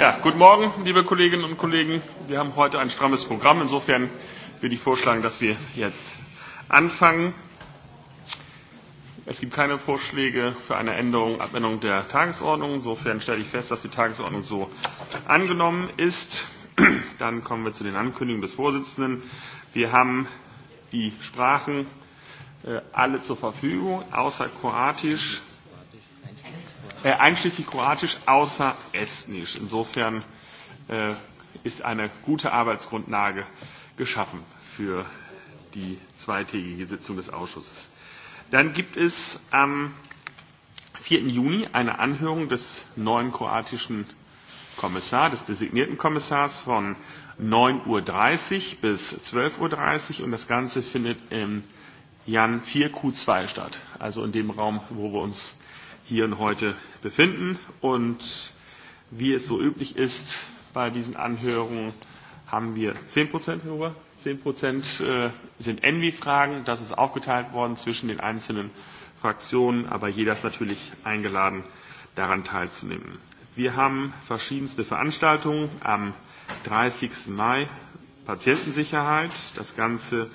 Ja, guten Morgen, liebe Kolleginnen und Kollegen. Wir haben heute ein strammes Programm. Insofern würde ich vorschlagen, dass wir jetzt anfangen. Es gibt keine Vorschläge für eine Änderung, Abänderung der Tagesordnung. Insofern stelle ich fest, dass die Tagesordnung so angenommen ist. Dann kommen wir zu den Ankündigungen des Vorsitzenden. Wir haben die Sprachen äh, alle zur Verfügung, außer Kroatisch, äh, einschließlich Kroatisch, außer Estnisch. Insofern äh, ist eine gute Arbeitsgrundlage geschaffen für die zweitägige Sitzung des Ausschusses. Dann gibt es am 4. Juni eine Anhörung des neuen kroatischen Kommissars, des designierten Kommissars von 9.30 Uhr bis 12.30 Uhr und das Ganze findet im Jan 4Q2 statt, also in dem Raum, wo wir uns hier und heute befinden. Und wie es so üblich ist bei diesen Anhörungen, haben wir 10 Prozent darüber. 10 Prozent äh, sind Envy-Fragen. Das ist aufgeteilt worden zwischen den einzelnen Fraktionen, aber jeder ist natürlich eingeladen, daran teilzunehmen. Wir haben verschiedenste Veranstaltungen. Am 30. Mai Patientensicherheit. Das Ganze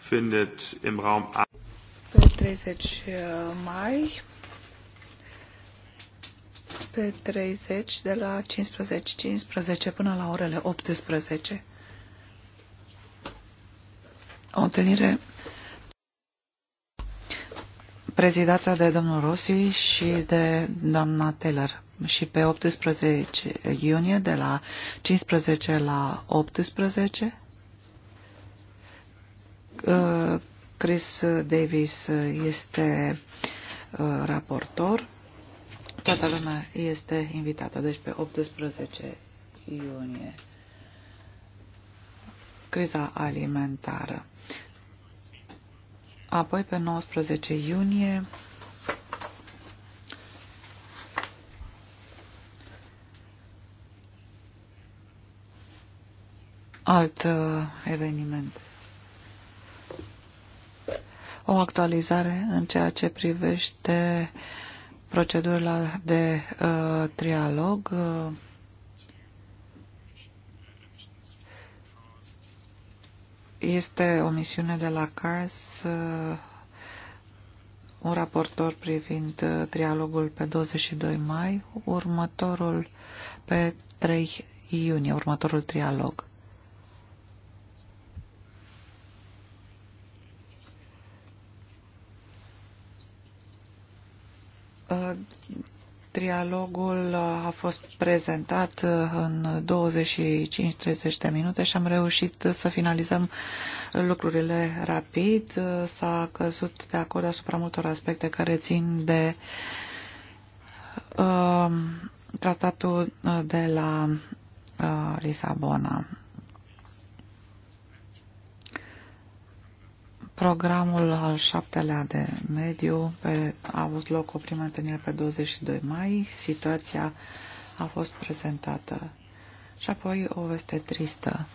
findet im Raum. A. 30 äh, Mai pe 30 de la 15.15 .15 până la orele 18. O întâlnire prezidată de domnul Rossi și de doamna Taylor. Și pe 18 iunie, de la 15 la 18, uh, Chris Davis este uh, raportor. Toată lumea este invitată, deci pe 18 iunie. Criza alimentară. Apoi, pe 19 iunie, alt uh, eveniment. O actualizare în ceea ce privește uh, procedura de uh, trialog. Uh, este o misiune de la CARS, uh, un raportor privind uh, trialogul pe 22 mai, următorul pe 3 iunie, următorul trialog. Uh, trialogul uh, a fost prezentat uh, în 25-30 de minute și am reușit să finalizăm lucrurile rapid. S-a căzut de acord asupra multor aspecte care țin de uh, tratatul de la uh, Lisabona. Programul al șaptelea de mediu pe, a avut loc o primă întâlnire pe 22 mai. Situația a fost prezentată. Și apoi o veste tristă.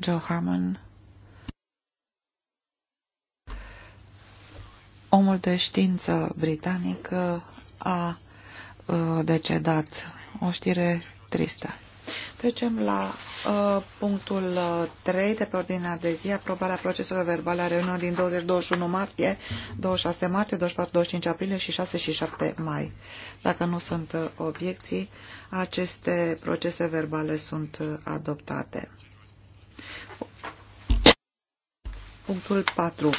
Joe Harmon omul de știință britanic a uh, decedat o știre tristă. Trecem la uh, punctul uh, 3 de pe ordinea de zi, aprobarea proceselor verbale a reuniunilor din 20-21 martie, 26 martie, 24-25 aprilie și 6 și 7 mai. Dacă nu sunt uh, obiecții, aceste procese verbale sunt uh, adoptate. Punctul 4.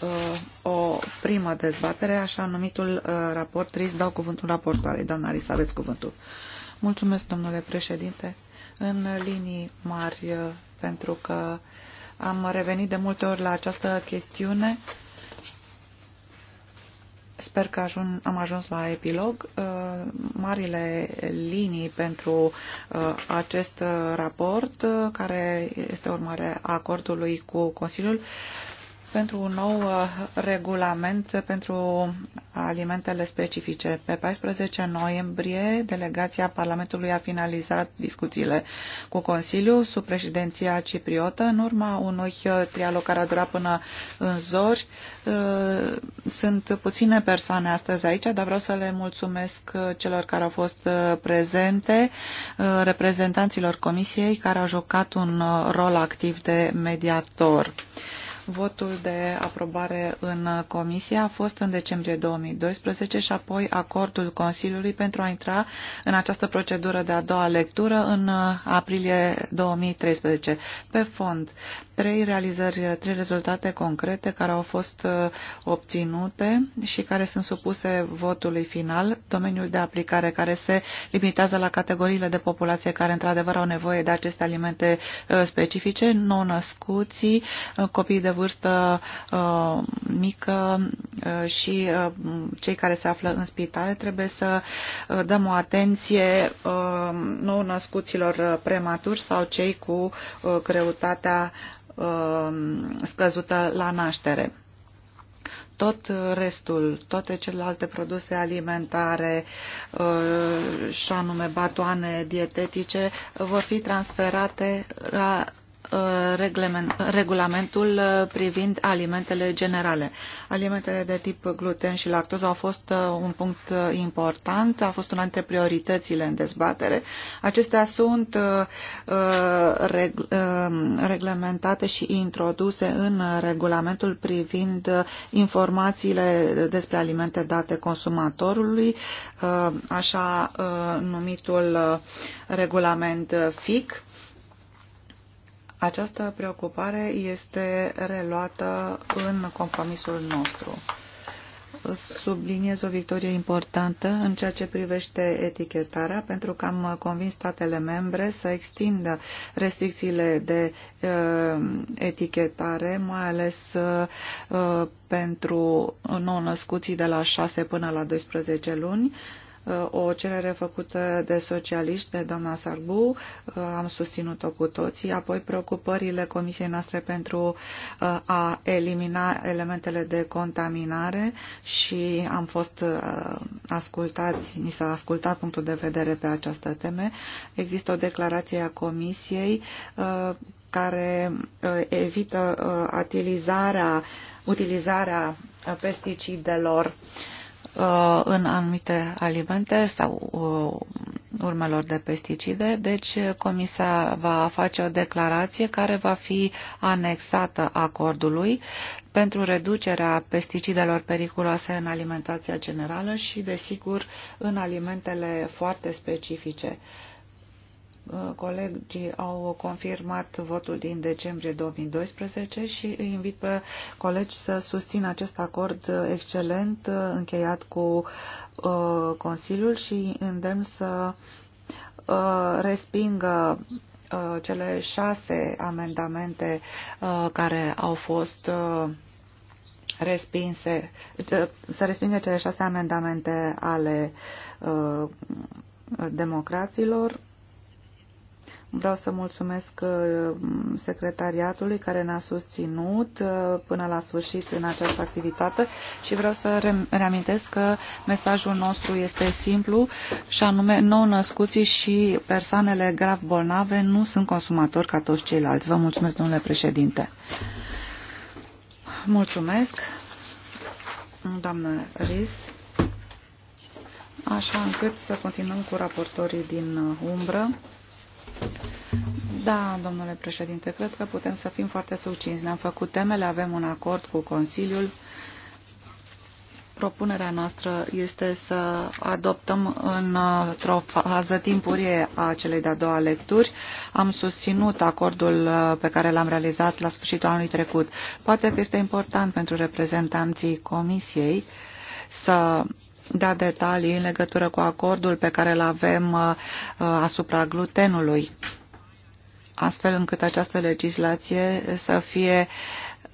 Uh, o primă dezbatere, așa numitul uh, raport RIS. Dau cuvântul raportoarei. Doamna RIS, aveți cuvântul. Mulțumesc, domnule președinte. În linii mari, uh, pentru că am revenit de multe ori la această chestiune, Sper că ajun, am ajuns la epilog. Marile linii pentru acest raport, care este urmare a acordului cu Consiliul, pentru un nou uh, regulament pentru alimentele specifice. Pe 14 noiembrie, delegația Parlamentului a finalizat discuțiile cu Consiliul sub președinția cipriotă. În urma unui uh, trialog care a durat până în zori, uh, sunt puține persoane astăzi aici, dar vreau să le mulțumesc celor care au fost prezente, reprezentanților Comisiei care au jucat un rol activ de mediator. Votul de aprobare în comisie a fost în decembrie 2012 și apoi acordul Consiliului pentru a intra în această procedură de a doua lectură în aprilie 2013. Pe fond, trei realizări, trei rezultate concrete care au fost uh, obținute și care sunt supuse votului final, domeniul de aplicare care se limitează la categoriile de populație care într-adevăr au nevoie de aceste alimente uh, specifice, non-născuții, uh, copii de vârstă uh, mică uh, și uh, cei care se află în spitale trebuie să uh, dăm o atenție uh, nou-născuților uh, prematuri sau cei cu uh, greutatea uh, scăzută la naștere tot restul, toate celelalte produse alimentare uh, și anume batoane dietetice vor fi transferate la Uh, regulamentul uh, privind alimentele generale. Alimentele de tip gluten și lactoză au fost uh, un punct important, a fost una dintre prioritățile în dezbatere. Acestea sunt reglementate și introduse în regulamentul privind informațiile despre alimente date consumatorului, așa numitul regulament FIC această preocupare este reluată în compromisul nostru. Subliniez o victorie importantă în ceea ce privește etichetarea, pentru că am convins statele membre să extindă restricțiile de uh, etichetare, mai ales uh, pentru nou-născuții de la 6 până la 12 luni, uh, o cerere făcută de socialiști, de doamna Sarbu, uh, am susținut-o cu toții, apoi preocupările Comisiei noastre pentru uh, a elimina elementele de contaminare și am fost uh, ascultați, ni s-a ascultat punctul de vedere pe această teme. Există o declarație a Comisiei care evită utilizarea, utilizarea pesticidelor uh, Uh, în anumite alimente sau uh, urmelor de pesticide, deci Comisia va face o declarație care va fi anexată acordului pentru reducerea pesticidelor periculoase în alimentația generală și, desigur, în alimentele foarte specifice colegii au confirmat votul din decembrie 2012 și îi invit pe colegi să susțină acest acord excelent încheiat cu uh, Consiliul și îndemn să uh, respingă uh, cele șase amendamente care au fost respinse, să respingă cele șase amendamente ale democraților Vreau să mulțumesc uh, secretariatului care ne-a susținut uh, până la sfârșit în această activitate și vreau să reamintesc că mesajul nostru este simplu și anume nou-născuții și persoanele grav bolnave nu sunt consumatori ca toți ceilalți. Vă mulțumesc, domnule președinte. Mulțumesc, doamnă Riz așa încât să continuăm cu raportorii din uh, umbră. Da, domnule președinte, cred că putem să fim foarte succinți. Ne-am făcut temele, avem un acord cu Consiliul. Propunerea noastră este să adoptăm într-o fază timpurie a celei de-a doua lecturi. Am susținut acordul uh, pe care l-am realizat la sfârșitul anului trecut. Poate că este important pentru reprezentanții Comisiei să da detalii în legătură cu acordul pe care îl avem uh, uh, asupra glutenului, astfel încât această legislație să fie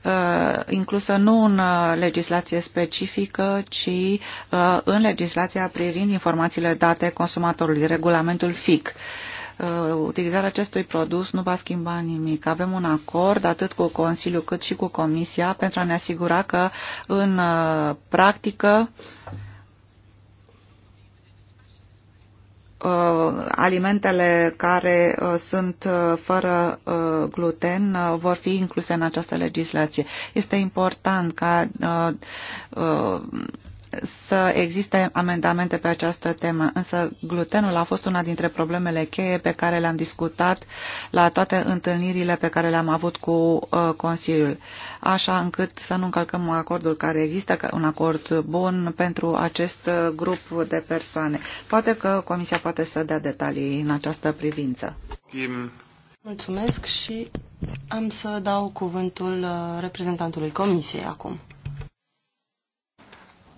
uh, inclusă nu în legislație specifică, ci în legislația privind informațiile date consumatorului, regulamentul FIC utilizarea acestui produs nu va schimba nimic. Avem un acord atât cu Consiliul cât și cu Comisia pentru a ne asigura că în practică Uh, alimentele care uh, sunt uh, fără gluten vor fi incluse în această legislație. Este important ca să existe amendamente pe această temă, însă glutenul a fost una dintre problemele cheie pe care le-am discutat la toate întâlnirile pe care le-am avut cu uh, Consiliul, așa încât să nu încălcăm acordul care există, un acord bun pentru acest uh, grup de persoane. Poate că Comisia poate să dea detalii în această privință. Mulțumesc și am să dau cuvântul uh, reprezentantului Comisiei acum.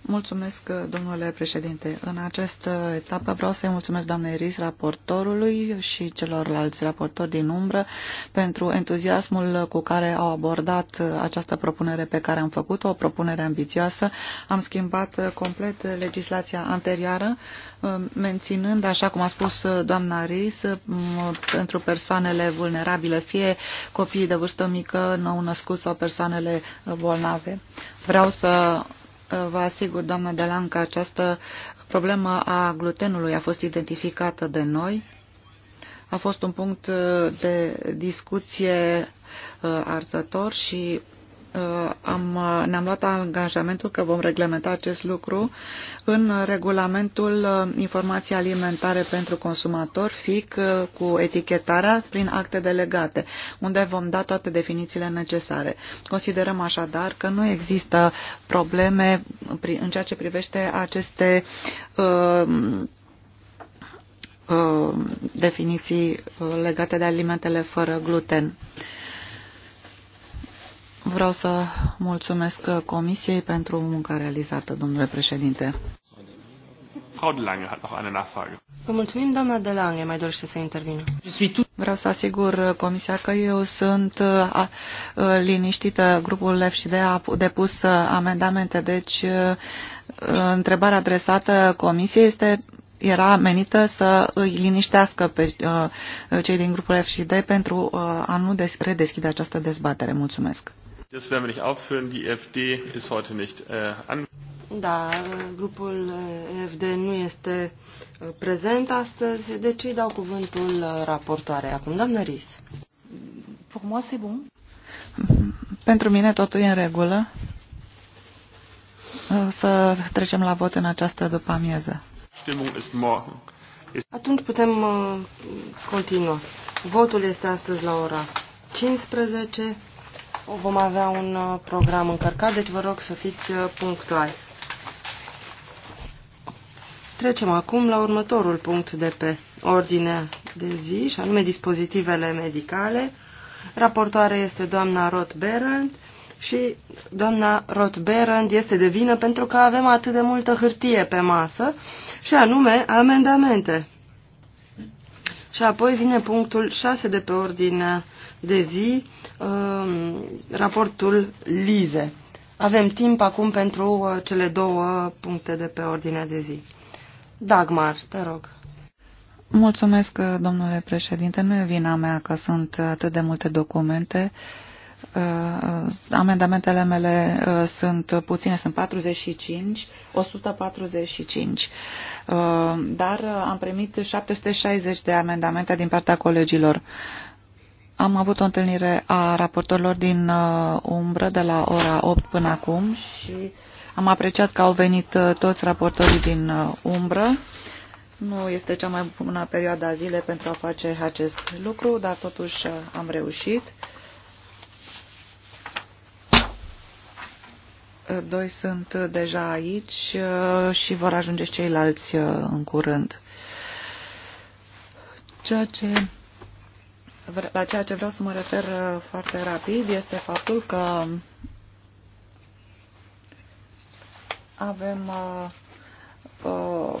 Mulțumesc, domnule președinte. În această etapă vreau să-i mulțumesc doamnei Ris, raportorului și celorlalți raportori din umbră pentru entuziasmul cu care au abordat această propunere pe care am făcut-o, o propunere ambițioasă. Am schimbat complet legislația anterioară, um, menținând, așa cum a spus doamna Ris, um, pentru persoanele vulnerabile, fie copiii de vârstă mică, nou născuți sau persoanele bolnave. Vreau să vă asigur, doamnă Delan, că această problemă a glutenului a fost identificată de noi. A fost un punct de discuție uh, arzător și Uh, am, uh, ne-am luat angajamentul că vom reglementa acest lucru în regulamentul uh, informații alimentare pentru consumator, FIC, cu etichetarea prin acte delegate, unde vom da toate definițiile necesare. Considerăm așadar că nu există probleme în ceea ce privește aceste uh, definiții legate de alimentele fără gluten. Uh, Vreau să mulțumesc Comisiei pentru munca realizată, domnule președinte. Frau de Lange hat noch eine Nachfrage. Vă mulțumim, doamna de Lange, mai dorește să intervină. Vreau să asigur Comisia că eu sunt a, a, liniștită, grupul LEF și de a depus amendamente, deci a, întrebarea adresată Comisiei este era menită să îi liniștească pe cei din grupul FCD pentru a nu redeschide această dezbatere. Mulțumesc. Das werden wir nicht aufführen. Die EFD ist heute nicht äh, an. Da, grupul äh, EFD nu este uh, prezent astăzi, deci îi dau cuvântul uh, raportoare acum. Doamnă Ries. Pour moi, c'est bon. Pentru mine totul e în regulă. O să trecem la vot în această după amiază. Atunci putem uh, continua. Votul este astăzi la ora 15 vom avea un uh, program încărcat, deci vă rog să fiți uh, punctuali. Trecem acum la următorul punct de pe ordinea de zi, și anume dispozitivele medicale. Raportoare este doamna Roth Berend și doamna Roth Berend este de vină pentru că avem atât de multă hârtie pe masă și anume amendamente. Și apoi vine punctul 6 de pe ordinea de zi um, raportul LIZE. Avem timp acum pentru uh, cele două puncte de pe ordinea de zi. Dagmar, te rog. Mulțumesc, uh, domnule președinte. Nu e vina mea că sunt atât de multe documente. Uh, amendamentele mele sunt puține, sunt 45, 145, dar am primit 760 de amendamente din partea colegilor. Am avut o întâlnire a raportorilor din uh, umbră de la ora 8 până acum și am apreciat că au venit uh, toți raportorii din uh, umbră. Nu este cea mai bună perioadă a zile pentru a face acest lucru, dar totuși am reușit. Doi sunt deja aici și vor ajunge ceilalți în curând. Ceea ce la ceea ce vreau să mă refer uh, foarte rapid este faptul că avem uh, uh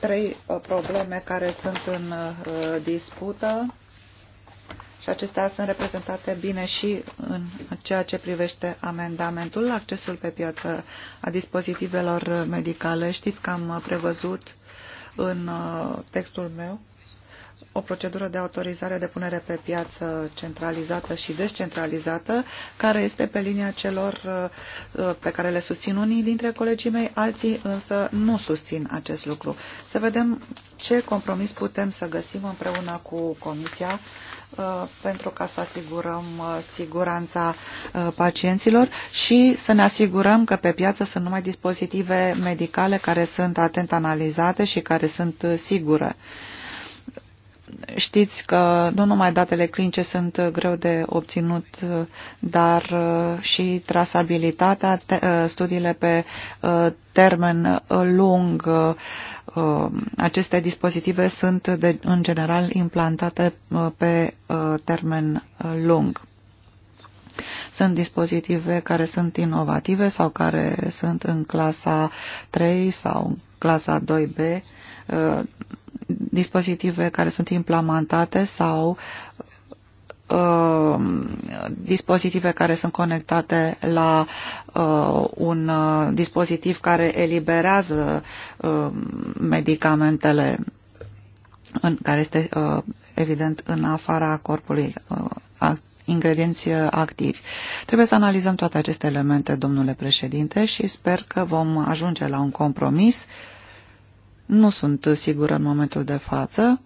trei uh, probleme care sunt în uh, dispută și acestea sunt reprezentate bine și în ceea ce privește amendamentul, accesul pe piață a dispozitivelor medicale. Știți că am prevăzut în uh, textul meu o procedură de autorizare de punere pe piață centralizată și descentralizată, care este pe linia celor uh, pe care le susțin unii dintre colegii mei, alții însă nu susțin acest lucru. Să vedem ce compromis putem să găsim împreună cu Comisia uh, pentru ca să asigurăm uh, siguranța pacienților și să ne asigurăm că pe piață sunt numai dispozitive medicale care sunt atent analizate și care sunt sigure știți că nu numai datele clinice sunt greu de obținut, dar uh, și trasabilitatea, uh, studiile pe uh, termen lung, aceste dispozitive sunt de, în general implantate pe termen lung. Sunt dispozitive care sunt inovative sau care sunt în clasa 3 sau în clasa 2B, dispozitive care sunt implementate sau uh, dispozitive care sunt conectate la uh, un uh, dispozitiv care eliberează uh, medicamentele în, care este uh, evident în afara corpului uh, act, ingredienți uh, activi. Trebuie să analizăm toate aceste elemente, domnule președinte, și sper că vom ajunge la un compromis uh, nu sunt sigură în momentul de față,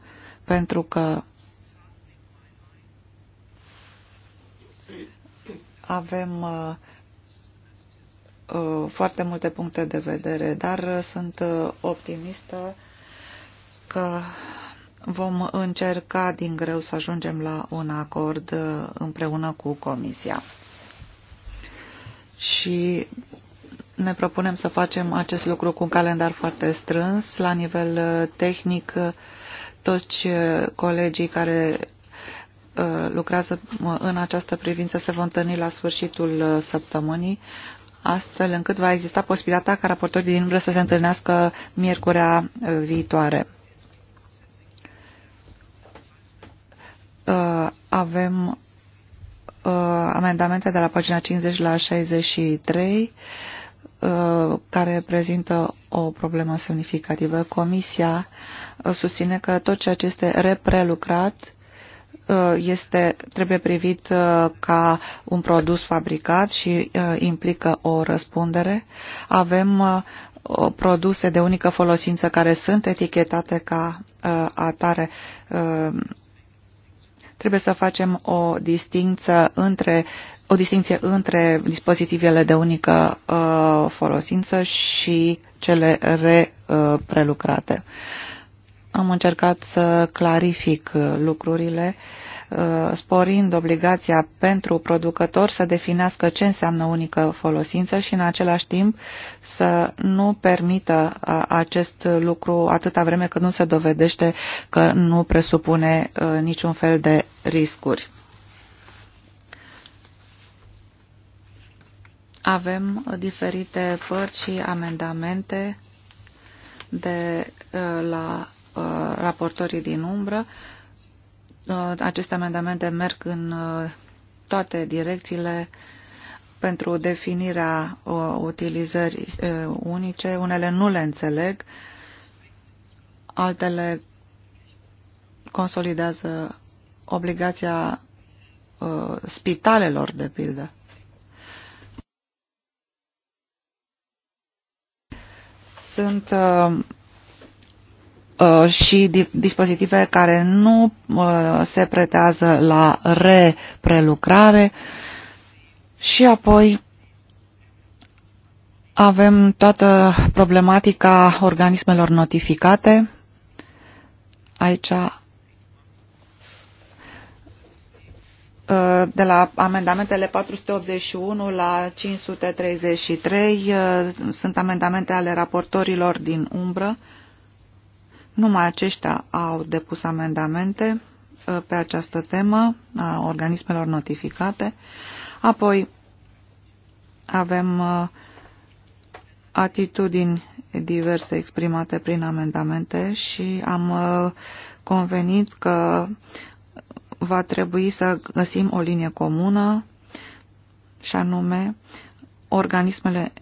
pentru că avem uh, uh, foarte multe puncte de vedere, dar uh, sunt optimistă că vom încerca din greu să ajungem la un acord împreună cu Comisia. Și ne propunem să facem acest lucru cu un calendar foarte strâns. La nivel uh, tehnic, uh, toți uh, colegii care lucrează în această privință se vor întâlni la sfârșitul săptămânii, astfel încât va exista posibilitatea ca raportorii din umbră să se întâlnească miercurea viitoare. Avem amendamente de la pagina 50 la 63 Uh, care prezintă o problemă semnificativă. Comisia uh, susține că tot ceea ce este reprelucrat uh, este, trebuie privit ca un produs fabricat și implică o răspundere. Avem produse de unică folosință care sunt etichetate ca atare Trebuie să facem o distință între o distinție între dispozitivele de unică uh, folosință și cele reprelucrate. Uh, Am încercat să clarific uh, lucrurile Uh, sporind obligația pentru producător să definească ce înseamnă unică folosință și în același timp să nu permită uh, acest lucru atâta vreme cât nu se dovedește că nu presupune uh, niciun fel de riscuri. Avem diferite părți și amendamente de la raportorii din umbră. Uh, aceste amendamente merg în uh, toate direcțiile pentru definirea uh, utilizării unice. Unele nu le înțeleg, altele consolidează obligația spitalelor, de pildă. Sunt Uh, și dispozitive care nu uh, se pretează la reprelucrare și apoi avem toată problematica organismelor notificate. Aici uh, de la amendamentele 481 la 533 sunt amendamente ale raportorilor din umbră. Numai aceștia au depus amendamente uh, pe această temă a organismelor notificate. Apoi avem uh, atitudini diverse exprimate prin amendamente și am uh, convenit că va trebui să găsim o linie comună și anume organismele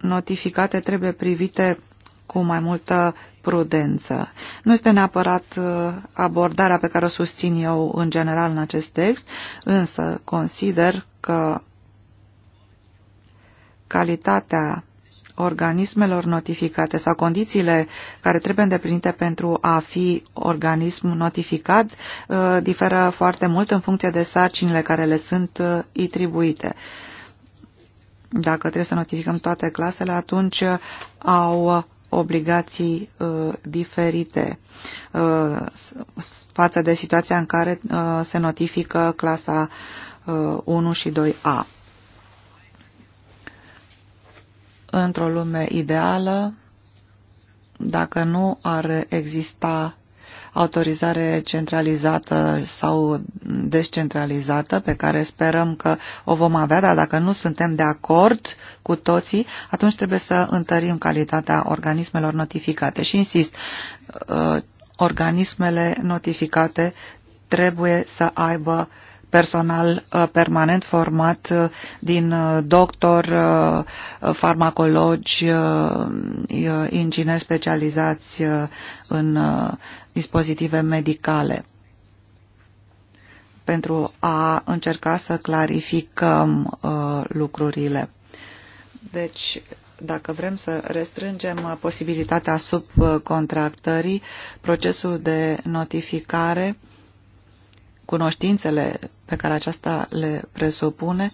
notificate trebuie privite cu mai multă prudență. Nu este neapărat uh, abordarea pe care o susțin eu în general în acest text, însă consider că calitatea organismelor notificate sau condițiile care trebuie îndeplinite pentru a fi organism notificat uh, diferă foarte mult în funcție de sarcinile care le sunt atribuite. Uh, Dacă trebuie să notificăm toate clasele, atunci au obligații uh, diferite uh, față de situația în care uh, se notifică clasa uh, 1 și 2A. Într-o lume ideală, dacă nu ar exista autorizare centralizată sau descentralizată pe care sperăm că o vom avea, dar dacă nu suntem de acord cu toții, atunci trebuie să întărim calitatea organismelor notificate. Și insist, uh, organismele notificate trebuie să aibă uh, personal uh, permanent format uh, din uh, doctor, farmacologi, ingineri specializați în dispozitive medicale pentru a încerca să clarificăm lucrurile. Deci, dacă vrem să restrângem posibilitatea subcontractării, procesul de notificare uh, cunoștințele pe care aceasta le presupune,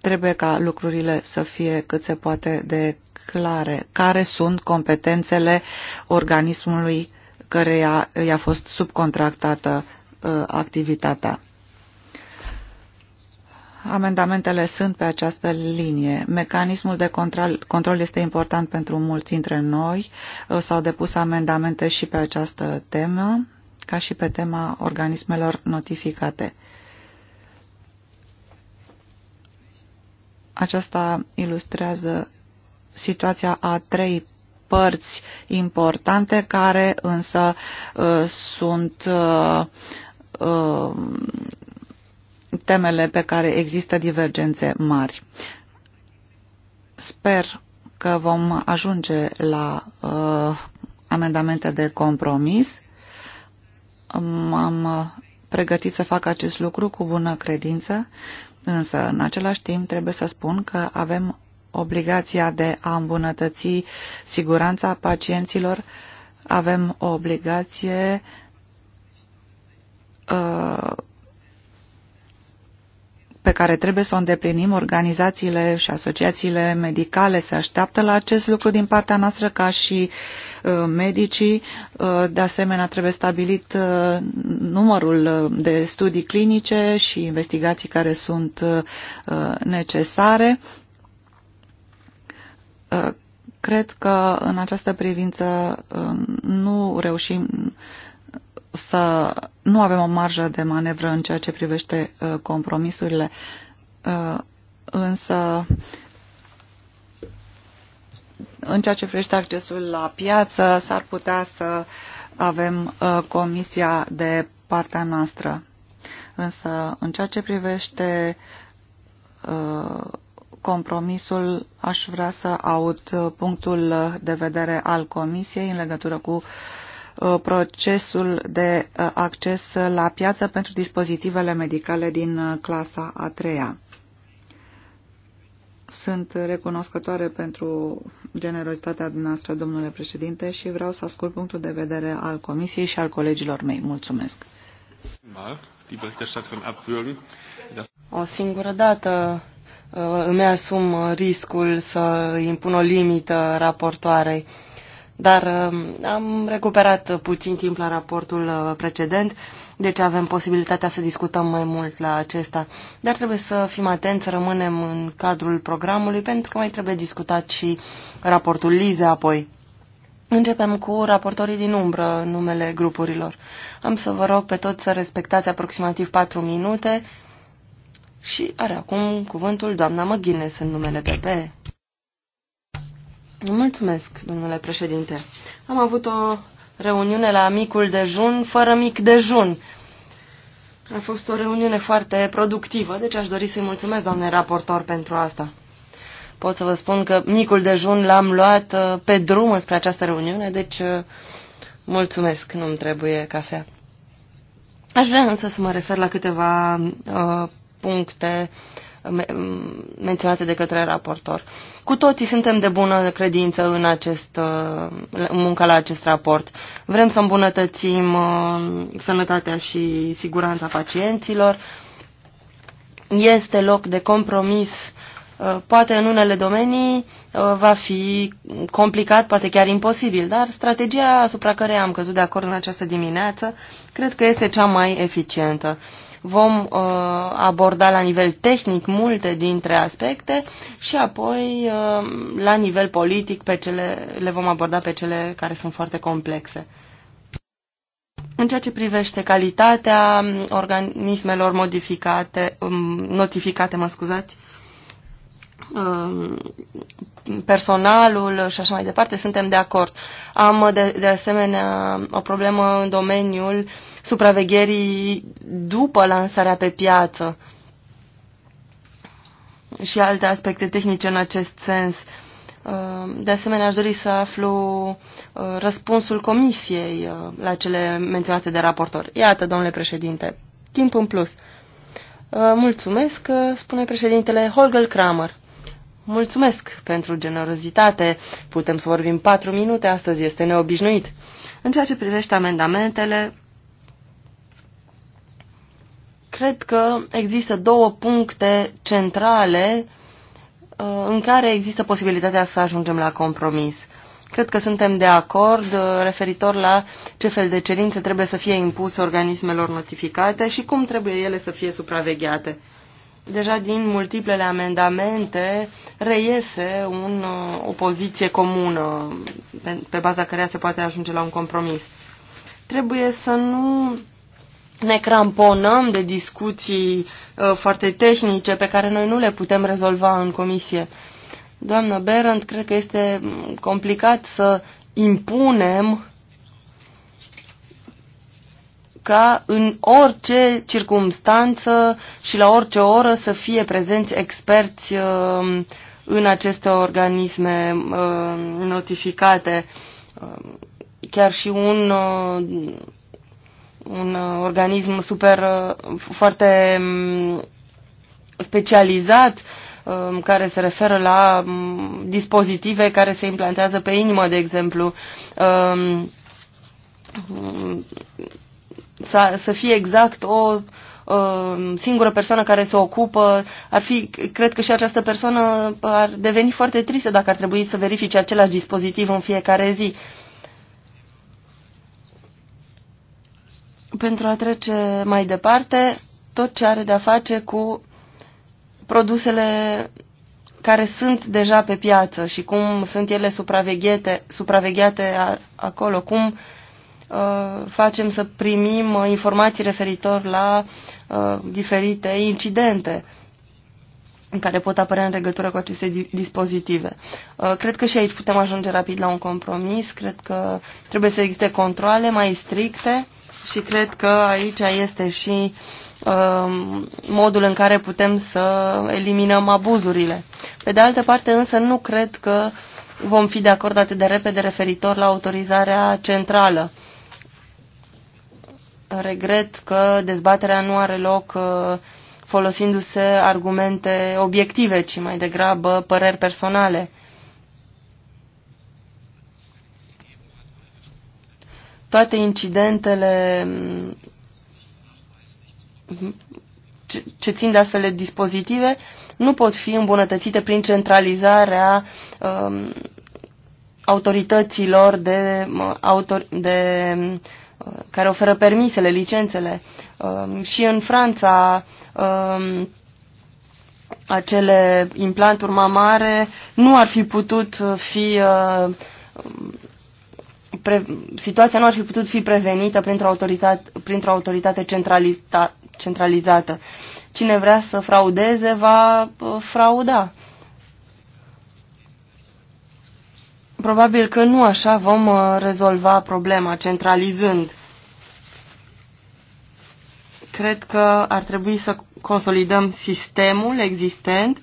trebuie ca lucrurile să fie cât se poate de clare. Care sunt competențele organismului căreia i-a fost subcontractată uh, activitatea? Amendamentele sunt pe această linie. Mecanismul de control, control este important pentru mulți dintre noi. Ă, s-au depus amendamente și pe această temă ca și pe tema organismelor notificate. Aceasta ilustrează situația a trei părți importante care însă uh, sunt uh, uh temele pe care există divergențe mari. Sper că vom ajunge la uh, amendamente de compromis M-am uh, pregătit să fac acest lucru cu bună credință, însă în același timp trebuie să spun că avem obligația de a îmbunătăți siguranța pacienților, avem o obligație uh, pe care trebuie să o îndeplinim, organizațiile și asociațiile medicale se așteaptă la acest lucru din partea noastră ca și uh, medicii. Uh, de asemenea, trebuie stabilit uh, numărul de studii clinice și investigații care sunt necesare. Cred că în această privință nu reușim să nu avem o marjă de manevră în ceea ce privește uh, compromisurile, uh, însă în ceea ce privește accesul la piață, s-ar putea să avem uh, comisia de partea noastră. Însă, în ceea ce privește compromisul, aș vrea să aud punctul de vedere al comisiei în legătură cu uh, Uh, procesul de uh, acces la piață pentru dispozitivele medicale din uh, clasa a treia. Sunt recunoscătoare pentru generozitatea dumneavoastră, domnule președinte, și vreau să ascult punctul de vedere al Comisiei și al colegilor mei. Mulțumesc! O singură dată îmi asum riscul să impun o limită raportoarei. Dar um, am recuperat puțin timp la raportul uh, precedent, deci avem posibilitatea să discutăm mai mult la acesta. Dar trebuie să fim atenți, să rămânem în cadrul programului, pentru că mai trebuie discutat și raportul Lize apoi. Începem cu raportorii din umbră, numele grupurilor. Am să vă rog pe toți să respectați aproximativ 4 minute și are acum cuvântul doamna McGuinness în numele PP. Mulțumesc, domnule președinte. Am avut o reuniune la micul dejun, fără mic dejun. A fost o reuniune foarte productivă, deci aș dori să-i mulțumesc, doamne raportor, pentru asta. Pot să vă spun că micul dejun l-am luat uh, pe drum spre această reuniune, deci uh, mulțumesc, nu-mi trebuie cafea. Aș vrea însă să mă refer la câteva uh, puncte uh, menționate de către raportor. Cu toții suntem de bună credință în, acest, uh, în munca la acest raport. Vrem să îmbunătățim uh, sănătatea și siguranța pacienților. Este loc de compromis. Uh, poate în unele domenii va fi complicat, poate chiar imposibil, dar strategia asupra care am căzut de acord în această dimineață cred că este cea mai eficientă. Vom uh, aborda la nivel tehnic multe dintre aspecte și apoi uh, la nivel politic pe cele, le vom aborda pe cele care sunt foarte complexe. În ceea ce privește calitatea um, organismelor modificate, um, notificate, mă scuzați, Um, personalul și așa mai departe, suntem de acord. Am de, de asemenea o problemă în domeniul supravegherii după lansarea pe piață și alte aspecte tehnice în acest sens. Um, de asemenea, aș dori să aflu uh, răspunsul comisiei uh, la cele menționate de raportor. Iată, domnule președinte, timp în plus. Uh, mulțumesc, spune președintele Holger Kramer. Mulțumesc pentru generozitate. Putem să vorbim patru minute, astăzi este neobișnuit. În ceea ce privește amendamentele, cred că există două puncte centrale uh, în care există posibilitatea să ajungem la compromis. Cred că suntem de acord uh, referitor la ce fel de cerințe trebuie să fie impuse organismelor notificate și cum trebuie ele să fie supravegheate deja din multiplele amendamente reiese un, uh, o poziție comună pe, pe baza căreia se poate ajunge la un compromis. Trebuie să nu ne cramponăm de discuții uh, foarte tehnice pe care noi nu le putem rezolva în comisie. Doamnă Berend, cred că este mm, complicat să impunem ca în orice circumstanță și la orice oră să fie prezenți experți um, în aceste organisme um, notificate. Um, chiar și un, uh, un uh, organism super uh, foarte specializat care se referă la dispozitive care se implantează pe inimă, de exemplu să, să fie exact o singură persoană care se ocupă, ar fi, cred că și această persoană ar deveni foarte tristă dacă ar trebui să verifice același dispozitiv în fiecare zi. Pentru a trece mai departe, tot ce are de-a face cu produsele care sunt deja pe piață și cum sunt ele supravegheate, supravegheate acolo, cum uh, Uh, facem să primim uh, informații referitor la uh, diferite incidente care pot apărea în legătură cu aceste dispozitive. Cred că și aici putem ajunge rapid la un compromis, cred că trebuie să existe controle mai stricte și cred că aici este și modul în care putem să eliminăm abuzurile. Pe de altă parte însă nu cred că vom fi de acord atât de repede referitor la autorizarea centrală regret că dezbaterea nu are loc uh, folosindu-se argumente obiective, ci mai degrabă păreri personale. Toate incidentele mm, ce țin de astfel de dispozitive nu pot fi îmbunătățite prin centralizarea um, autorităților de, uh, autor, de mm, care oferă permisele, licențele. Um, și în Franța um, acele implanturi mamare nu ar fi putut fi uh, pre, situația nu ar fi putut fi prevenită printr-o autoritate, printr autoritate centralizată. Cine vrea să fraudeze va uh, frauda. Probabil că nu așa vom uh, rezolva problema centralizând. Cred că ar trebui să consolidăm sistemul existent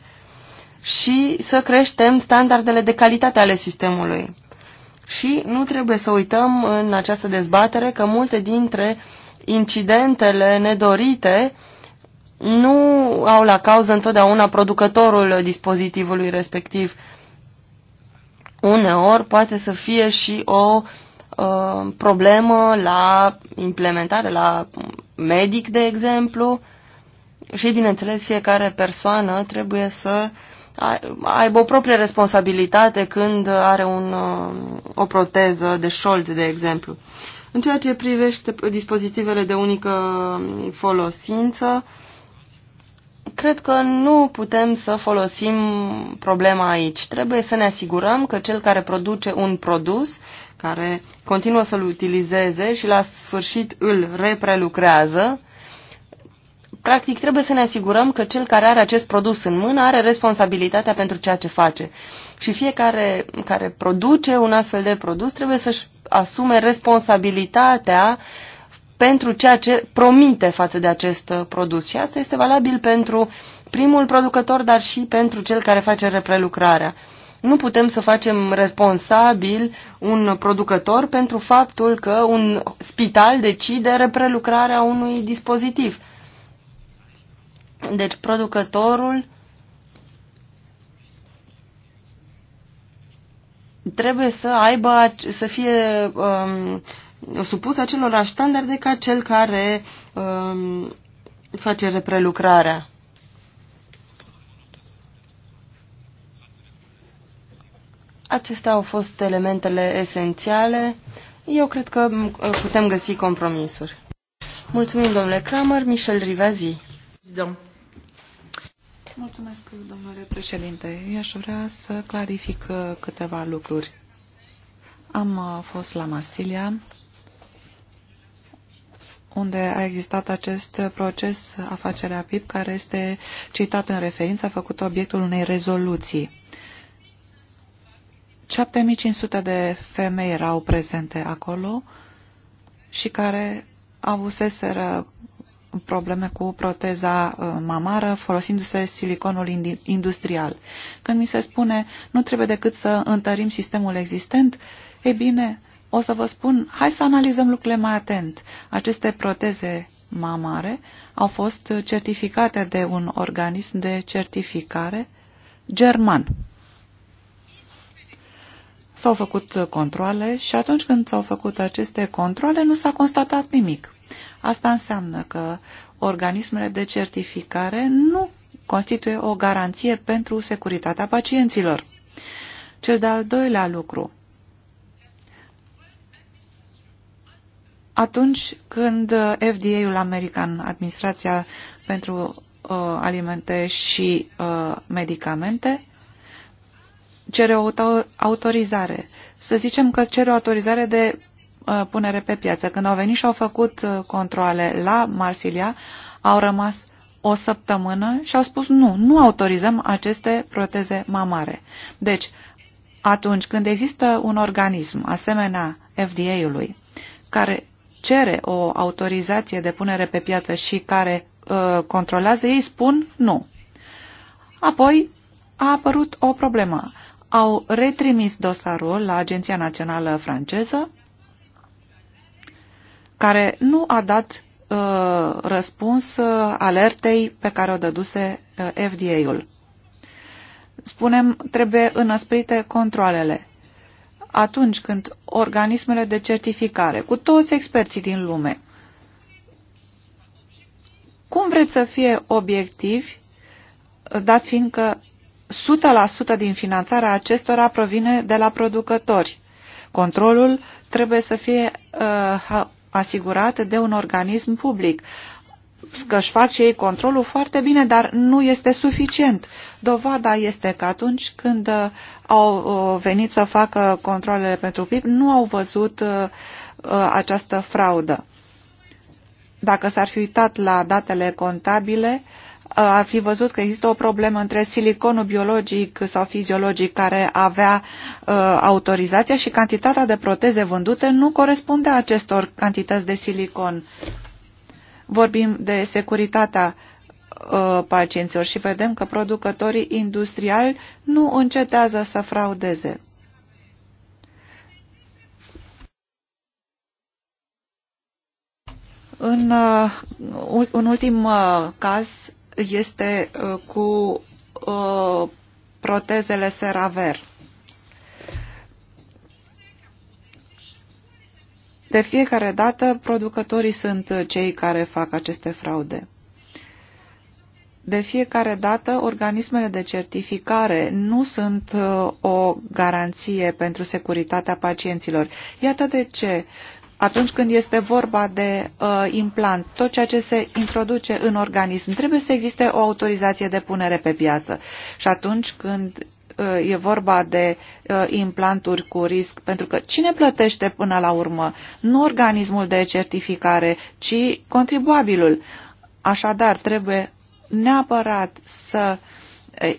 și să creștem standardele de calitate ale sistemului. Și nu trebuie să uităm în această dezbatere că multe dintre incidentele nedorite nu au la cauză întotdeauna producătorul dispozitivului respectiv, uneori poate să fie și o ă, problemă la implementare, la medic, de exemplu. Și, bineînțeles, fiecare persoană trebuie să aibă o proprie responsabilitate când are un, ă, o proteză de șold, de exemplu. În ceea ce privește dispozitivele de unică ă, folosință, uh, Cred că nu putem să folosim problema aici. Trebuie să ne asigurăm că cel care produce un produs, care continuă să-l utilizeze și la sfârșit îl reprelucrează, practic trebuie să ne asigurăm că cel care are acest produs în mână are responsabilitatea pentru ceea ce face. Și fiecare care produce un astfel de produs trebuie să-și asume responsabilitatea uh, pentru ceea ce promite față de acest uh, produs. Și asta este valabil pentru primul producător, dar și pentru cel care face reprelucrarea. Nu putem să facem responsabil un producător pentru faptul că un spital decide reprelucrarea unui dispozitiv. Deci producătorul trebuie să aibă, să fie um, supus acelorași standarde ca cel care um, face reprelucrarea. Acestea au fost elementele esențiale. Eu cred că putem găsi compromisuri. Mulțumim, domnule Kramer. Michel Rivazi. Domn. Mulțumesc, domnule președinte. Eu aș vrea să clarific uh, câteva lucruri. Am uh, fost la Marsilia unde a existat acest proces afacerea PIP, care este citat în referință, a făcut obiectul unei rezoluții. 7500 de femei erau prezente acolo și care avuseseră probleme cu proteza uh, mamară folosindu-se siliconul industrial. Când mi se spune nu trebuie decât să întărim sistemul existent, ei bine, o să vă spun, hai să analizăm lucrurile mai atent. Aceste proteze mamare au fost certificate de un organism de certificare german. S-au făcut controle și atunci când s-au făcut aceste controle nu s-a constatat nimic. Asta înseamnă că organismele de certificare nu constituie o garanție pentru securitatea pacienților. Cel de-al doilea lucru, Atunci când uh, FDA-ul american, Administrația pentru uh, Alimente și uh, Medicamente, cere o autorizare. Să zicem că cere o autorizare de uh, punere pe piață. Când au venit și au făcut uh, controle la Marsilia, au rămas o săptămână și au spus nu, nu autorizăm aceste proteze mamare. Deci, atunci când există un organism asemenea FDA-ului care cere o autorizație de punere pe piață și care uh, controlează, ei spun nu. Apoi a apărut o problemă. Au retrimis dosarul la Agenția Națională Franceză, care nu a dat uh, răspuns uh, alertei pe care o dăduse uh, FDA-ul. Spunem, trebuie înăsprite controlele atunci când organismele de certificare, cu toți experții din lume, cum vreți să fie obiectivi, dat fiindcă 100% din finanțarea acestora provine de la producători. Controlul trebuie să fie uh, asigurat de un organism public. Că își face ei controlul foarte bine, dar nu este suficient. Dovada este că atunci când uh, au uh, venit să facă controlele pentru PIB, nu au văzut uh, această fraudă. Dacă s-ar fi uitat la datele contabile, ar fi văzut că există o problemă între siliconul biologic sau fiziologic care avea uh, autorizația și cantitatea de proteze vândute nu corespundea acestor cantități de silicon. Vorbim de securitatea uh, Uh, pacienților și vedem că producătorii industriali nu încetează să fraudeze. În, uh, un ultim uh, caz este cu protezele Seraver. De fiecare dată, producătorii sunt cei care fac aceste fraude de fiecare dată organismele de certificare nu sunt uh, o garanție pentru securitatea pacienților. Iată de ce atunci când este vorba de uh, implant, tot ceea ce se introduce în organism, trebuie să existe o autorizație de punere pe piață. Și atunci când uh, e vorba de uh, implanturi cu risc, pentru că cine plătește până la urmă? Nu organismul de certificare, ci contribuabilul. Așadar, trebuie neapărat să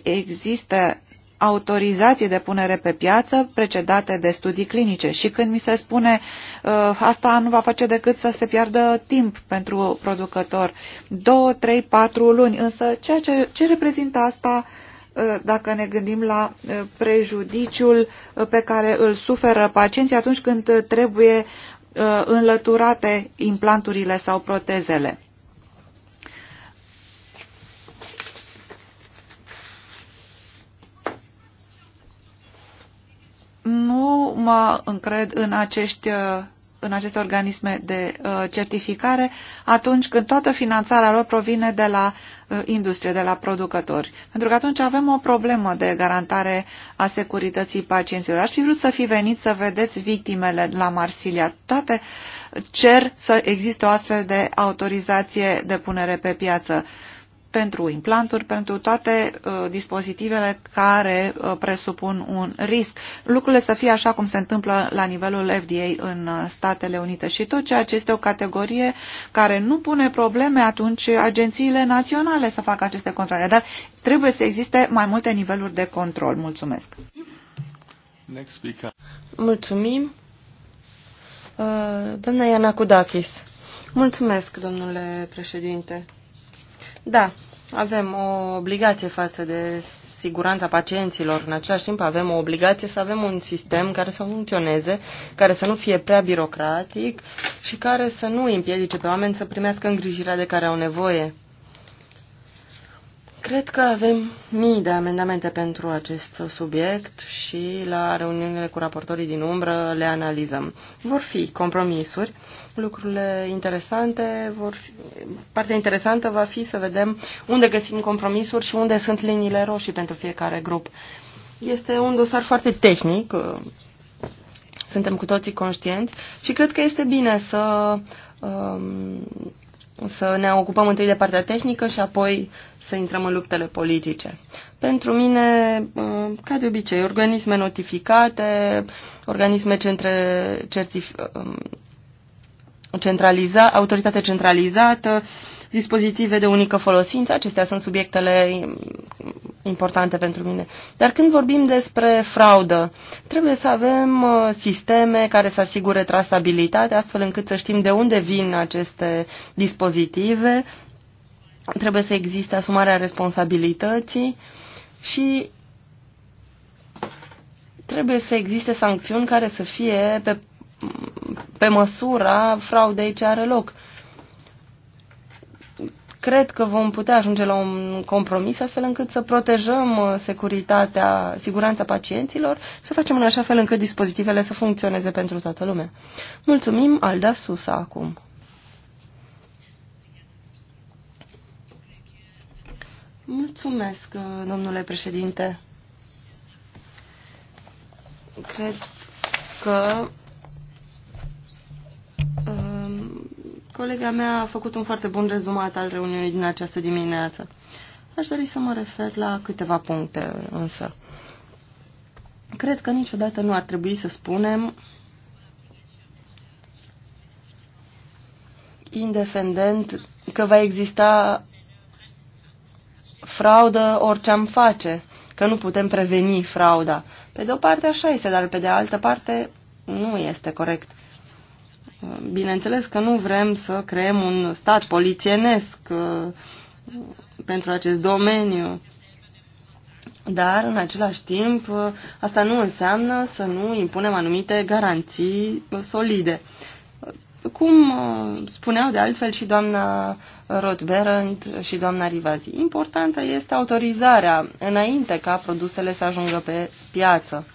existe autorizații de punere pe piață precedate de studii clinice. Și când mi se spune uh, asta nu va face decât să se piardă timp pentru producător, 2, 3, 4 luni, însă ceea ce, ce reprezintă asta uh, dacă ne gândim la uh, prejudiciul pe care îl suferă pacienții atunci când trebuie înlăturate implanturile sau protezele. nu mă încred în acești uh, în aceste organisme de uh, certificare atunci când toată finanțarea lor provine de la uh, industrie, de la producători. Pentru că atunci avem o problemă de garantare a securității pacienților. Aș fi vrut să fi venit să vedeți victimele la Marsilia. Toate cer să existe o astfel de autorizație de punere pe piață pentru implanturi, pentru toate uh, dispozitivele care uh, presupun un risc. Lucrurile să fie așa cum se întâmplă la nivelul FDA în uh, Statele Unite și tot ceea ce este o categorie care nu pune probleme, atunci agențiile naționale să facă aceste controle. Dar trebuie să existe mai multe niveluri de control. Mulțumesc! Next speaker. Mulțumim! Uh, doamna Iana Kudakis. Mulțumesc, domnule președinte. Da, avem o obligație față de siguranța pacienților. În același timp avem o obligație să avem un sistem care să funcționeze, care să nu fie prea birocratic și care să nu împiedice pe oameni să primească îngrijirea de care au nevoie. Cred că avem mii de amendamente pentru acest subiect și la reuniunile cu raportorii din umbră le analizăm. Vor fi compromisuri, lucrurile interesante, vor fi, partea interesantă va fi să vedem unde găsim compromisuri și unde sunt liniile roșii pentru fiecare grup. Este un dosar foarte tehnic, suntem cu toții conștienți și cred că este bine să um, să ne ocupăm întâi de partea tehnică și apoi să intrăm în luptele politice. Pentru mine, uh, ca de obicei, organisme notificate, organisme centre, certif, uh, centraliza, autoritate centralizată, dispozitive de unică folosință, acestea sunt subiectele importante pentru mine. Dar când vorbim despre fraudă, trebuie să avem uh, sisteme care să asigure trasabilitate, astfel încât să știm de unde vin aceste dispozitive, trebuie să existe asumarea responsabilității și trebuie să existe sancțiuni care să fie pe, pe măsura fraudei ce are loc. Uh, Cred că vom putea ajunge la un compromis astfel încât să protejăm uh, securitatea, siguranța pacienților, să facem în așa fel încât dispozitivele să funcționeze pentru toată lumea. Mulțumim, Alda Susa, acum. Mulțumesc, uh, domnule președinte. Cred că Colega mea a făcut un foarte bun rezumat al reuniunii din această dimineață. Aș dori să mă refer la câteva puncte, însă. Cred că niciodată nu ar trebui să spunem independent că va exista fraudă orice am face, că nu putem preveni frauda. Pe de o parte așa este, dar pe de altă parte nu este corect. Bineînțeles că nu vrem să creăm un stat polițienesc uh, pentru acest domeniu, dar în același timp uh, asta nu înseamnă să nu impunem anumite garanții uh, solide. Cum spuneau de altfel și doamna Rothberend și doamna Rivazi, importantă este autorizarea înainte ca produsele să ajungă pe piață.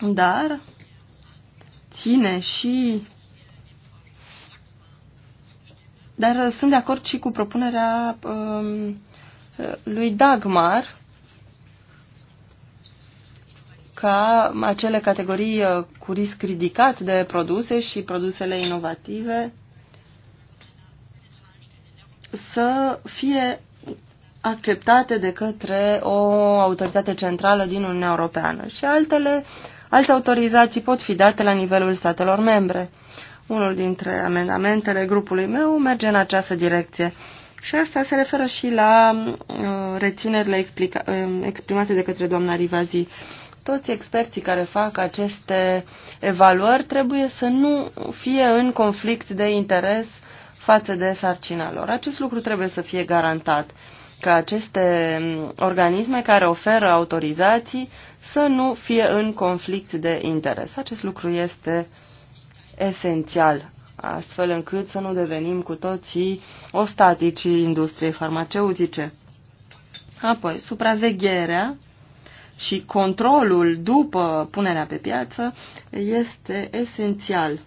Dar ține și... Dar sunt de acord și cu propunerea um, lui Dagmar ca acele categorii uh, cu risc ridicat de produse și produsele inovative să fie acceptate de către o autoritate centrală din Uniunea Europeană și altele uh, Alte autorizații pot fi date la nivelul statelor membre. Unul dintre amendamentele grupului meu merge în această direcție. Și asta se referă și la uh, reținerile explica, uh, exprimate de către doamna Rivazi. Toți experții care fac aceste evaluări trebuie să nu fie în conflict de interes față de sarcina lor. Acest lucru trebuie să fie garantat, că aceste um, organisme care oferă autorizații să nu fie în conflict de interes. Acest lucru este esențial, astfel încât să nu devenim cu toții ostaticii industriei farmaceutice. Apoi, supravegherea și controlul după punerea pe piață este esențial.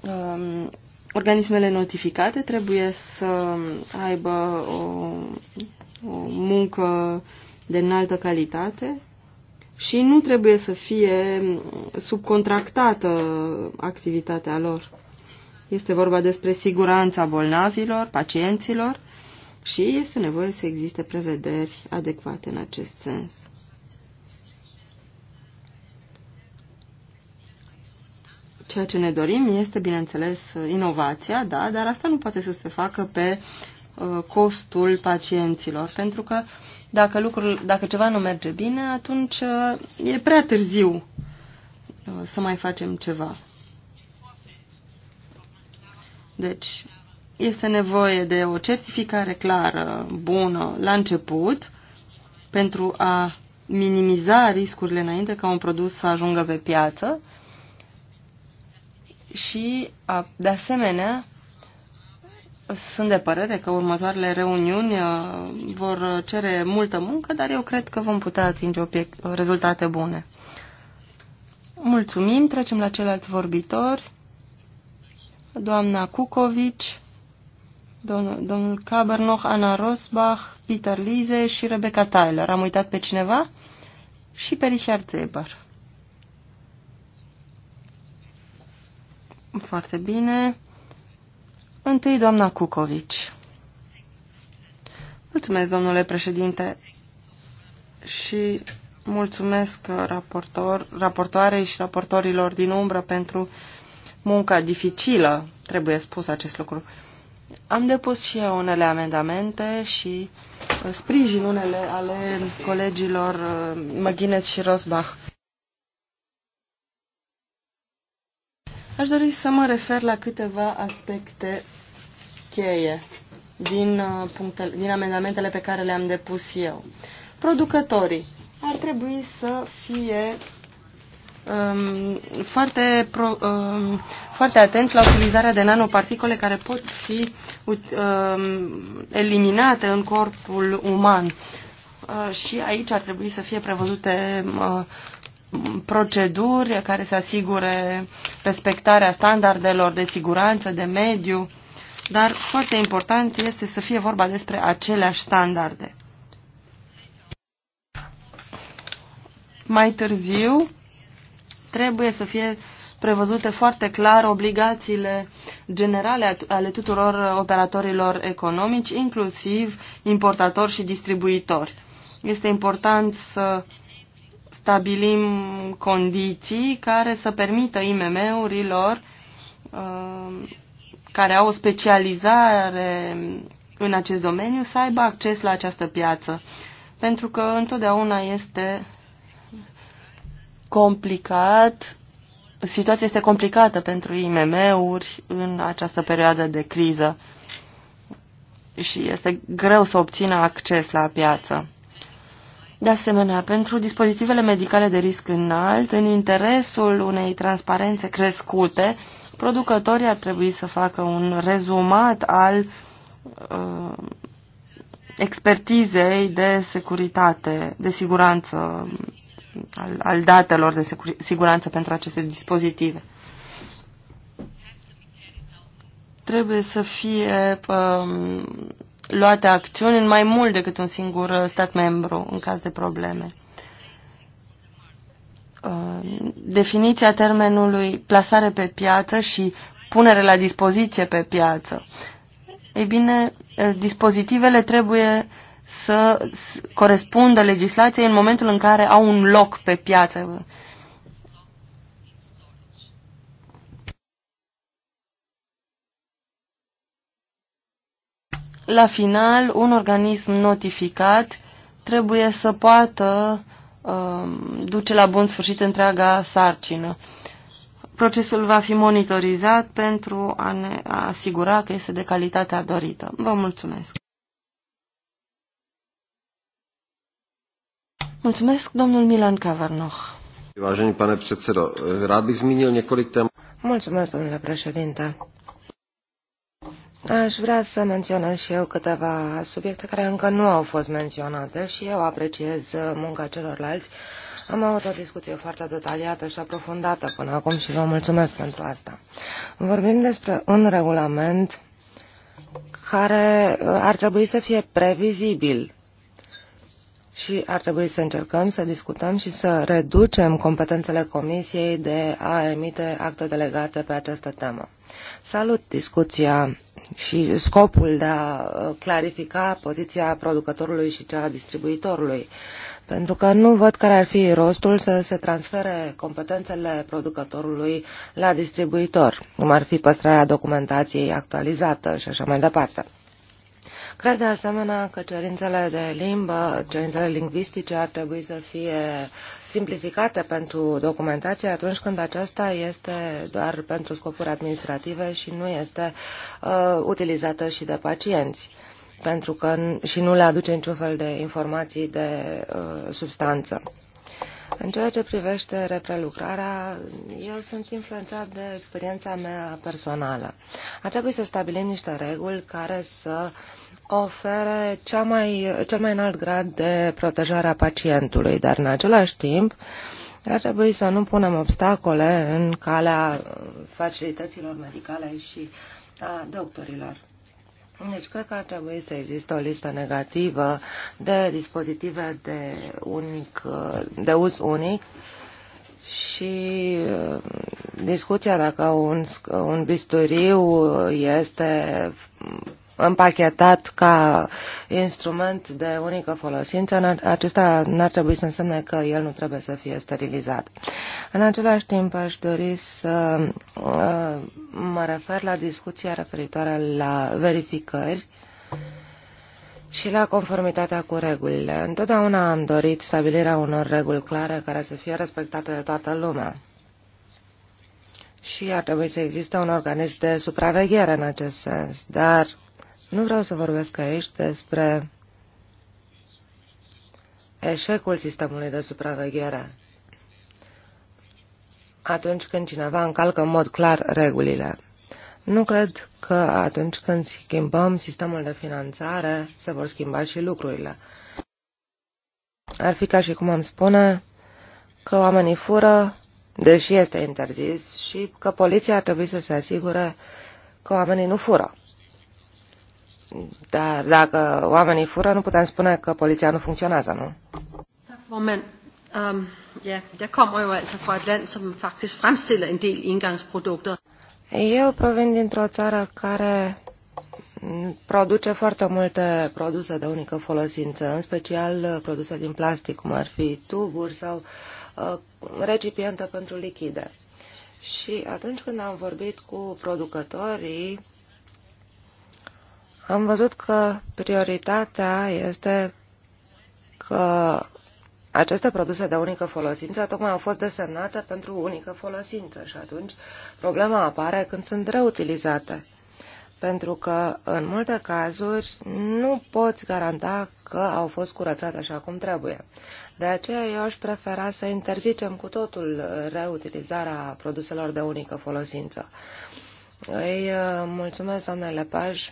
Um, organismele notificate trebuie să aibă o, o muncă de înaltă calitate și nu trebuie să fie subcontractată activitatea lor. Este vorba despre siguranța bolnavilor, pacienților și este nevoie să existe prevederi adecvate în acest sens. Ceea ce ne dorim este, bineînțeles, inovația, da, dar asta nu poate să se facă pe uh, costul pacienților, pentru că dacă, lucrul, dacă ceva nu merge bine, atunci uh, e prea târziu uh, să mai facem ceva. Deci, este nevoie de o certificare clară, bună, la început, pentru a minimiza riscurile înainte ca un produs să ajungă pe piață și, de asemenea, sunt de părere că următoarele reuniuni vor cere multă muncă, dar eu cred că vom putea atinge obiect, rezultate bune. Mulțumim, trecem la ceilalți vorbitori. Doamna Kukovic, domnul, domnul Cabernoch, Ana Rosbach, Peter Lize și Rebecca Tyler. Am uitat pe cineva? Și pe Richard Zeber. Foarte bine. Întâi doamna Cucovici. Mulțumesc, domnule președinte, și mulțumesc raportor, raportoarei și raportorilor din umbră pentru munca dificilă, trebuie spus acest lucru. Am depus și eu unele amendamente și uh, sprijin unele ale colegilor uh, Măghinez și Rosbach. Aș dori să mă refer la câteva aspecte cheie din, uh, punctele, din amendamentele pe care le-am depus eu. Producătorii ar trebui să fie um, foarte, pro, um, foarte atenți la utilizarea de nanoparticole care pot fi um, eliminate în corpul uman. Uh, și aici ar trebui să fie prevăzute uh, proceduri care să asigure respectarea standardelor de siguranță, de mediu, dar foarte important este să fie vorba despre aceleași standarde. Mai târziu trebuie să fie prevăzute foarte clar obligațiile generale ale tuturor operatorilor economici, inclusiv importatori și distribuitori. Este important să stabilim condiții care să permită IMM-urilor uh, care au o specializare în acest domeniu să aibă acces la această piață. Pentru că întotdeauna este complicat, situația este complicată pentru IMM-uri în această perioadă de criză și este greu să obțină acces la piață. De asemenea, pentru dispozitivele medicale de risc înalt, în interesul unei transparențe crescute, producătorii ar trebui să facă un rezumat al uh, expertizei de securitate, de siguranță, al, al datelor de siguranță pentru aceste dispozitive. Trebuie să fie um, luate acțiuni în mai mult decât un singur uh, stat membru în caz de probleme. Uh, definiția termenului plasare pe piață și punere la dispoziție pe piață. Ei bine, uh, dispozitivele trebuie să corespundă legislației în momentul în care au un loc pe piață. la final, un organism notificat trebuie să poată uh, duce la bun sfârșit întreaga sarcină. Procesul va fi monitorizat pentru a ne asigura că este de calitatea dorită. Vă mulțumesc! Mulțumesc, domnul Milan Cavarnoch. Vážený pane předsedo, rád bych zmínil několik Mulțumesc, domnule președinte. Aș vrea să menționez și eu câteva subiecte care încă nu au fost menționate și eu apreciez uh, munca celorlalți. Am avut o discuție foarte detaliată și aprofundată până acum și vă mulțumesc pentru asta. Vorbim despre un regulament care uh, ar trebui să fie previzibil și ar trebui să încercăm să discutăm și să reducem competențele Comisiei de a emite acte delegate pe această temă. Salut discuția și scopul de a uh, clarifica poziția producătorului și cea a distribuitorului. Pentru că nu văd care ar fi rostul să se transfere competențele producătorului la distribuitor, cum ar fi păstrarea documentației actualizată și așa mai departe. Cred de asemenea că cerințele de limbă, cerințele lingvistice ar trebui să fie simplificate pentru documentație atunci când aceasta este doar pentru scopuri administrative și nu este uh, utilizată și de pacienți pentru că și nu le aduce niciun fel de informații de uh, substanță. În ceea ce privește reprelucrarea, eu sunt influențat de experiența mea personală. Ar trebui să stabilim niște reguli care să uh, ofere cea mai, cel mai înalt grad de protejare a pacientului, dar în același timp ar trebui să nu punem obstacole în calea facilităților medicale și a doctorilor. Deci cred că ar trebui să existe o listă negativă de dispozitive de, unic, de uz unic și uh, discuția dacă un, un bisturiu este împachetat ca instrument de unică folosință, acesta n-ar trebui să însemne că el nu trebuie să fie sterilizat. În același timp, aș dori să uh, mă refer la discuția referitoare la verificări și la conformitatea cu regulile. Întotdeauna am dorit stabilirea unor reguli clare care să fie respectate de toată lumea. Și ar trebui să existe un organism de supraveghere în acest sens, dar nu vreau să vorbesc aici despre eșecul sistemului de supraveghere atunci când cineva încalcă în mod clar regulile. Nu cred că atunci când schimbăm sistemul de finanțare se vor schimba și lucrurile. Ar fi ca și cum am spune că oamenii fură, deși este interzis, și că poliția ar trebui să se asigure că oamenii nu fură. Dar dacă oamenii fură, nu putem spune că poliția nu funcționează, nu? Moment. Um, ja, jeg kommer jo altså fra et land, som faktisk fremstiller en del engangsprodukter. Eu provin dintr-o țară care produce foarte multe produse de unică folosință, în special uh, produse din plastic, cum ar fi tuburi sau uh, recipiente pentru lichide. Și atunci când am vorbit cu producătorii am văzut că prioritatea este că aceste produse de unică folosință tocmai au fost desemnate pentru unică folosință și atunci problema apare când sunt reutilizate. Pentru că, în multe cazuri, nu poți garanta că au fost curățate așa cum trebuie. De aceea eu aș prefera să interzicem cu totul reutilizarea produselor de unică folosință. Îi uh, mulțumesc, doamne Lepaj,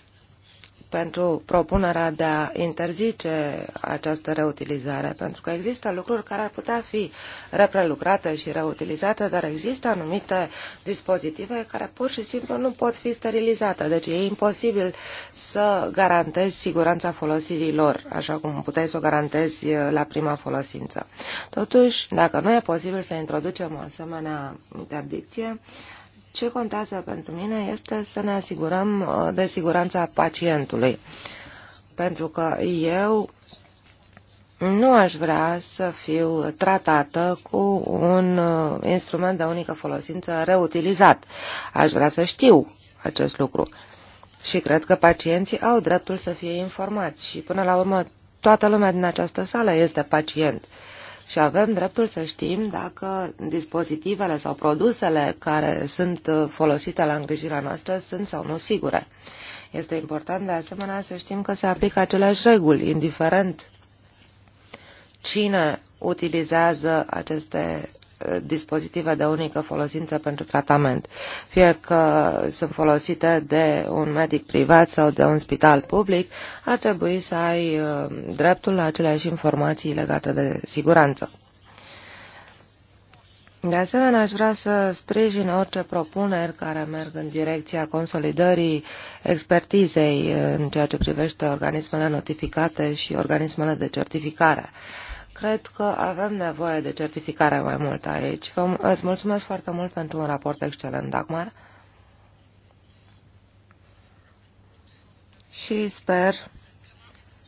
pentru propunerea de a interzice această reutilizare, pentru că există lucruri care ar putea fi reprelucrate și reutilizate, dar există anumite dispozitive care pur și simplu nu pot fi sterilizate, deci e imposibil să garantezi siguranța folosirii lor, așa cum puteai să o garantezi la prima folosință. Totuși, dacă nu e posibil să introducem o asemenea interdicție, uh, ce contează pentru mine este să ne asigurăm uh, de siguranța pacientului. Pentru că eu nu aș vrea să fiu tratată cu un uh, instrument de unică folosință reutilizat. Aș vrea să știu acest lucru. Și cred că pacienții au dreptul să fie informați și până la urmă toată lumea din această sală este pacient. Uh, și avem dreptul să știm dacă dispozitivele sau produsele care sunt uh, folosite la îngrijirea noastră sunt sau nu sigure. Este important de asemenea să știm că se aplică aceleași reguli, indiferent cine utilizează aceste dispozitive de unică folosință pentru tratament, fie că sunt folosite de un medic privat sau de un spital public, ar trebui să ai uh, dreptul la aceleași informații legate de siguranță. De asemenea, aș vrea să sprijin orice propuneri care merg în direcția consolidării expertizei în ceea ce privește organismele notificate și organismele de certificare. Cred că avem nevoie de certificare mai mult aici. Vă, îți mulțumesc foarte mult pentru un raport excelent, Dagmar. Și sper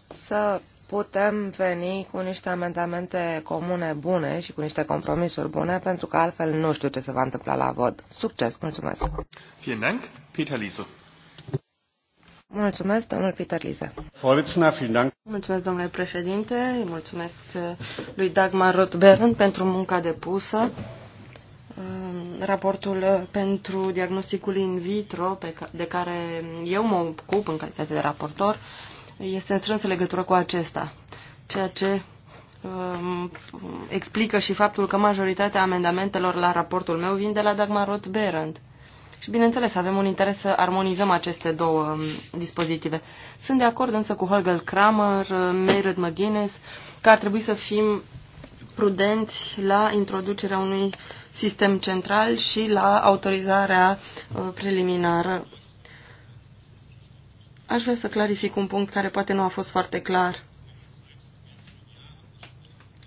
să putem veni cu niște amendamente comune bune și cu niște compromisuri bune, pentru că altfel nu știu ce se va întâmpla la vot. Succes! Mulțumesc! Vielen Dank, Peter Lise. Mulțumesc, domnul Peter Lize. Mulțumesc, domnule președinte, mulțumesc uh, lui Dagmar Rothbergen pentru munca depusă. Uh, raportul uh, pentru diagnosticul in vitro, de care eu mă ocup în calitate de raportor, este în strânsă legătură cu acesta, ceea ce explică și faptul că majoritatea amendamentelor la raportul meu vin de la Dagmar Roth și, bineînțeles, avem un interes să armonizăm aceste două um, dispozitive. Sunt de acord însă cu Holger Kramer, Merit McGuinness, că ar trebui să fim prudenți la introducerea unui sistem central și la autorizarea uh, preliminară. Aș vrea să clarific un punct care poate nu a fost foarte clar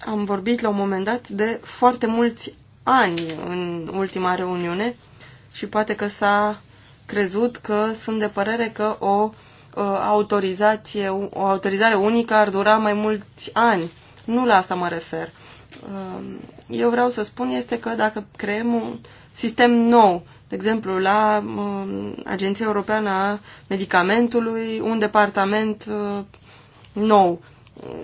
am vorbit la un moment dat de foarte mulți ani în ultima reuniune și poate că s-a crezut că sunt de părere că o uh, autorizație, o autorizare unică ar dura mai mulți ani. Nu la asta mă refer. Um, eu vreau să spun este că dacă creăm un sistem nou, de exemplu, la um, Agenția Europeană a Medicamentului, un departament uh, nou,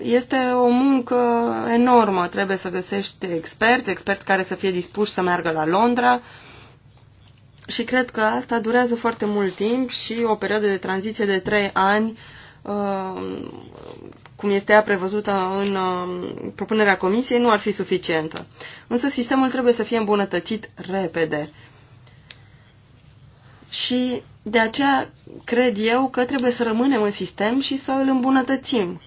este o muncă enormă. Trebuie să găsești experți, experți care să fie dispuși să meargă la Londra, și cred că asta durează foarte mult timp și o perioadă de tranziție de trei ani, uh, cum este ea prevăzută în uh, propunerea comisiei, nu ar fi suficientă. Însă sistemul trebuie să fie îmbunătățit repede. Și de aceea cred eu că trebuie să rămânem în sistem și să îl îmbunătățim.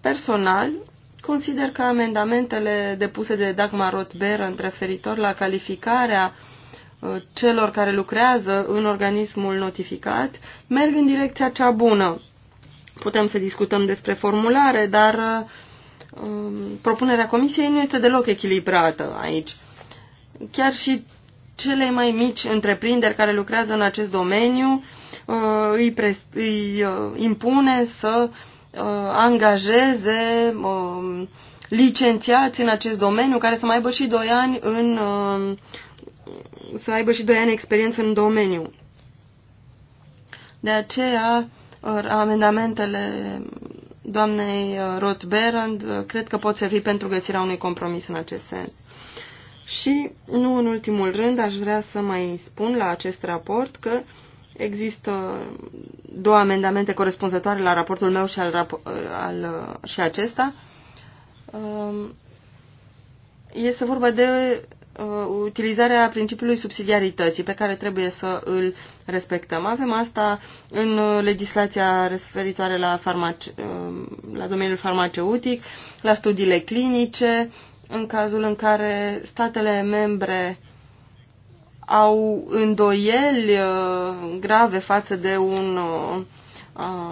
Personal, consider că amendamentele depuse de Dagmar în referitor la calificarea Uh, celor care lucrează în organismul notificat merg în direcția cea bună. Putem să discutăm despre formulare, dar uh, um, propunerea comisiei nu este deloc echilibrată aici. Chiar și cele mai mici întreprinderi care lucrează în acest domeniu uh, îi, pre, îi impune să angajeze um, licențiați în acest domeniu care să mai aibă și doi ani în să aibă și doi ani experiență în domeniu. De aceea, amendamentele doamnei uh, Roth-Berand uh, cred că pot servi pentru găsirea unui compromis în acest sens. Și, nu în ultimul rând, aș vrea să mai spun la acest raport că există două amendamente corespunzătoare la raportul meu și, al, uh, al, și acesta. Um, este vorba de Uh, utilizarea principiului subsidiarității pe care trebuie să îl respectăm. Avem asta în legislația referitoare la, farmace- uh, la domeniul farmaceutic, la studiile clinice, în cazul în care statele membre au îndoieli uh, grave față de un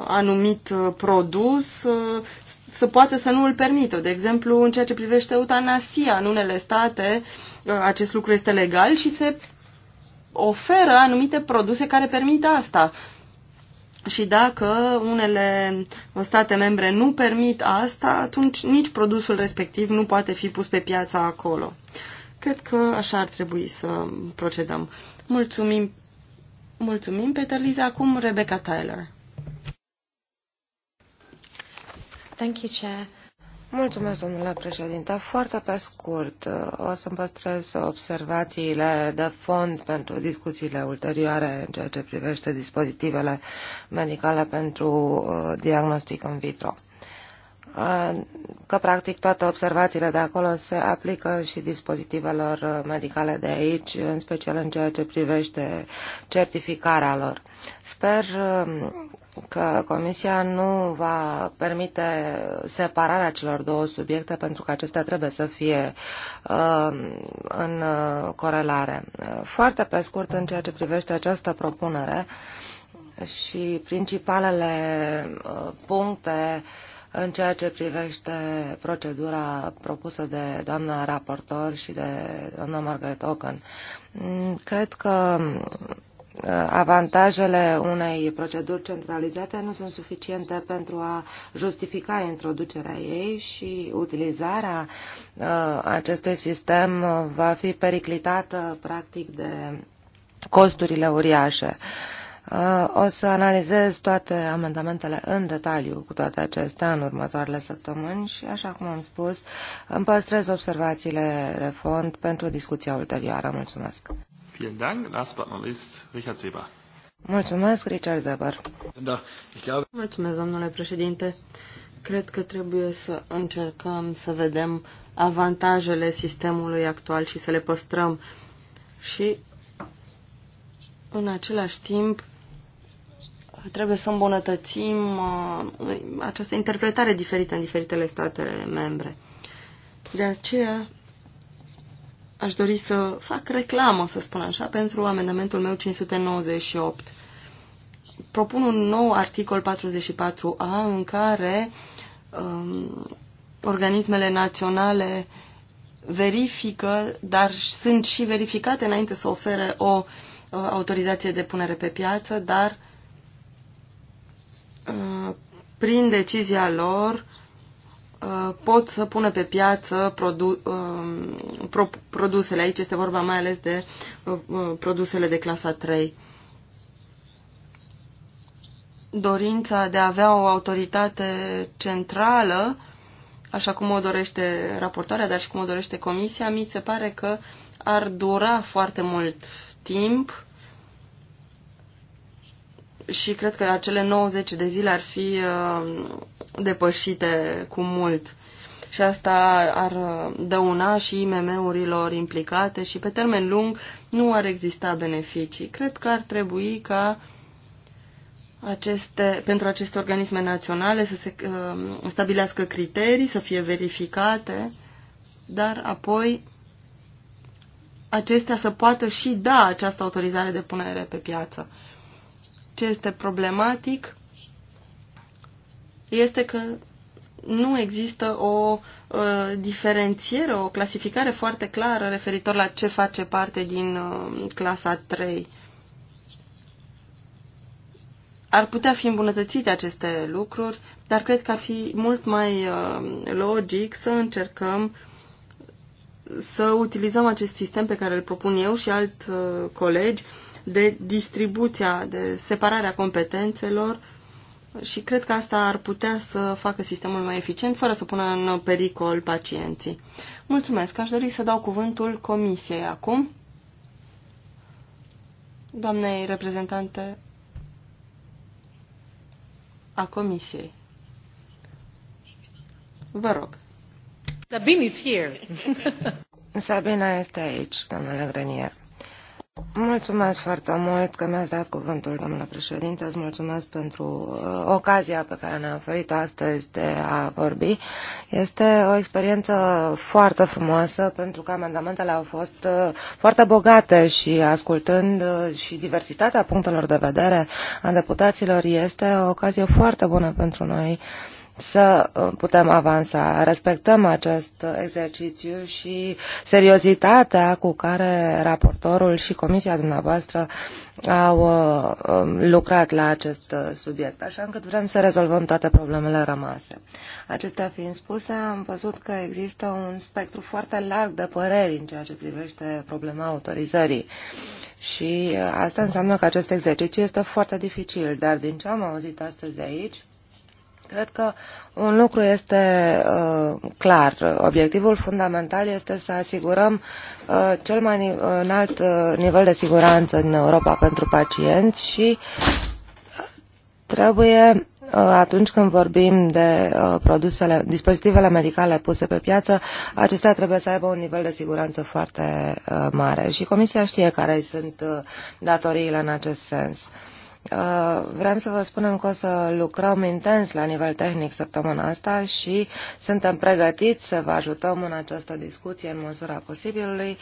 anumit produs, să poate să nu îl permită. De exemplu, în ceea ce privește eutanasia în unele state, uh, acest lucru este legal și se oferă anumite produse care permit asta. Și dacă unele state membre nu permit asta, atunci nici produsul respectiv nu poate fi pus pe piața acolo. Cred că așa ar trebui să procedăm. Mulțumim, mulțumim Peter Liza. Acum Rebecca Tyler. Thank you, Chair. Mulțumesc, domnule președinte. Foarte pe scurt, o să-mi păstrez observațiile de fond pentru discuțiile ulterioare în ceea ce privește dispozitivele medicale pentru uh, diagnostic în vitro. Ah, că practic toate observațiile de acolo se aplică și dispozitivelor uh, medicale de aici, în special în ceea ce privește certificarea lor. Sper um, că Comisia nu va permite separarea celor două subiecte pentru că acestea trebuie să fie um, uh, în corelare. Foarte pe scurt în ceea ce privește această propunere și principalele uh, puncte uh, în ceea ce privește procedura propusă de doamna raportor și de doamna Margaret Ocken, mm, cred că mm, avantajele unei proceduri centralizate nu sunt suficiente pentru a justifica introducerea ei și utilizarea uh, acestui sistem va fi periclitată practic de costurile uriașe. Uh, Uh, o să analizez toate amendamentele în detaliu cu toate acestea în următoarele săptămâni și, așa cum am spus, îmi păstrez observațiile de fond pentru discuția ulterioară. Mulțumesc! Vielen Dank. Last but not least, Richard Seber. Mulțumesc, Richard Zeber. Da, chiar... Mulțumesc, domnule președinte. Cred că trebuie să încercăm să vedem avantajele sistemului actual și să le păstrăm. Și în același timp trebuie să îmbunătățim uh, această interpretare diferită în diferitele statele membre. De aceea aș dori să fac reclamă, să spun așa, pentru amendamentul meu 598. Propun un nou articol 44a în care um, organismele naționale verifică, dar sunt și verificate înainte să ofere o uh, autorizație de punere pe piață, dar uh, prin decizia lor, uh, pot să pună pe piață produ uh, pro produsele. Aici este vorba mai ales de uh, produsele de clasa 3. Dorința de a avea o autoritate centrală, așa cum o dorește raportoarea, dar și cum o dorește comisia, mi se pare că ar dura foarte mult timp și cred că acele 90 de zile ar fi uh, depășite cu mult. Și asta ar uh, dăuna și IMM-urilor implicate și pe termen lung nu ar exista beneficii. Cred că ar trebui ca aceste, pentru aceste organisme naționale să se uh, stabilească criterii, să fie verificate, dar apoi acestea să poată și da această autorizare de punere pe piață. Uh, ce este problematic este că nu există o uh, diferențiere, o clasificare foarte clară referitor la ce face parte din uh, clasa 3. Ar putea fi îmbunătățite aceste lucruri, dar cred că ar fi mult mai uh, logic să încercăm să utilizăm acest sistem pe care îl propun eu și alt uh, colegi uh, de distribuția, de separarea competențelor și cred că asta ar putea să facă sistemul mai eficient fără să pună în pericol pacienții. Mulțumesc. Aș dori să dau cuvântul comisiei acum. Doamnei reprezentante a comisiei. Vă rog. Sabine is here. Sabina este aici, domnule Grenier. Mulțumesc foarte mult că mi-ați dat cuvântul, domnule președinte. Îți mulțumesc pentru uh, ocazia pe care ne-a oferit astăzi de a vorbi. Este o experiență foarte frumoasă pentru că amendamentele au fost uh, foarte bogate și ascultând uh, și diversitatea punctelor de vedere a deputaților este o ocazie foarte bună pentru noi uh, să uh, putem avansa. Respectăm acest exercițiu și seriozitatea cu care raportorul și comisia dumneavoastră au uh, um, lucrat la acest uh, subiect, așa încât vrem să rezolvăm toate problemele rămase. Acestea fiind spuse, am văzut că există un spectru foarte larg de păreri în ceea ce privește problema autorizării. Și asta înseamnă că acest exercițiu este foarte dificil, dar din ce am auzit astăzi aici, Cred că un lucru este uh, clar. Obiectivul fundamental este să asigurăm uh, cel mai înalt uh, nivel de siguranță din Europa pentru pacienți și uh, trebuie uh, atunci când vorbim de uh, produsele, dispozitivele medicale puse pe piață, acestea trebuie să aibă un nivel de siguranță foarte mare și Comisia știe care sunt datoriile în acest sens. Uh, Uh, Vrem să vă spunem că o să lucrăm intens la nivel tehnic săptămâna asta și suntem pregătiți să vă ajutăm în această discuție în măsura posibilului.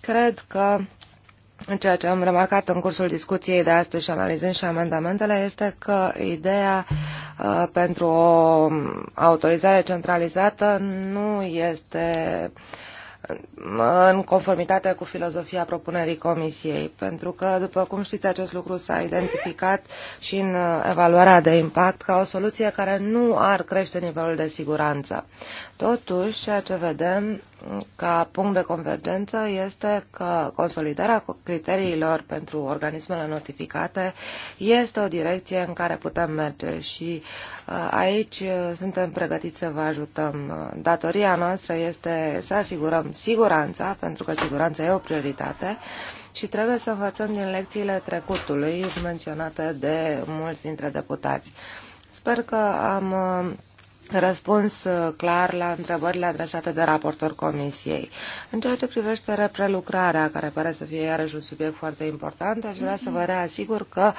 Cred că ceea ce am remarcat în cursul discuției de astăzi și analizând și amendamentele este că ideea uh, pentru o autorizare centralizată nu este uh, în conformitate cu filozofia propunerii Comisiei, pentru că, după cum știți, acest lucru s-a identificat și în uh, evaluarea de impact ca o soluție care nu ar crește nivelul de siguranță. Totuși, ceea ce vedem ca punct de convergență este că consolidarea criteriilor pentru organismele notificate este o direcție în care putem merge și uh, aici uh, suntem pregătiți să vă ajutăm. Datoria noastră este să asigurăm siguranța, pentru că siguranța e o prioritate, și trebuie să învățăm din lecțiile trecutului menționate de mulți dintre deputați. Sper că am uh, răspuns uh, clar la întrebările adresate de raportor Comisiei. În ceea ce privește reprelucrarea, care pare să fie iarăși un subiect foarte important, aș vrea să vă mhm. reasigur că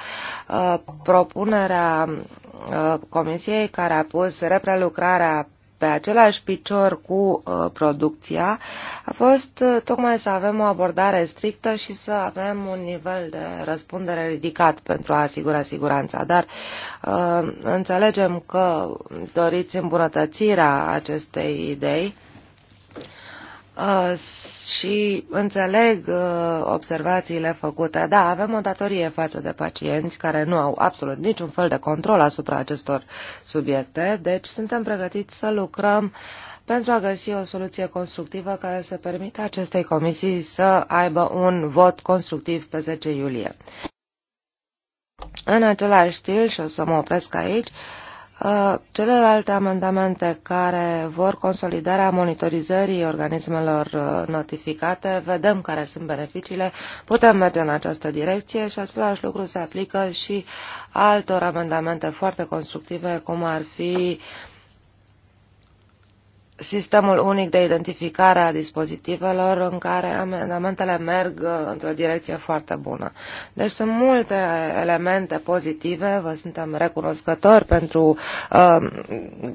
uh, propunerea uh, Comisiei care a pus reprelucrarea pe același picior cu uh, producția a fost uh, tocmai să avem o abordare strictă și să avem un nivel de răspundere ridicat pentru a asigura siguranța. Dar uh, înțelegem că doriți îmbunătățirea acestei idei Uh, și înțeleg uh, observațiile făcute. Da, avem o datorie față de pacienți care nu au absolut niciun fel de control asupra acestor subiecte, deci suntem pregătiți să lucrăm pentru a găsi o soluție constructivă care să permită acestei comisii să aibă un vot constructiv pe 10 iulie. În același stil, și o să mă opresc aici, uh, Uh, celelalte amendamente care vor consolidarea monitorizării organismelor uh, notificate, vedem care sunt beneficiile, putem merge în această direcție și același lucru se aplică și altor amendamente foarte constructive, cum ar fi uh, sistemul unic de identificare a dispozitivelor în care amendamentele merg uh, într-o direcție foarte bună. Deci sunt multe elemente pozitive, vă suntem recunoscători pentru uh,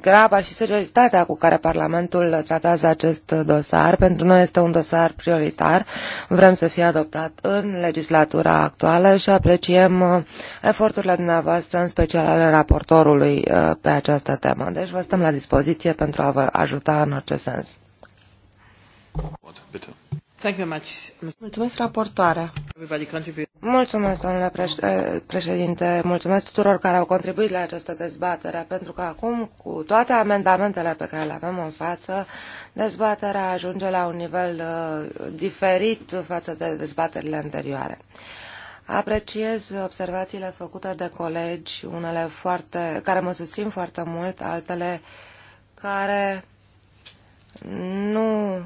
graba și seriozitatea cu care Parlamentul tratează acest dosar. Pentru noi este un dosar prioritar, vrem să fie adoptat în legislatura actuală și apreciem uh, eforturile dumneavoastră, în special ale raportorului uh, pe această temă. Deci vă stăm la dispoziție pentru a vă ajuta vota în orice sens. Mulțumesc, raportoarea. Mulțumesc, domnule eh, președinte, mulțumesc tuturor care au contribuit la această dezbatere, pentru că acum, cu toate amendamentele pe care le avem în față, dezbaterea ajunge la un nivel eh, diferit față de dezbaterile anterioare. Apreciez observațiile făcute de colegi, unele foarte, care mă susțin foarte mult, altele care nu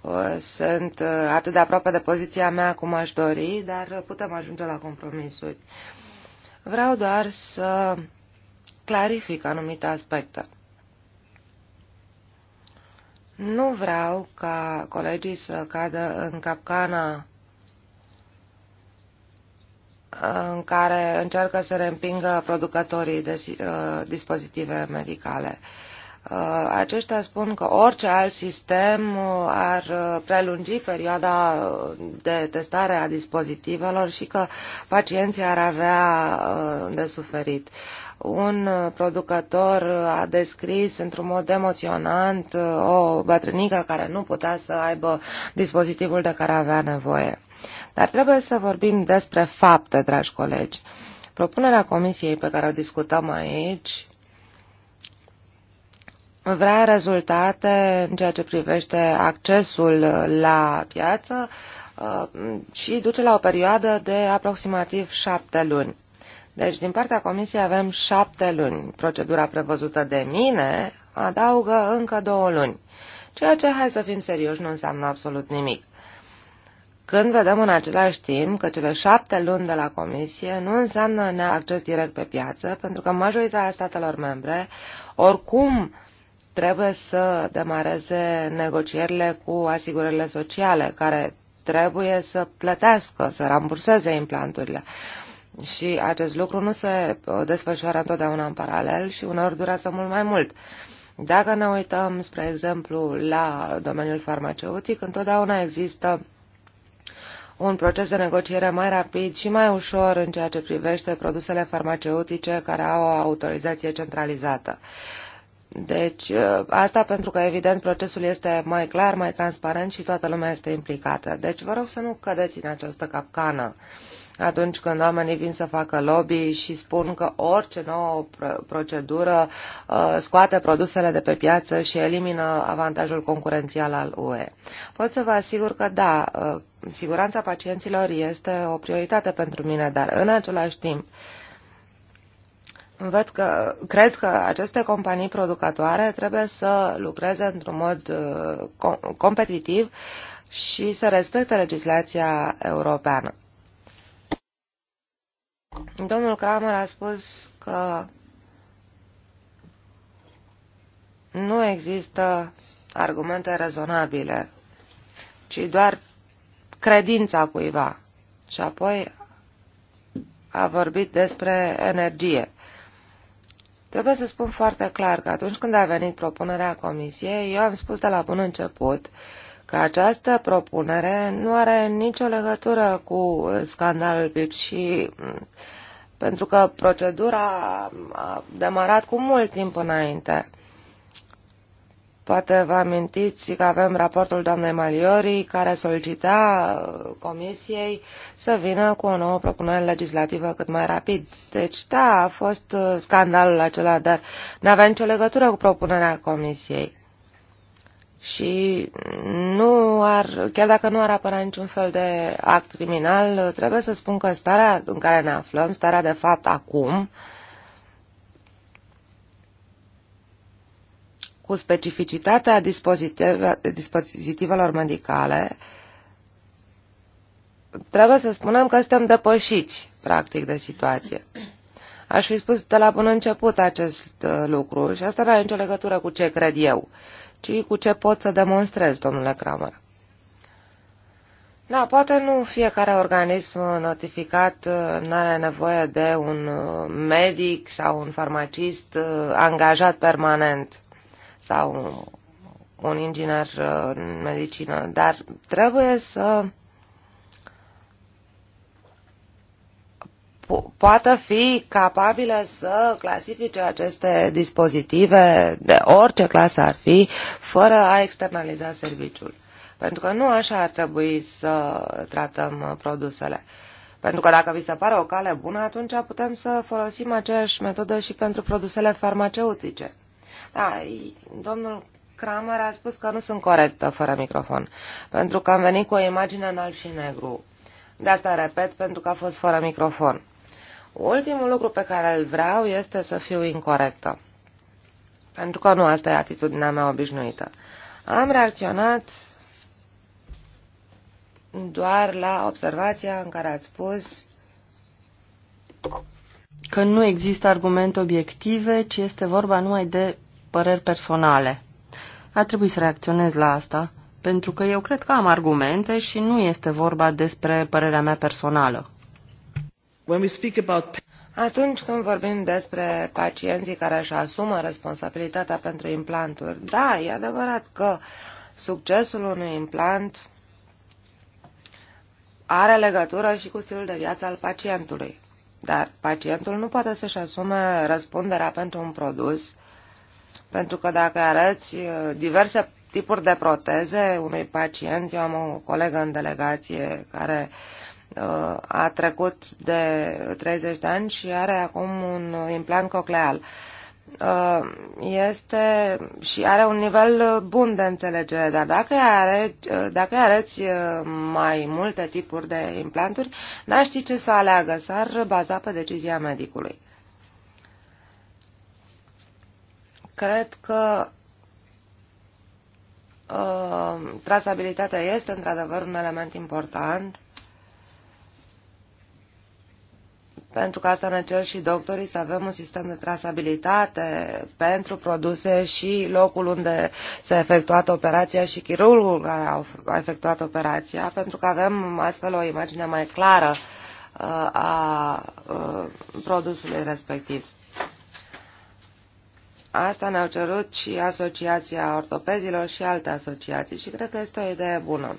uh, sunt uh, atât de aproape de poziția mea cum aș dori, dar putem ajunge la compromisuri. Vreau doar să clarific anumite aspecte. Nu vreau ca colegii să cadă în capcana în care încearcă să reîmpingă producătorii de uh, dispozitive medicale. Uh, Uh, aceștia spun că orice alt sistem uh, ar uh, prelungi perioada de testare a dispozitivelor și că pacienții ar avea de suferit. Un producător a descris într-un mod emoționant o bătrânică care nu putea să aibă dispozitivul de care avea nevoie. Dar trebuie să vorbim despre fapte, dragi colegi. Propunerea comisiei pe care o discutăm aici vrea rezultate în ceea ce privește accesul la piață uh, și duce la o perioadă de aproximativ șapte luni. Deci, din partea Comisiei avem șapte luni. Procedura prevăzută de mine adaugă încă două luni. Ceea ce, hai să fim serioși, nu înseamnă absolut nimic. Când vedem în același timp că cele șapte luni de la Comisie nu înseamnă acces direct pe piață, pentru că majoritatea statelor membre oricum uh, trebuie să demareze negocierile cu asigurările sociale, care trebuie să plătească, să ramburseze implanturile. Și acest lucru nu se desfășoară întotdeauna în paralel și uneori durează mult mai mult. Dacă ne uităm, spre exemplu, la domeniul farmaceutic, întotdeauna există un proces de negociere mai rapid și mai ușor în ceea ce privește produsele farmaceutice care au o autorizație centralizată. Deci, ă, asta pentru că, evident, procesul este mai clar, mai transparent și toată lumea este implicată. Deci, vă rog să nu cădeți în această capcană atunci când oamenii vin să facă lobby și spun că orice nouă procedură ă, scoate produsele de pe piață și elimină avantajul concurențial al UE. Pot să vă asigur că da, ă, siguranța pacienților este o prioritate pentru mine, dar în același timp, Văd că, cred că aceste companii producătoare trebuie să lucreze într-un mod uh, competitiv și să respecte legislația europeană. Domnul Kramer a spus că nu există argumente rezonabile, ci doar credința cuiva. Și apoi a vorbit despre energie. Trebuie să spun foarte clar că atunci când a venit propunerea Comisiei, eu am spus de la bun început că această propunere nu are nicio legătură cu scandalul PIP și mm, pentru că procedura a demarat cu mult timp înainte. Poate vă amintiți că avem raportul doamnei Maliori care solicita uh, Comisiei să vină cu o nouă propunere legislativă cât mai rapid. Deci, da, a fost uh, scandalul acela, dar nu avea nicio legătură cu propunerea Comisiei. Și nu ar, chiar dacă nu ar apăra niciun fel de act criminal, trebuie să spun că starea în care ne aflăm, starea de fapt acum, uh, cu specificitatea dispozitivelor medicale, trebuie să spunem că suntem depășiți, practic, de situație. Aș fi spus de la bun început acest uh, lucru și asta nu are nicio legătură cu ce cred eu, ci cu ce pot să demonstrez, domnule Kramer. Da, poate nu fiecare organism notificat uh, nu are nevoie de un uh, medic sau un farmacist angajat permanent sau un inginer uh, în medicină, dar trebuie să poată fi capabile să clasifice aceste dispozitive de orice clasă ar fi, fără a externaliza serviciul. Pentru că nu așa ar trebui să tratăm uh, produsele. Pentru că dacă vi se pare o cale bună, atunci putem să folosim aceeași metodă și pentru produsele farmaceutice. Da, domnul Kramer a spus că nu sunt corectă fără microfon, pentru că am venit cu o imagine în alb și negru. De asta repet, pentru că a fost fără microfon. Ultimul lucru pe care îl vreau este să fiu incorrectă. Pentru că nu asta e atitudinea mea obișnuită. Am reacționat doar la observația în care ați spus că nu există argumente obiective, ci este vorba numai de păreri personale. A trebuit să reacționez la asta, pentru că eu cred că am argumente și nu este vorba despre părerea mea personală. When we speak about... Atunci când vorbim despre pacienții care își asumă responsabilitatea pentru implanturi, da, e adevărat că succesul unui implant are legătură și cu stilul de viață al pacientului. Dar pacientul nu poate să-și asume răspunderea pentru un produs pentru că dacă arăți uh, diverse tipuri de proteze unui pacient, eu am o colegă în delegație care uh, a trecut de 30 de ani și are acum un implant cocleal uh, este și are un nivel bun de înțelegere, dar dacă are, dacă arăți mai multe tipuri de implanturi, n-ar ști ce să aleagă, s-ar baza pe decizia medicului. Cred că uh, trasabilitatea este într-adevăr un element important pentru că asta ne cer și doctorii să avem un sistem de trasabilitate pentru produse și locul unde s-a efectuat operația și chirurgul care a efectuat operația, pentru că avem astfel o imagine mai clară uh, a uh, produsului respectiv. Asta ne-au cerut și Asociația Ortopezilor și alte asociații și cred că este o idee bună.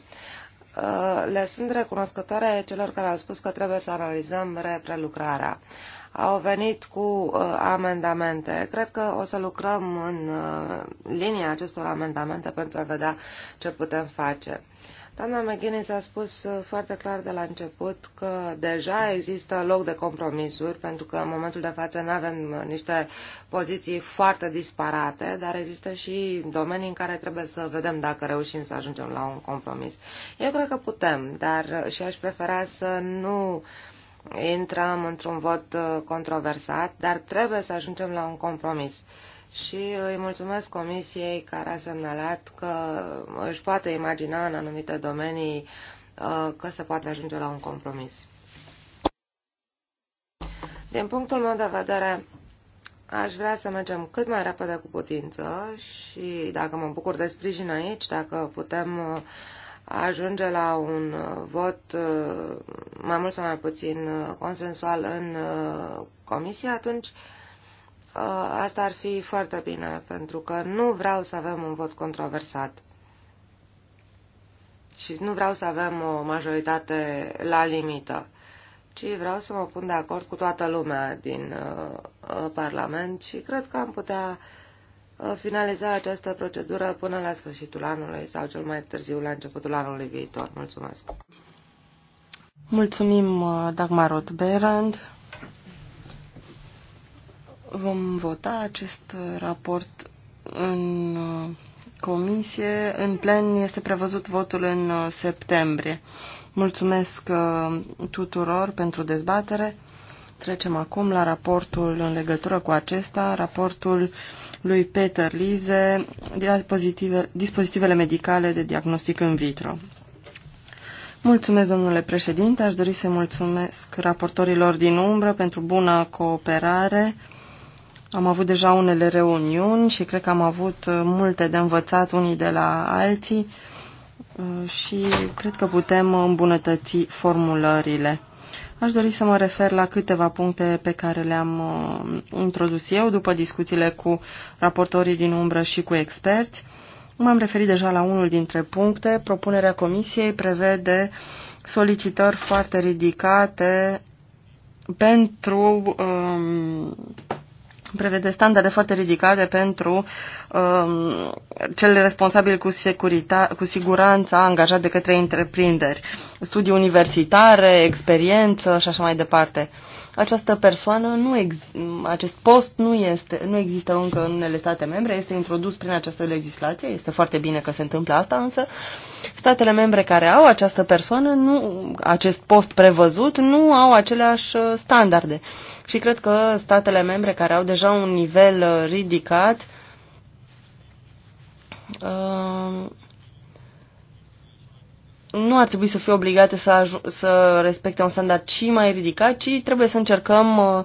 Uh, le sunt recunoscătoare celor care au spus că trebuie să analizăm reprelucrarea. Au venit cu uh, amendamente. Cred că o să lucrăm în uh, linia acestor amendamente pentru a vedea ce putem face. Doamna McGuinness a spus uh, foarte clar de la început că deja există loc de compromisuri, pentru că în momentul de față nu avem uh, niște poziții foarte disparate, dar există și domenii în care trebuie să vedem dacă reușim să ajungem la un compromis. Eu cred că putem, dar uh, și aș prefera să nu intrăm într-un vot controversat, dar trebuie să ajungem la un compromis. Uh, și îi mulțumesc Comisiei care a semnalat că își poate imagina în anumite domenii uh, că se poate ajunge la un compromis. Din punctul meu de vedere, aș vrea să mergem cât mai repede cu putință și dacă mă bucur de sprijin aici, dacă putem uh, ajunge la un uh, vot mai mult sau mai puțin consensual în comisie, atunci uh, Uh, asta ar fi foarte bine, pentru că nu vreau să avem un vot controversat. Și nu vreau să avem o majoritate la limită, ci vreau să mă pun de acord cu toată lumea din uh, uh Parlament și cred că am putea uh, finaliza această procedură până la sfârșitul anului sau cel mai târziu la începutul anului viitor. Mulțumesc! Mulțumim, Dagmar Roth-Berand. Vom vota acest raport în uh, comisie. În plen este prevăzut votul în uh, septembrie. Mulțumesc uh, tuturor pentru dezbatere. Trecem acum la raportul în legătură cu acesta, raportul lui Peter Lize, dispozitivele medicale de diagnostic în vitro. Mulțumesc, domnule președinte. Aș dori să mulțumesc raportorilor din umbră pentru bună cooperare am avut deja unele reuniuni și cred că am avut uh, multe de învățat unii de la alții uh, și cred că putem îmbunătăți formulările. Aș dori să mă refer la câteva puncte pe care le-am uh, introdus eu după discuțiile cu raportorii din umbră și cu experți. M-am referit deja la unul dintre puncte. Propunerea comisiei prevede solicitări foarte ridicate pentru um, prevede standarde foarte ridicate pentru um, cel responsabil cu, securita, cu siguranța angajat de către întreprinderi, studii universitare, experiență și așa mai departe. Această persoană, nu ex, acest post nu, este, nu există încă în unele state membre, este introdus prin această legislație, este foarte bine că se întâmplă asta, însă statele membre care au această persoană, nu, acest post prevăzut, nu au aceleași uh, standarde. Și cred că statele membre care au deja un nivel uh, ridicat uh, nu ar trebui să fie obligate să, să respecte un standard și mai ridicat, ci trebuie să încercăm uh,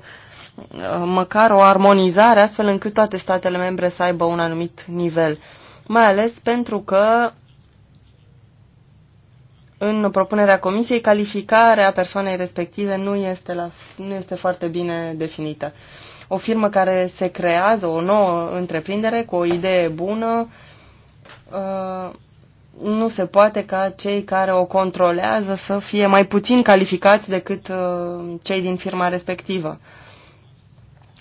uh, măcar o armonizare astfel încât toate statele membre să aibă un anumit nivel. Mai ales pentru că în propunerea comisiei calificarea persoanei respective nu este, la, nu este foarte bine definită. O firmă care se creează o nouă întreprindere cu o idee bună uh, nu se poate ca cei care o controlează să fie mai puțin calificați decât uh, cei din firma respectivă.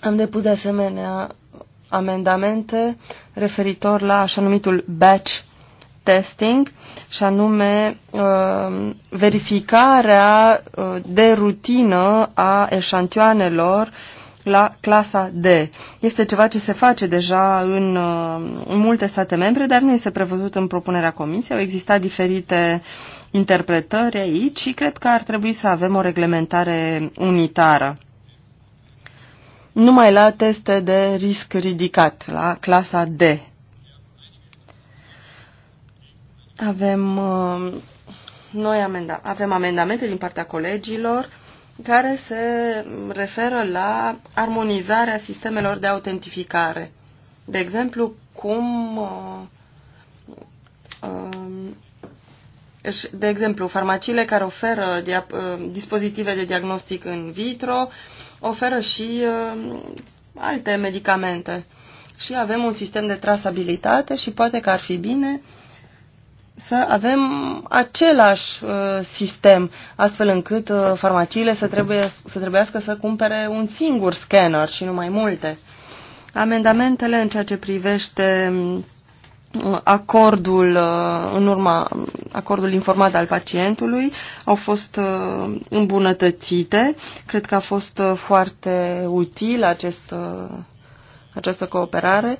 Am depus de asemenea amendamente referitor la așa numitul batch testing și anume uh, verificarea uh, de rutină a eșantioanelor la clasa D. Este ceva ce se face deja în, uh, în multe state membre, dar nu este prevăzut în propunerea comisiei. Au existat diferite interpretări aici și cred că ar trebui să avem o reglementare unitară. Numai la teste de risc ridicat, la clasa D. Avem uh, noi amenda avem amendamente din partea colegilor care se referă la armonizarea sistemelor de autentificare. De exemplu, cum uh, uh, de exemplu, farmaciile care oferă uh, dispozitive de diagnostic în vitro oferă și alte medicamente. Și avem un sistem de trasabilitate și poate că ar fi bine să avem același uh, sistem, astfel încât uh, farmaciile să, trebuie, să trebuiască să cumpere un singur scanner și nu mai multe. Amendamentele în ceea ce privește mm, acordul uh, în urma acordul informat al pacientului au fost uh, îmbunătățite. Cred că a fost uh, foarte util acest, această cooperare.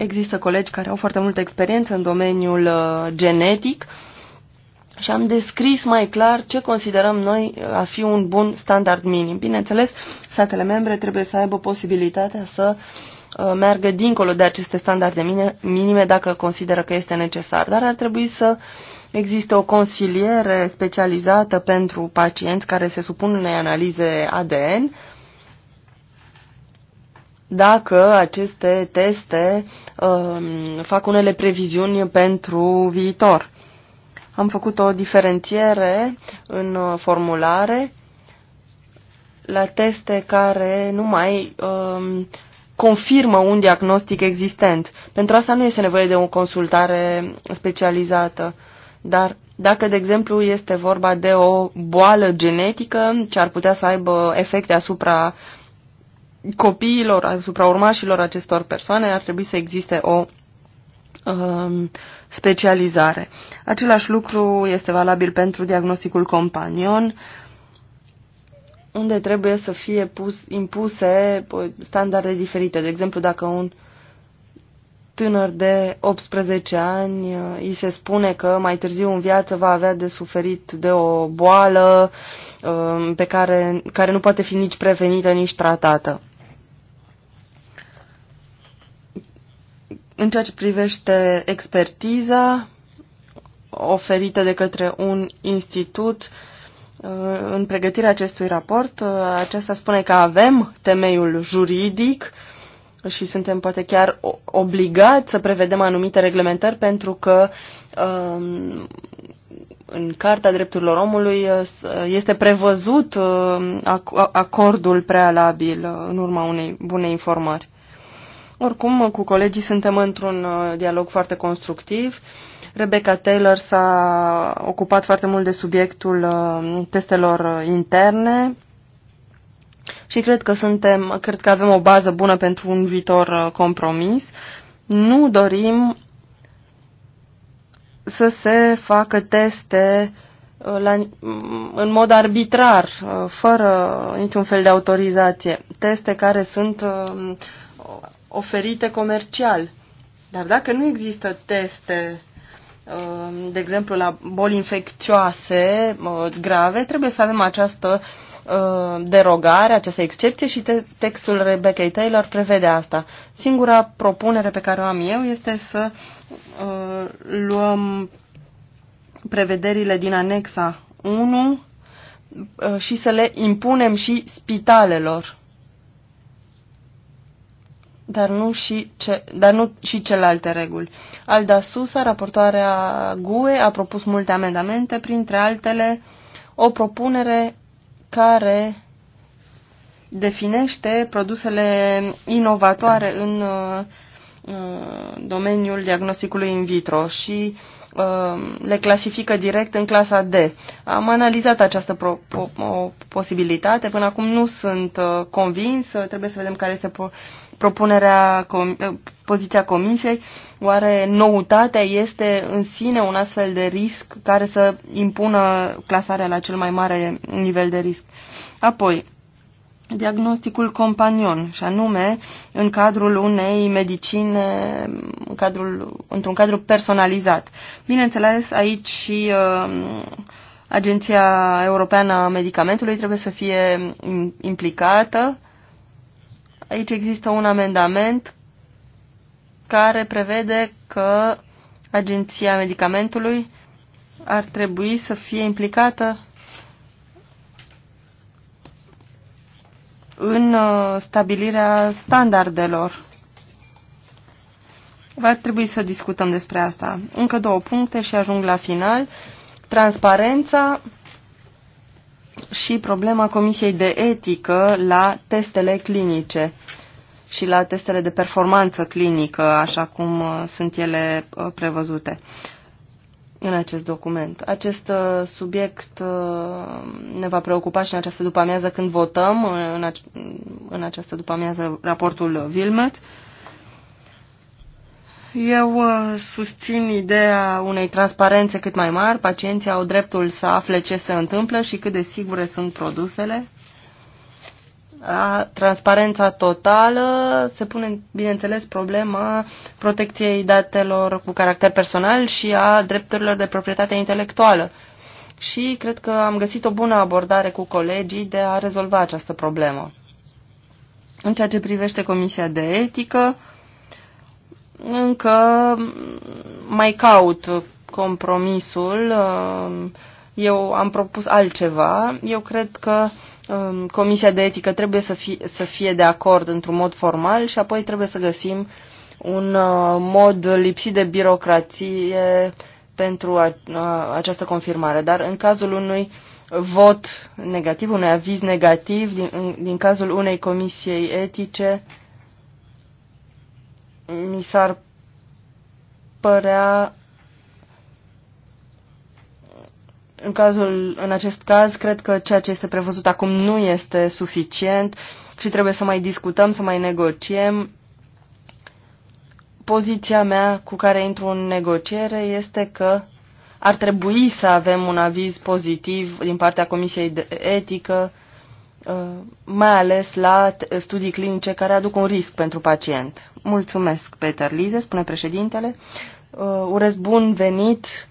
Există colegi care au foarte multă experiență în domeniul uh, genetic și am descris mai clar ce considerăm noi uh, a fi un bun standard minim. Bineînțeles, statele membre trebuie să aibă posibilitatea să uh, meargă dincolo de aceste standarde minime dacă consideră că este necesar, dar ar trebui să existe o consiliere specializată pentru pacienți care se supun unei analize ADN dacă aceste teste uh, fac unele previziuni pentru viitor. Am făcut o diferențiere în uh, formulare la teste care nu mai uh, um, confirmă un diagnostic existent. Pentru asta nu este nevoie de o consultare specializată, dar dacă, de exemplu, este vorba de o boală genetică ce ar putea să aibă efecte asupra uh, copiilor, asupra urmașilor acestor persoane ar trebui să existe o um, specializare. Același lucru este valabil pentru diagnosticul companion, unde trebuie să fie pus, impuse standarde diferite. De exemplu, dacă un tânăr de 18 ani uh, îi se spune că mai târziu în viață va avea de suferit de o boală um, pe care, care nu poate fi nici prevenită, nici tratată. În ceea ce privește expertiza oferită de către un institut uh, în pregătirea acestui raport, uh, acesta spune că avem temeiul juridic și suntem poate chiar obligați să prevedem anumite reglementări pentru că um, în Carta Drepturilor Omului uh, este prevăzut acordul prealabil în urma unei bune informări. Oricum, cu colegii suntem într-un uh, dialog foarte constructiv. Rebecca Taylor s-a ocupat foarte mult de subiectul uh, testelor interne și cred că suntem, cred că avem o bază bună pentru un viitor uh, compromis. Nu dorim să se facă teste la, mm, în mod arbitrar, fără niciun fel de autorizație. Teste care sunt oferite comercial. Dar dacă nu există teste, um, de exemplu, la boli infecțioase uh, grave, trebuie să avem această uh, derogare, această excepție și textul Rebecca Taylor prevede asta. Singura propunere pe care o am eu este să uh, luăm prevederile din anexa 1 și să le impunem și spitalelor dar nu și, ce, dar nu și celelalte reguli. Alda Susa, raportoarea GUE, a propus multe amendamente, printre altele o propunere care definește produsele inovatoare în uh, uh, domeniul diagnosticului in vitro și uh, le clasifică direct în clasa D. Am analizat această pro, po, o posibilitate, până acum nu sunt convins, trebuie să vedem care este propunerea, com eh, poziția comisiei, oare noutatea este în sine un astfel de risc care să impună clasarea la cel mai mare nivel de risc? Apoi, diagnosticul companion, și anume în cadrul unei medicine, în cadrul, într-un cadru personalizat. Bineînțeles, aici și uh, Agenția Europeană a Medicamentului trebuie să fie implicată Aici există un amendament care prevede că Agenția Medicamentului ar trebui să fie implicată în uh, stabilirea standardelor. Va trebui să discutăm despre asta. Încă două puncte și ajung la final. Transparența și problema Comisiei de Etică la testele clinice și la testele de performanță clinică, așa cum uh, sunt ele uh, prevăzute în acest document. Acest uh, subiect ne va preocupa și în această după-amiază când votăm, în, această după-amiază, raportul Vilmet. Eu uh, susțin ideea unei transparențe cât mai mari. Pacienții au dreptul să afle ce se întâmplă și cât de sigure sunt produsele. A, transparența totală se pune, bineînțeles, problema protecției datelor cu caracter personal și a drepturilor de proprietate intelectuală. Și cred că am găsit o bună abordare cu colegii de a rezolva această problemă. În ceea ce privește Comisia de Etică, încă mai caut compromisul. Uh, eu am propus altceva. Eu cred că um, Comisia de Etică trebuie să fie, să fie de acord într-un mod formal și apoi trebuie să găsim un uh, mod lipsit de birocrație pentru a, a, această confirmare. Dar în cazul unui vot negativ, unui aviz negativ din, din cazul unei comisiei etice, mi s-ar părea în, cazul, în acest caz, cred că ceea ce este prevăzut acum nu este suficient și trebuie să mai discutăm, să mai negociem. Poziția mea cu care intru în negociere este că ar trebui să avem un aviz pozitiv din partea Comisiei de Etică Uh, mai ales la studii clinice care aduc un risc pentru pacient. Mulțumesc, Peter Lize, spune președintele. Uh, urez bun venit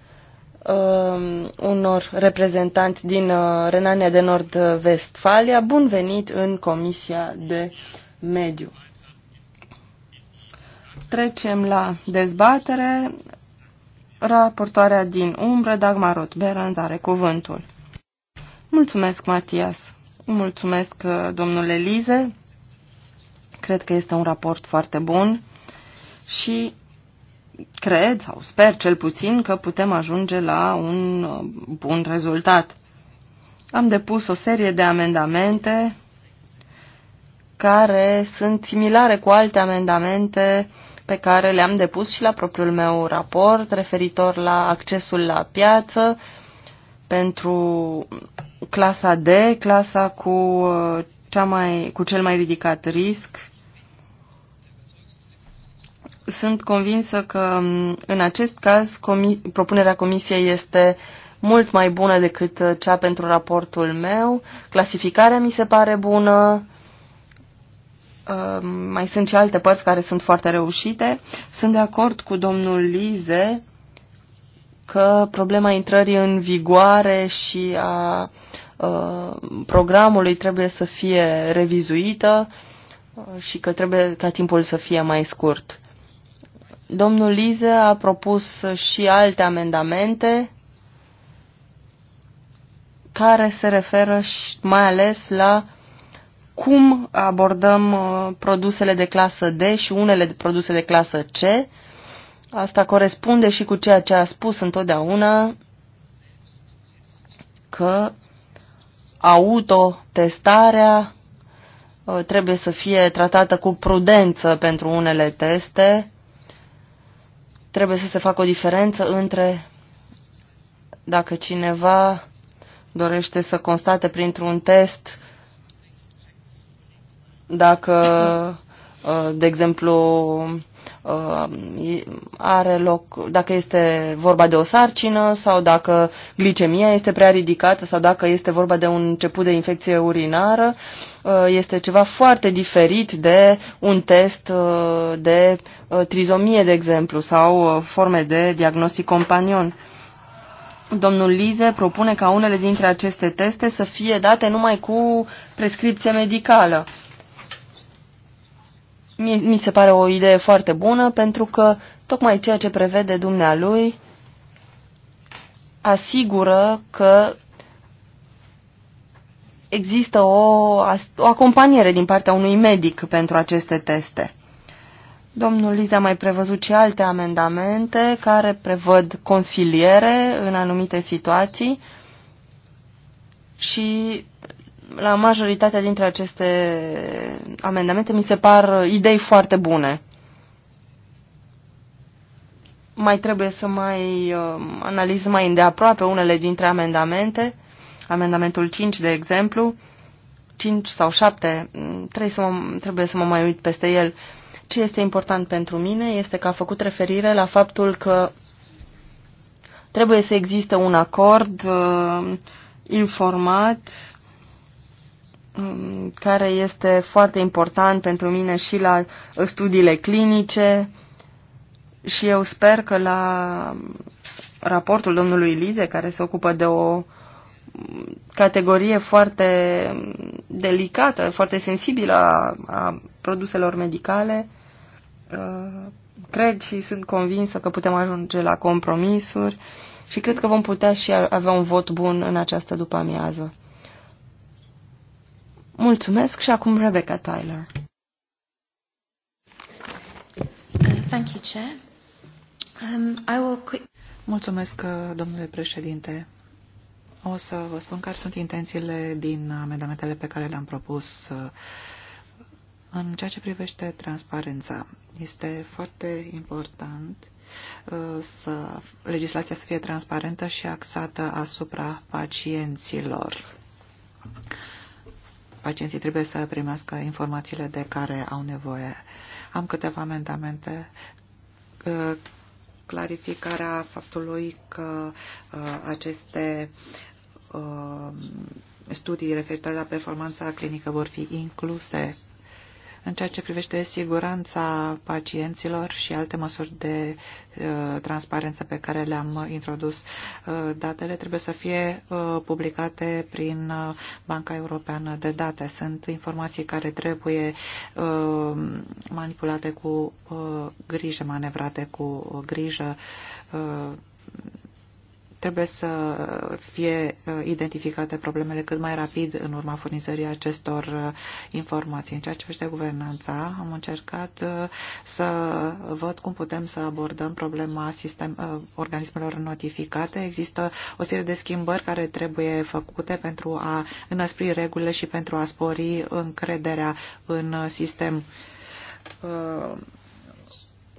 uh, unor reprezentanți din Renania de Nord-Vestfalia. Bun venit în Comisia de Mediu. Trecem la dezbatere. Raportoarea din umbră, Dagmarot Berand, are cuvântul. Mulțumesc, Matias. Mulțumesc, uh, domnule Lize. Cred că este un raport foarte bun și cred, sau sper cel puțin, că putem ajunge la un uh, bun rezultat. Am depus o serie de amendamente care sunt similare cu alte amendamente pe care le-am depus și la propriul meu raport referitor la accesul la piață pentru clasa D, clasa cu, uh, cea mai, cu cel mai ridicat risc. Sunt convinsă că um, în acest caz comi propunerea comisiei este mult mai bună decât uh, cea pentru raportul meu. Clasificarea mi se pare bună. Um, mai sunt și alte părți care sunt foarte reușite. Sunt de acord cu domnul Lize că problema intrării în vigoare și a uh, Uh, programului trebuie să fie revizuită uh, și că trebuie ca timpul să fie mai scurt. Domnul Lize a propus și alte amendamente care se referă și mai ales la cum abordăm uh, produsele de clasă D și unele produse de clasă C. Asta corespunde și cu ceea ce a spus întotdeauna că autotestarea uh, trebuie să fie tratată cu prudență pentru unele teste. Trebuie să se facă o diferență între dacă cineva dorește să constate printr-un test dacă, uh, de exemplu, Uh, are loc, dacă este vorba de o sarcină sau dacă glicemia este prea ridicată sau dacă este vorba de un început de infecție urinară, uh, este ceva foarte diferit de un test uh, de trizomie, de exemplu, sau forme de diagnostic companion. Domnul Lize propune ca unele dintre aceste teste să fie date numai cu prescripție medicală mi, se pare o idee foarte bună pentru că tocmai ceea ce prevede dumnealui asigură că există o, o acompaniere din partea unui medic pentru aceste teste. Domnul Liza a mai prevăzut și alte amendamente care prevăd consiliere în anumite situații și la majoritatea dintre aceste amendamente mi se par idei foarte bune. Mai trebuie să mai um, analizez mai îndeaproape unele dintre amendamente, amendamentul 5, de exemplu, 5 sau 7, mm, trebuie să mă, trebuie să mă mai uit peste el. Ce este important pentru mine este că a făcut referire la faptul că trebuie să existe un acord uh, informat Mm, care este foarte important pentru mine și la uh, studiile clinice și eu sper că la mm, raportul domnului Lize, care se ocupă de o mm, categorie foarte delicată, foarte sensibilă a, a produselor medicale, uh, cred și sunt convinsă că putem ajunge la compromisuri și cred că vom putea și avea un vot bun în această după amiază. Mulțumesc și acum Rebecca Tyler. thank you, Chair. Um, I will quick... Mulțumesc, domnule președinte. O să vă spun care sunt intențiile din amendamentele pe care le-am propus uh, în ceea ce privește transparența. Este foarte important uh, să legislația să fie transparentă și axată asupra pacienților pacienții trebuie să primească informațiile de care au nevoie. Am câteva amendamente clarificarea faptului că uh, aceste uh, studii referitoare la performanța clinică vor fi incluse în ceea ce privește siguranța pacienților și alte măsuri de uh, transparență pe care le-am introdus. Uh, datele trebuie să fie uh, publicate prin uh, Banca Europeană de Date. Sunt informații care trebuie uh, manipulate cu uh, grijă, manevrate cu grijă. Uh, Trebuie să fie uh, identificate problemele cât mai rapid în urma furnizării acestor uh, informații. În ceea ce privește guvernanța, am încercat uh, să văd cum putem să abordăm problema sistem, organismelor notificate. Există o serie de schimbări care trebuie făcute pentru a înăspri regulile și pentru a spori încrederea în sistem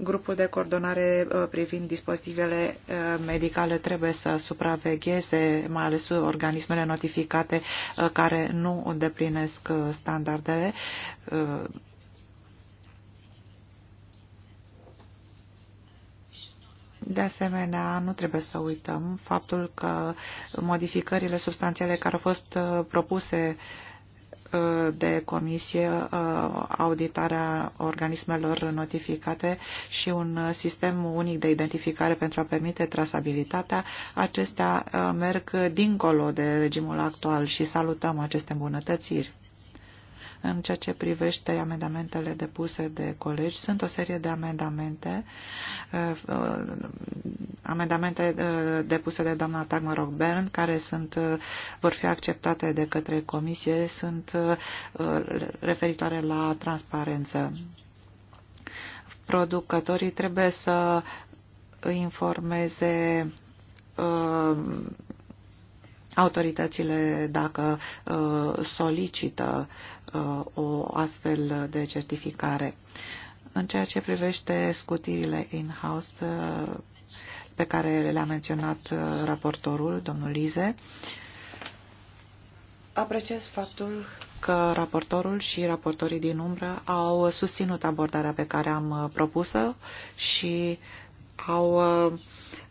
Grupul de coordonare uh, privind dispozitivele uh, medicale trebuie să supravegheze mai ales organismele notificate uh, care nu îndeplinesc standardele. De asemenea, nu trebuie să uităm faptul că modificările substanțiale care au fost propuse uh, de comisie, uh, auditarea organismelor notificate și un sistem unic de identificare pentru a permite trasabilitatea. Acestea uh, merg dincolo de regimul actual și salutăm aceste îmbunătățiri. În ceea ce privește amendamentele depuse de colegi, sunt o serie de amendamente, uh, uh, amendamente uh, depuse de doamna Tagmarok Bern, care sunt, vor fi acceptate de către comisie, sunt referitoare la transparență. Producătorii trebuie să informeze autoritățile dacă uh, solicită uh, o astfel de certificare. În ceea ce privește scutirile in-house uh, pe care le-a menționat raportorul, domnul Lize, apreciez faptul că raportorul și raportorii din umbră au susținut abordarea pe care am propus-o și au uh,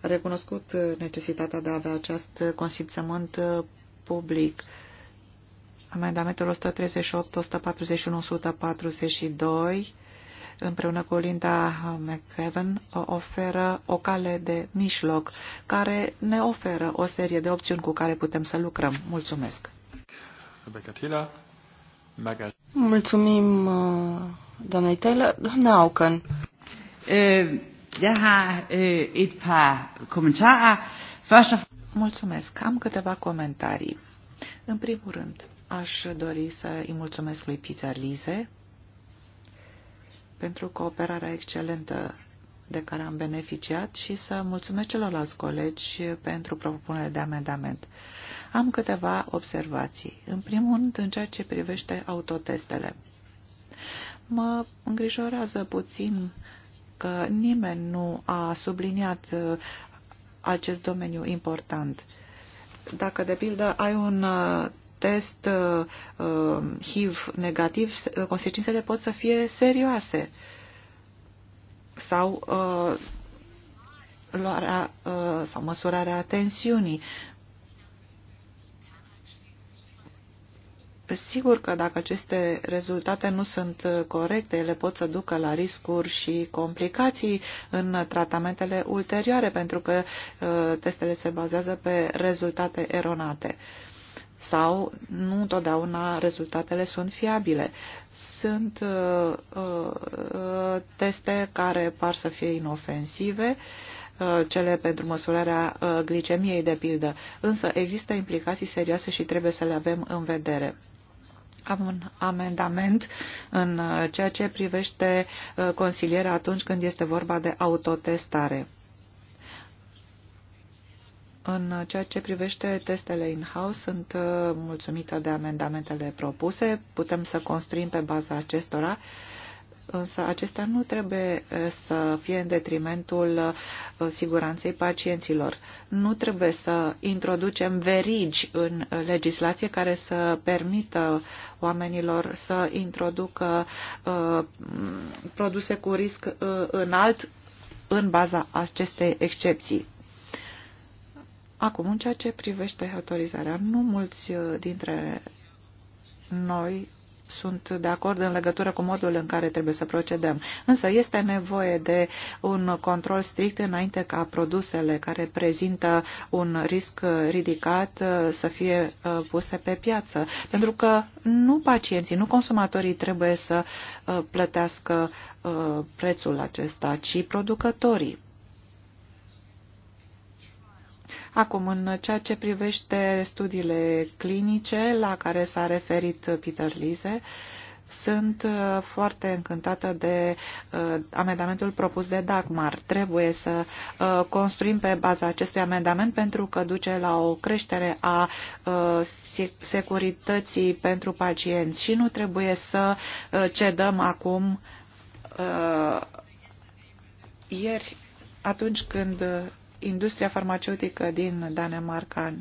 recunoscut necesitatea de a avea acest consimțământ uh, public. Amendamentul 138, 141, 142 împreună cu Linda McEwen oferă o cale de mijloc care ne oferă o serie de opțiuni cu care putem să lucrăm. Mulțumesc! Mulțumim, uh, doamnei Taylor. Doamna Auken. Eh, Jeg har øh, et par kommentarer. Først og Mulțumesc. Am câteva comentarii. În primul rând, aș dori să îi mulțumesc lui Peter Lize pentru cooperarea excelentă de care am beneficiat și să mulțumesc celorlalți colegi pentru propunerea de amendament. Am câteva observații. În primul rând, în ceea ce privește autotestele. Mă îngrijorează puțin uh, că nimeni nu a subliniat uh, acest domeniu important. Dacă, de pildă, ai un uh, test uh, HIV negativ, consecințele pot să fie serioase. Sau luarea sau măsurarea tensiunii Sigur că dacă aceste rezultate nu sunt corecte, ele pot să ducă la riscuri și complicații în tratamentele ulterioare, pentru că uh, testele se bazează pe rezultate eronate sau nu întotdeauna rezultatele sunt fiabile. Sunt uh, uh, teste care par să fie inofensive, uh, cele pentru măsurarea uh, glicemiei de pildă, însă există implicații serioase și trebuie să le avem în vedere am un amendament în uh, ceea ce privește uh, consilierea atunci când este vorba de autotestare. În uh, ceea ce privește testele in-house, sunt mulțumită de amendamentele propuse. Putem să construim pe baza acestora însă acestea nu trebuie să fie în detrimentul siguranței pacienților. Nu trebuie să introducem verigi în legislație care să permită oamenilor să introducă produse cu risc înalt în baza acestei excepții. Acum, în ceea ce privește autorizarea, nu mulți dintre noi sunt de acord în legătură cu modul în care trebuie să procedăm. Însă este nevoie de un control strict înainte ca produsele care prezintă un risc ridicat uh, să fie uh, puse pe piață. Pentru că nu pacienții, nu consumatorii trebuie să uh, plătească prețul acesta, ci producătorii. Acum, în ceea ce privește studiile clinice la care s-a referit Peter Lise, sunt uh, foarte încântată de uh, amendamentul propus de Dagmar. Trebuie să uh, construim pe baza acestui amendament pentru că duce la o creștere a securității pentru pacienți și nu trebuie să cedăm acum ieri atunci când industria farmaceutică din Danemarca,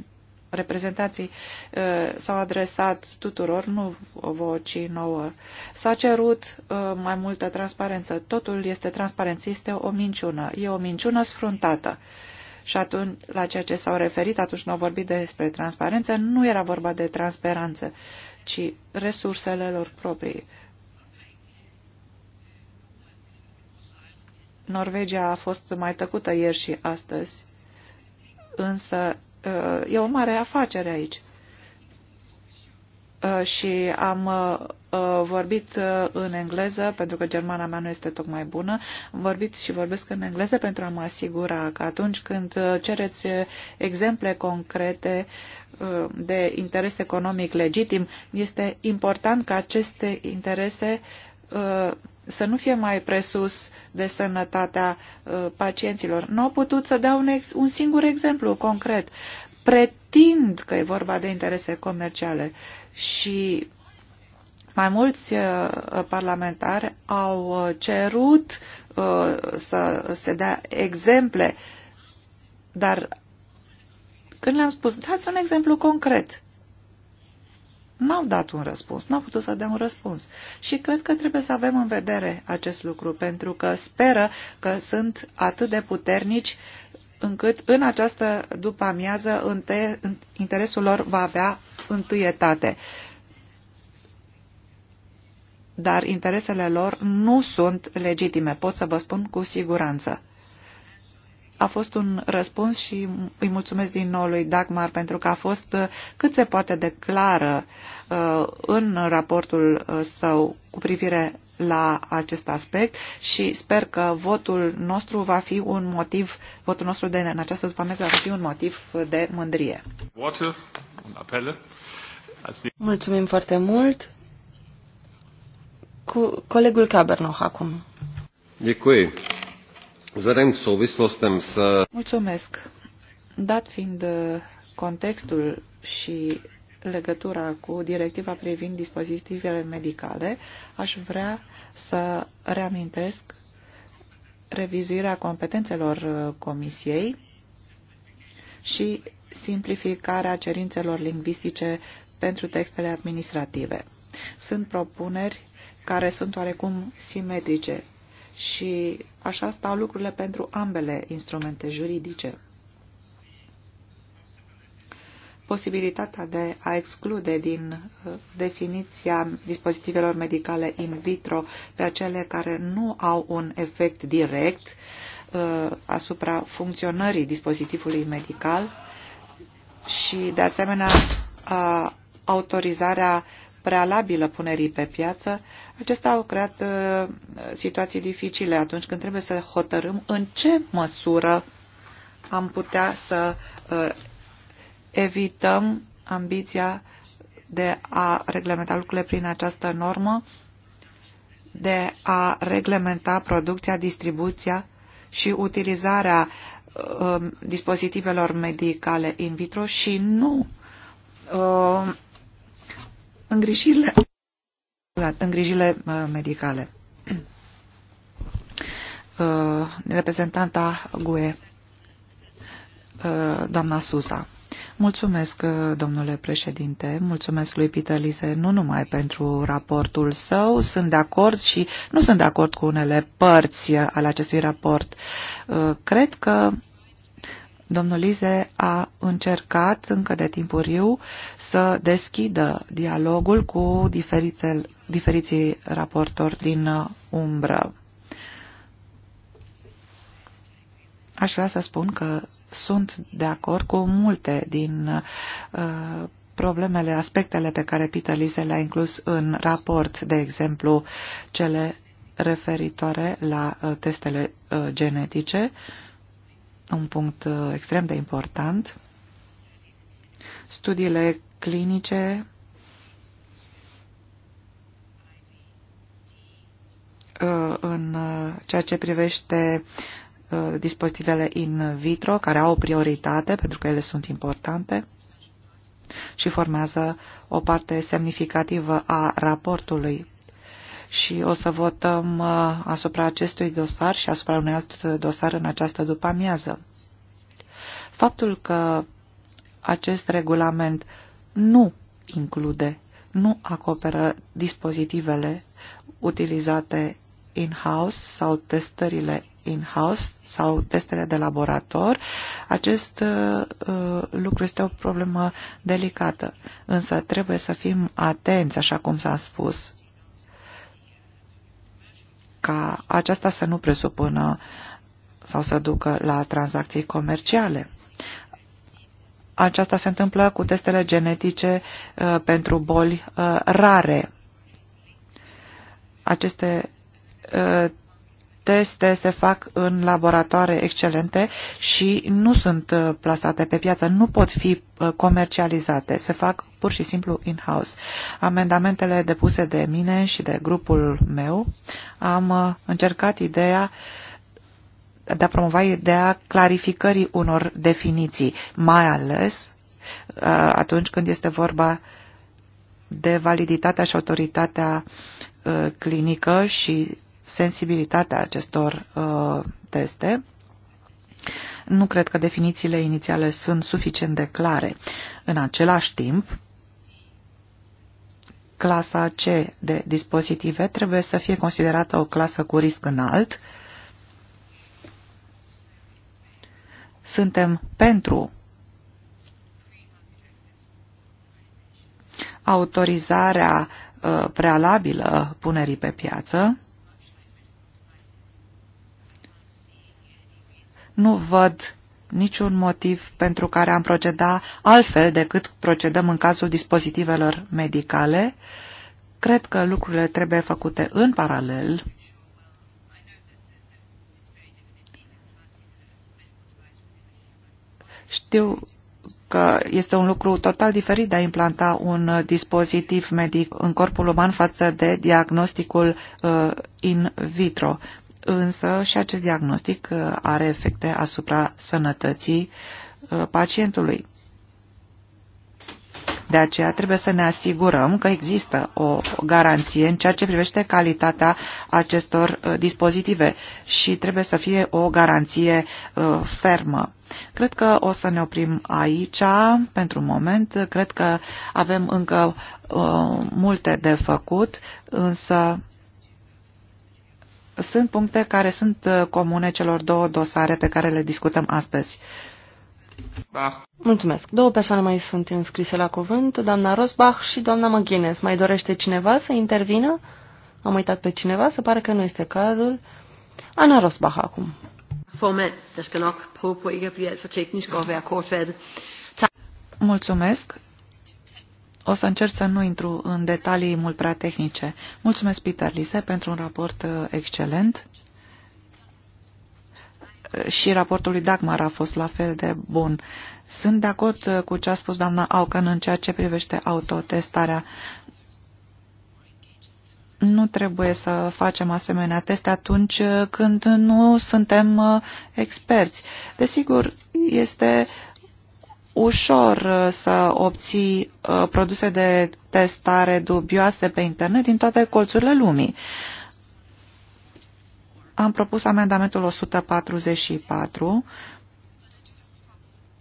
reprezentanții uh, s-au adresat tuturor, nu voci nouă. S-a cerut uh, mai multă transparență. Totul este transparență, este o minciună. E o minciună sfruntată. Și atunci, la ceea ce s-au referit, atunci nu au vorbit despre transparență, nu era vorba de transparență, ci lor proprii. Norvegia a fost mai tăcută ieri și astăzi, însă uh, e o mare afacere aici. Uh, și am uh, vorbit în engleză, pentru că germana mea nu este tocmai bună, am vorbit și vorbesc în engleză pentru a mă asigura că atunci când cereți exemple concrete de interes economic legitim, este important ca aceste interese să nu fie mai presus de sănătatea uh, pacienților. Nu au putut să dea un, ex, un singur exemplu concret. Pretind că e vorba de interese comerciale și mai mulți uh, parlamentari au uh, cerut să se dea exemple, dar când le-am spus, dați un exemplu concret, n-au dat un răspuns, n-au putut să dea un răspuns. Și cred că trebuie să avem în vedere acest lucru, pentru că speră că sunt atât de puternici încât în această după-amiază interesul lor va avea întâietate. Dar interesele lor nu sunt legitime, pot să vă spun cu siguranță a fost un răspuns și îi mulțumesc din nou lui Dagmar pentru că a fost uh, cât se poate de clară uh, în raportul uh, său cu privire la acest aspect și sper că votul nostru va fi un motiv, votul nostru de în această după va fi un motiv de mândrie. Mulțumim foarte mult. Cu colegul Cabernoch acum. Děkuji. Mulțumesc. Dat fiind uh, contextul și legătura cu directiva privind dispozitivele medicale, aș vrea să reamintesc revizuirea competențelor uh, Comisiei și simplificarea cerințelor lingvistice pentru textele administrative. Sunt propuneri care sunt oarecum simetrice și așa stau lucrurile pentru ambele instrumente juridice. Posibilitatea de a exclude din uh, definiția dispozitivelor medicale in vitro pe acele care nu au un efect direct uh, asupra funcționării dispozitivului medical și, de asemenea, uh, autorizarea prealabilă punerii pe piață, acestea au creat uh, situații dificile atunci când trebuie să hotărâm în ce măsură am putea să uh, evităm ambiția de a reglementa lucrurile prin această normă, de a reglementa producția, distribuția și utilizarea uh, dispozitivelor medicale in vitro și nu uh, îngrijirile, îngrijirile uh, medicale. Uh, reprezentanta GUE, uh, doamna Susa. Mulțumesc, domnule președinte, mulțumesc lui Peter Lise, nu numai pentru raportul său, sunt de acord și nu sunt de acord cu unele părți ale acestui raport. Cred că Domnul Lize a încercat încă de timpuriu să deschidă dialogul cu diferite, diferiții raportori din uh, umbră. Aș vrea să spun că sunt de acord cu multe din uh, problemele, aspectele pe care Peter Lise le-a inclus în raport, de exemplu, cele referitoare la uh, testele uh, genetice, uh, un punct uh, extrem de important. Studiile clinice uh, în uh, ceea ce privește dispozitivele in vitro, care au o prioritate pentru că ele sunt importante și formează o parte semnificativă a raportului și o să votăm uh, asupra acestui dosar și asupra unui alt dosar în această după-amiază. Faptul că acest regulament nu include, nu acoperă dispozitivele utilizate in-house sau testările in-house sau testele de laborator, acest uh, uh lucru este o problemă delicată. Însă trebuie să fim atenți, așa cum s-a spus ca aceasta să nu presupună sau să ducă la tranzacții comerciale. Aceasta se întâmplă cu testele genetice uh, pentru boli uh, rare. Aceste uh, teste se fac în laboratoare excelente și nu sunt uh, plasate pe piață, nu pot fi uh, comercializate, se fac pur și simplu in-house. Amendamentele depuse de mine și de grupul meu am uh, încercat ideea de a promova ideea clarificării unor definiții, mai ales atunci când este vorba de validitatea și autoritatea clinică și sensibilitatea acestor uh, teste. Nu cred că definițiile inițiale sunt suficient de clare. În același timp, clasa C de dispozitive trebuie să fie considerată o clasă cu risc înalt. Suntem pentru autorizarea uh, prealabilă punerii pe piață, nu văd niciun motiv pentru care am proceda altfel decât procedăm în cazul dispozitivelor medicale. Cred că lucrurile trebuie făcute în paralel. Știu că este un lucru total diferit de a implanta un dispozitiv medic în corpul uman față de diagnosticul uh, in vitro însă și acest diagnostic uh, are efecte asupra sănătății uh, pacientului. De aceea trebuie să ne asigurăm că există o garanție în ceea ce privește calitatea acestor uh, dispozitive și trebuie să fie o garanție fermă. Cred că o să ne oprim aici pentru moment. Cred că avem încă multe de făcut, însă sunt puncte care sunt uh, comune celor două dosare pe care le discutăm astăzi. Bach. Da. Mulțumesc. Două persoane mai sunt înscrise la cuvânt, doamna Rosbach și doamna McGuinness. Mai dorește cineva să intervină? Am uitat pe cineva, se pare că nu este cazul. Ana Rosbach acum. Formand, jeg skal nok prøve på ikke at blive alt for teknisk og være kortfattet. Mulțumesc. O să încerc să nu intru în detalii mult prea tehnice. Mulțumesc, Peter Lise, pentru un raport uh, excelent. Uh, și raportul lui Dagmar a fost la fel de bun. Sunt de acord uh, cu ce a spus doamna Aucan în ceea ce privește autotestarea. Nu trebuie să facem asemenea teste atunci când nu suntem experți. Desigur, este ușor uh, să obții uh, produse de testare dubioase pe internet din toate colțurile lumii. Am propus amendamentul 144.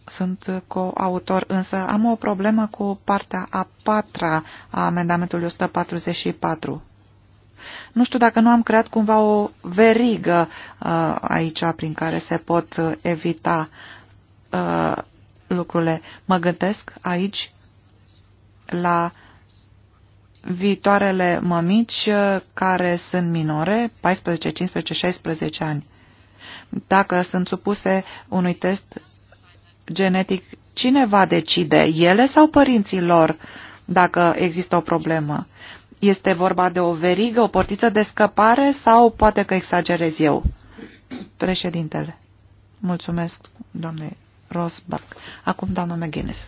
Sunt coautor, însă am o problemă cu partea a patra a amendamentului 144. Nu știu dacă nu am creat cumva o verigă uh, aici prin care se pot evita lucrurile. Mă gândesc aici la viitoarele mămici uh, care sunt minore, 14, 15, 16 ani. Dacă sunt supuse unui test genetic, cine va decide, ele sau părinții lor, dacă există o problemă? Este vorba de o verigă, o portiță de scăpare sau poate că exagerez eu? Președintele. Mulțumesc, doamne Rosberg. Acum, doamna McGuinness.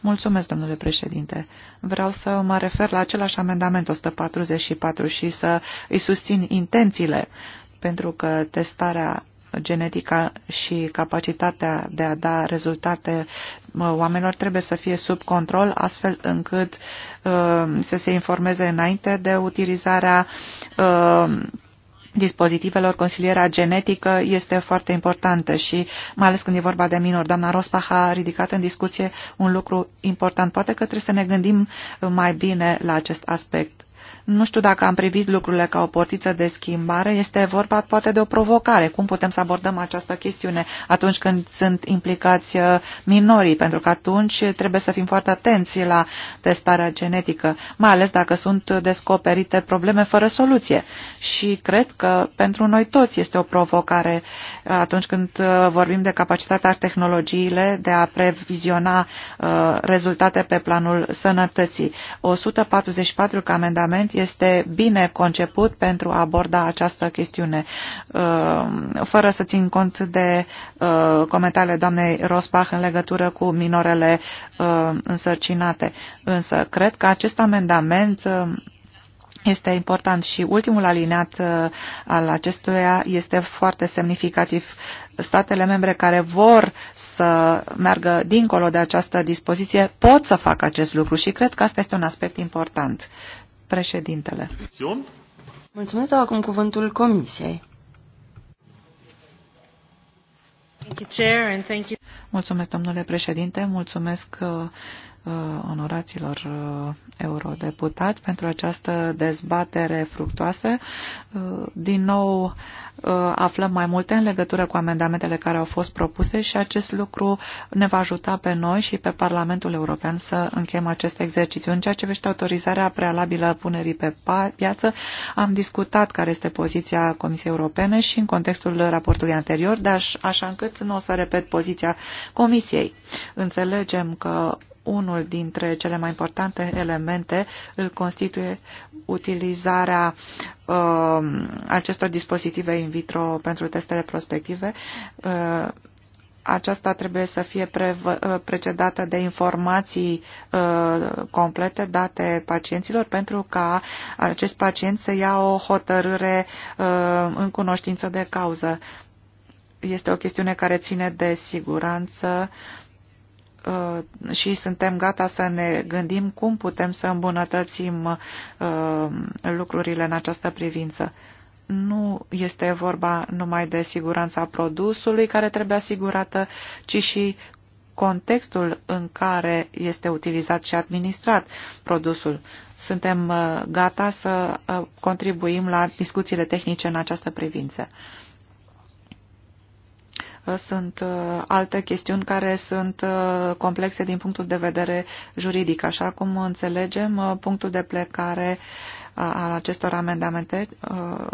Mulțumesc, domnule președinte. Vreau să mă refer la același amendament 144 și să îi susțin intențiile, pentru că testarea genetică și capacitatea de a da rezultate oamenilor trebuie să fie sub control, astfel încât uh, să se informeze înainte de utilizarea uh, dispozitivelor, consilierea genetică este foarte importantă și mai ales când e vorba de minori. Doamna Rospach a ridicat în discuție un lucru important. Poate că trebuie să ne gândim mai bine la acest aspect. Nu știu dacă am privit lucrurile ca o portiță de schimbare, este vorba poate de o provocare. Cum putem să abordăm această chestiune atunci când sunt implicați uh, minorii? Pentru că atunci trebuie să fim foarte atenți la testarea genetică, mai ales dacă sunt descoperite probleme fără soluție. Și cred că pentru noi toți este o provocare uh, atunci când uh, vorbim de capacitatea tehnologiile de a previziona rezultate pe planul sănătății. 144 ca amendament este bine conceput pentru a aborda această chestiune, uh, fără să țin cont de uh, comentariile doamnei Rospach în legătură cu minorele uh, însărcinate. Însă, cred că acest amendament este important și ultimul alineat al acestuia este foarte semnificativ. Statele membre care vor să meargă dincolo de această dispoziție pot să facă acest lucru și cred că asta este un aspect important Președintele. Mulțumesc, dau acum cuvântul Comisiei. Mulțumesc, domnule președinte, mulțumesc uh, Uh, onoraților uh, eurodeputați pentru această dezbatere fructoasă. Uh, din nou aflăm mai multe în legătură cu amendamentele care au fost propuse și acest lucru ne va ajuta pe noi și pe Parlamentul European să încheiem acest exercițiu. În ceea ce vește autorizarea prealabilă punerii pe piață, am discutat care este poziția Comisiei Europene și în contextul raportului anterior, dar așa încât nu o să repet poziția Comisiei. Înțelegem că unul dintre cele mai importante elemente îl constituie utilizarea uh, acestor dispozitive in vitro pentru testele prospective. Uh, aceasta trebuie să fie uh, precedată de informații uh, complete date pacienților pentru ca acest pacient să ia o hotărâre uh, în cunoștință de cauză. Este o chestiune care ține de siguranță, uh, Uh, și suntem gata să ne gândim cum putem să îmbunătățim uh, lucrurile în această privință. Nu este vorba numai de siguranța produsului care trebuie asigurată, ci și contextul în care este utilizat și administrat produsul. Suntem uh, gata să contribuim la discuțiile tehnice în această privință sunt uh, alte chestiuni care sunt uh, complexe din punctul de vedere juridic. Așa cum înțelegem, uh, punctul de plecare uh, al acestor amendamente, uh,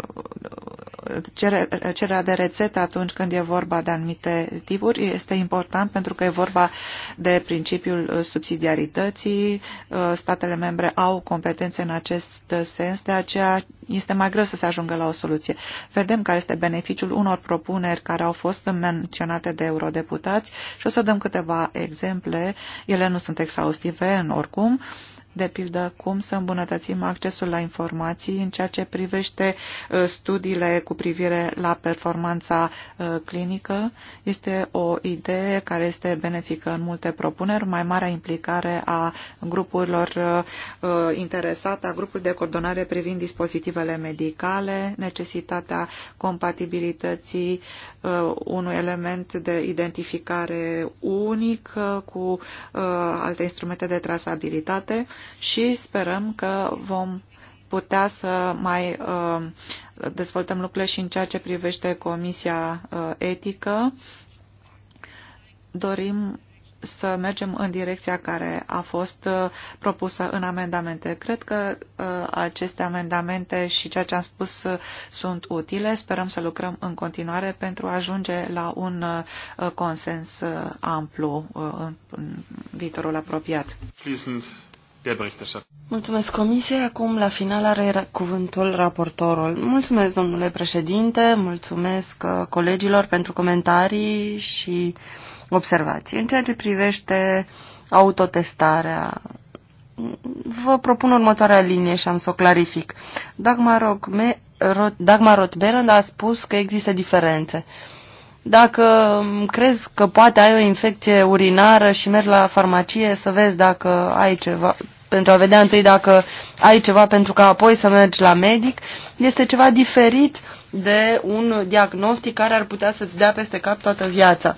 cererea de rețetă atunci când e vorba de anumite tipuri este important pentru că e vorba de principiul uh, subsidiarității. Uh, statele membre au competențe în acest sens, de aceea este mai greu să se ajungă la o soluție. Vedem care este beneficiul unor propuneri care au fost menționate de eurodeputați și o să dăm câteva exemple. Ele nu sunt exhaustive în oricum, de pildă cum să îmbunătățim accesul la informații în ceea ce privește uh, studiile cu privire la performanța uh, clinică. Este o idee care este benefică în multe propuneri, mai mare implicare a grupurilor uh, interesate, a grupului de coordonare privind dispozitivele medicale, necesitatea compatibilității unui element de identificare unic cu alte instrumente de trasabilitate și sperăm că vom putea să mai uh, dezvoltăm lucrurile și în ceea ce privește Comisia uh, Etică. Dorim să mergem în direcția care a fost uh, propusă în amendamente. Cred că aceste amendamente și ceea ce am spus sunt utile. Sperăm să lucrăm în continuare pentru a ajunge la un consens amplu în viitorul apropiat. Berichterstatter. Mulțumesc Comisiei. Acum, la final, are cuvântul raportorul. Mulțumesc, domnule președinte, mulțumesc uh, colegilor pentru comentarii și observații. În ceea ce privește autotestarea, vă propun următoarea linie și am să o clarific. Dagmar, Rotberand a spus că există diferențe. Dacă crezi că poate ai o infecție urinară și mergi la farmacie să vezi dacă ai ceva, pentru a vedea întâi dacă ai ceva pentru ca apoi să mergi la medic, este ceva diferit de un diagnostic care ar putea să-ți dea peste cap toată viața.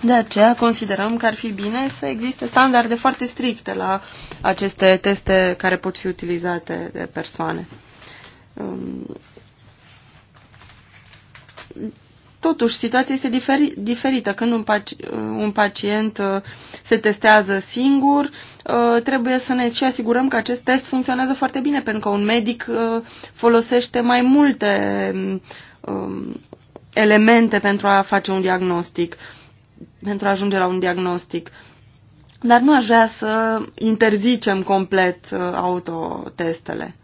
De aceea considerăm că ar fi bine să existe standarde foarte stricte la aceste teste care pot fi utilizate de persoane. Um, Totuși, situația este diferi diferită. Când un, paci un pacient uh, se testează singur, uh, trebuie să ne și asigurăm că acest test funcționează foarte bine, pentru că un medic uh, folosește mai multe um, elemente pentru a face un diagnostic, pentru a ajunge la un diagnostic. Dar nu aș vrea să interzicem complet uh, autotestele.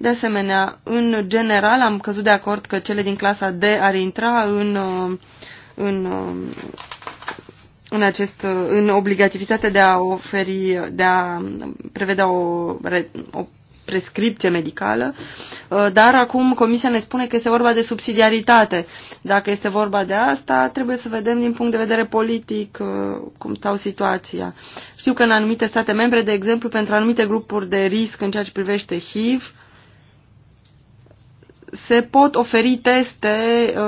De asemenea, în general am căzut de acord că cele din clasa D ar intra în, uh, în, uh, în, acest, uh, în obligativitate de a oferi, de a prevedea o, o prescripție medicală, dar acum Comisia ne spune că este vorba de subsidiaritate. Dacă este vorba de asta, trebuie să vedem din punct de vedere politic cum stau situația. Știu că în anumite state membre, de exemplu, pentru anumite grupuri de risc în ceea ce privește HIV, se pot oferi teste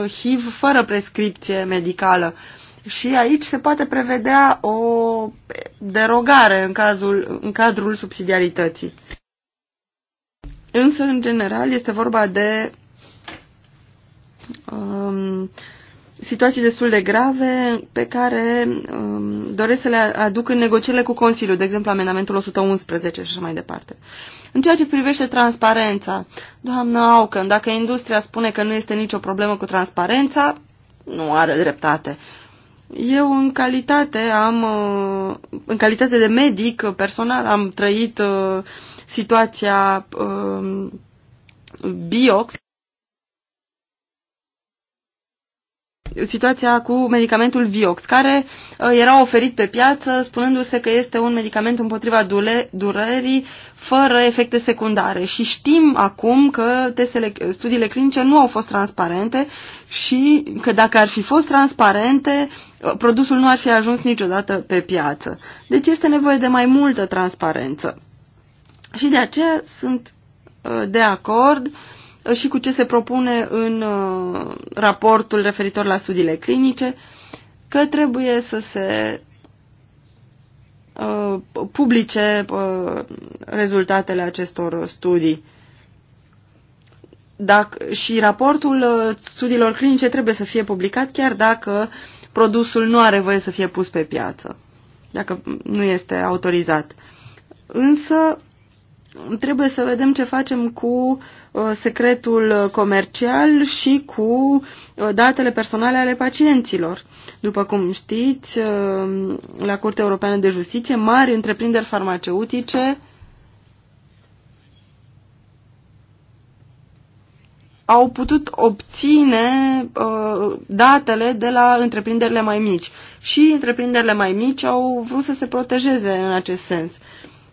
uh, HIV fără prescripție medicală. Și aici se poate prevedea o derogare în, cazul, în cadrul subsidiarității. Însă, în general, este vorba de um, situații destul de grave pe care um, doresc să le aduc în negocierile cu Consiliul, de exemplu amendamentul 111 și așa mai departe. În ceea ce privește transparența, doamnă Aucan, dacă industria spune că nu este nicio problemă cu transparența, nu are dreptate. Eu, în calitate, am, uh, în calitate de medic personal, am trăit uh, situația uh, biox situația cu medicamentul Viox, care uh, era oferit pe piață spunându-se că este un medicament împotriva dule, durerii fără efecte secundare. Și știm acum că testele, studiile clinice nu au fost transparente și că dacă ar fi fost transparente, uh, produsul nu ar fi ajuns niciodată pe piață. Deci este nevoie de mai multă transparență. Și de aceea sunt uh, de acord uh, și cu ce se propune în uh, raportul referitor la studiile clinice, că trebuie să se uh, publice uh, rezultatele acestor studii. Dacă, și raportul studiilor clinice trebuie să fie publicat chiar dacă produsul nu are voie să fie pus pe piață, dacă nu este autorizat. Însă trebuie să vedem ce facem cu uh, secretul comercial și cu uh, datele personale ale pacienților. După cum știți, uh, la Curtea Europeană de Justiție, mari întreprinderi farmaceutice au putut obține datele de la întreprinderile mai mici. Și întreprinderile mai mici au vrut să se protejeze în acest sens.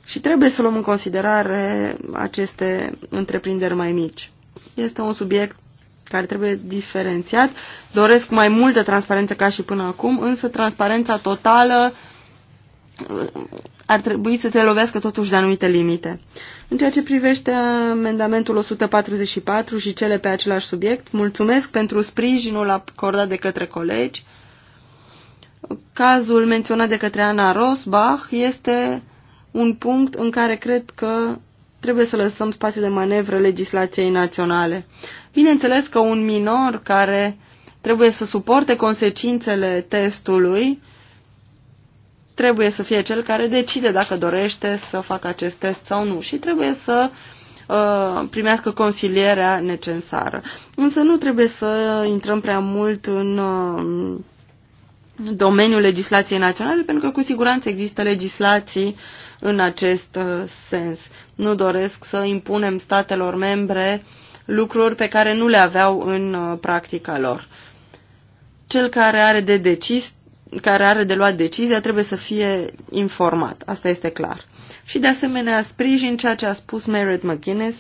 Și trebuie să luăm în considerare aceste întreprinderi mai mici. Este un subiect care trebuie diferențiat. Doresc mai multă transparență ca și până acum, însă transparența totală uh, ar trebui să se lovească totuși de anumite limite. În ceea ce privește amendamentul 144 și cele pe același subiect, mulțumesc pentru sprijinul acordat de către colegi. Cazul menționat de către Ana Rosbach este un punct în care cred că trebuie să lăsăm spațiu de manevră legislației naționale. Bineînțeles că un minor care trebuie să suporte consecințele testului trebuie să fie cel care decide dacă dorește să facă acest test sau nu și trebuie să uh, primească consilierea necesară. Însă nu trebuie să intrăm prea mult în uh, domeniul legislației naționale, pentru că cu siguranță există legislații uh, în acest uh, sens. Nu doresc să impunem statelor membre lucruri pe care nu le aveau în uh, practica lor. Cel care are de decis, care are de luat decizia trebuie să fie informat, asta este clar. Și de asemenea sprijin ceea ce a spus Merritt McGuinness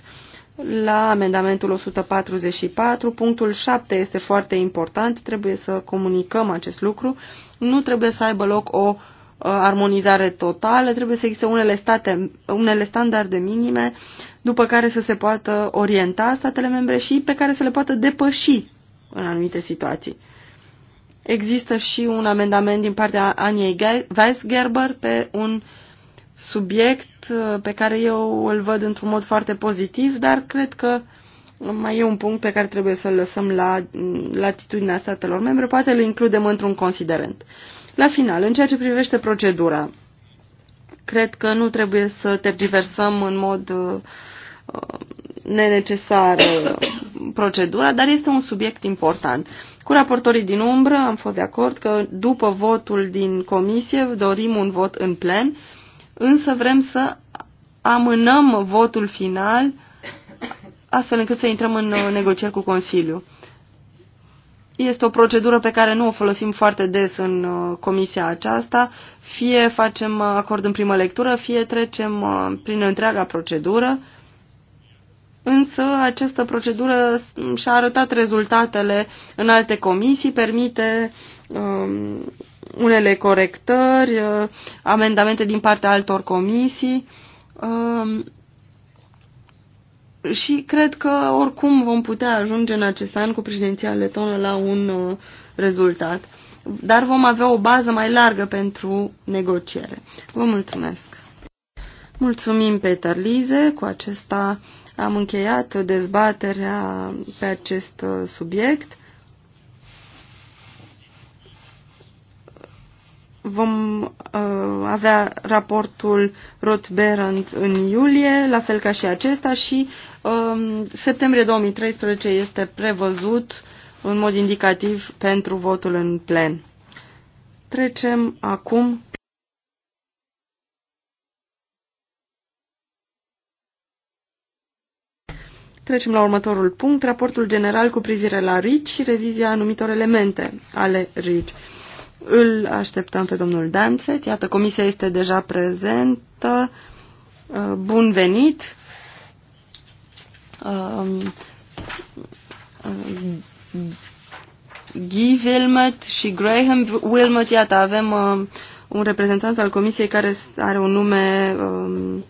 la amendamentul 144, punctul 7 este foarte important, trebuie să comunicăm acest lucru, nu trebuie să aibă loc o uh, Uh, armonizare totală, trebuie să existe unele, state, unele standarde minime după care să se poată orienta statele membre și pe care să le poată depăși în anumite situații. Există și un amendament din partea Aniei Weisgerber pe un subiect uh, pe care eu îl văd într-un mod foarte pozitiv, dar cred că mai e un punct pe care trebuie să-l lăsăm la latitudinea statelor membre, poate îl includem într-un considerent. La final, în ceea ce privește procedura, cred că nu trebuie să tergiversăm în mod uh, uh, nenecesar uh, procedura, dar este un subiect important. Cu raportorii din umbră am fost de acord că după votul din comisie dorim un vot în plen, însă vrem să amânăm votul final astfel încât să intrăm în negocieri cu Consiliu. Este o procedură pe care nu o folosim foarte des în uh, comisia aceasta. Fie facem uh, acord în primă lectură, fie trecem uh, prin întreaga procedură. Însă această procedură mm, și-a arătat rezultatele în alte comisii, permite um, unele corectări, amendamente din partea altor comisii. Um, și cred că oricum vom putea ajunge în acest an cu președinția letonă la un uh, rezultat. Dar vom avea o bază mai largă pentru negociere. Vă mulțumesc! Mulțumim, Peter Lize. Cu acesta am încheiat dezbaterea pe acest uh, subiect. Vom uh, avea raportul Roth-Berend în iulie, la fel ca și acesta, și um, septembrie 2013 este prevăzut în mod indicativ pentru votul în plen. Trecem acum Trecem la următorul punct, raportul general cu privire la RIC și revizia anumitor elemente ale RIC. Îl așteptăm pe domnul Danțet. Iată, comisia este deja prezentă. Uh, bun venit! Um, uh, Guy Wilmot și Graham Wilmot, iată, avem uh, un reprezentant al comisiei care are un nume um,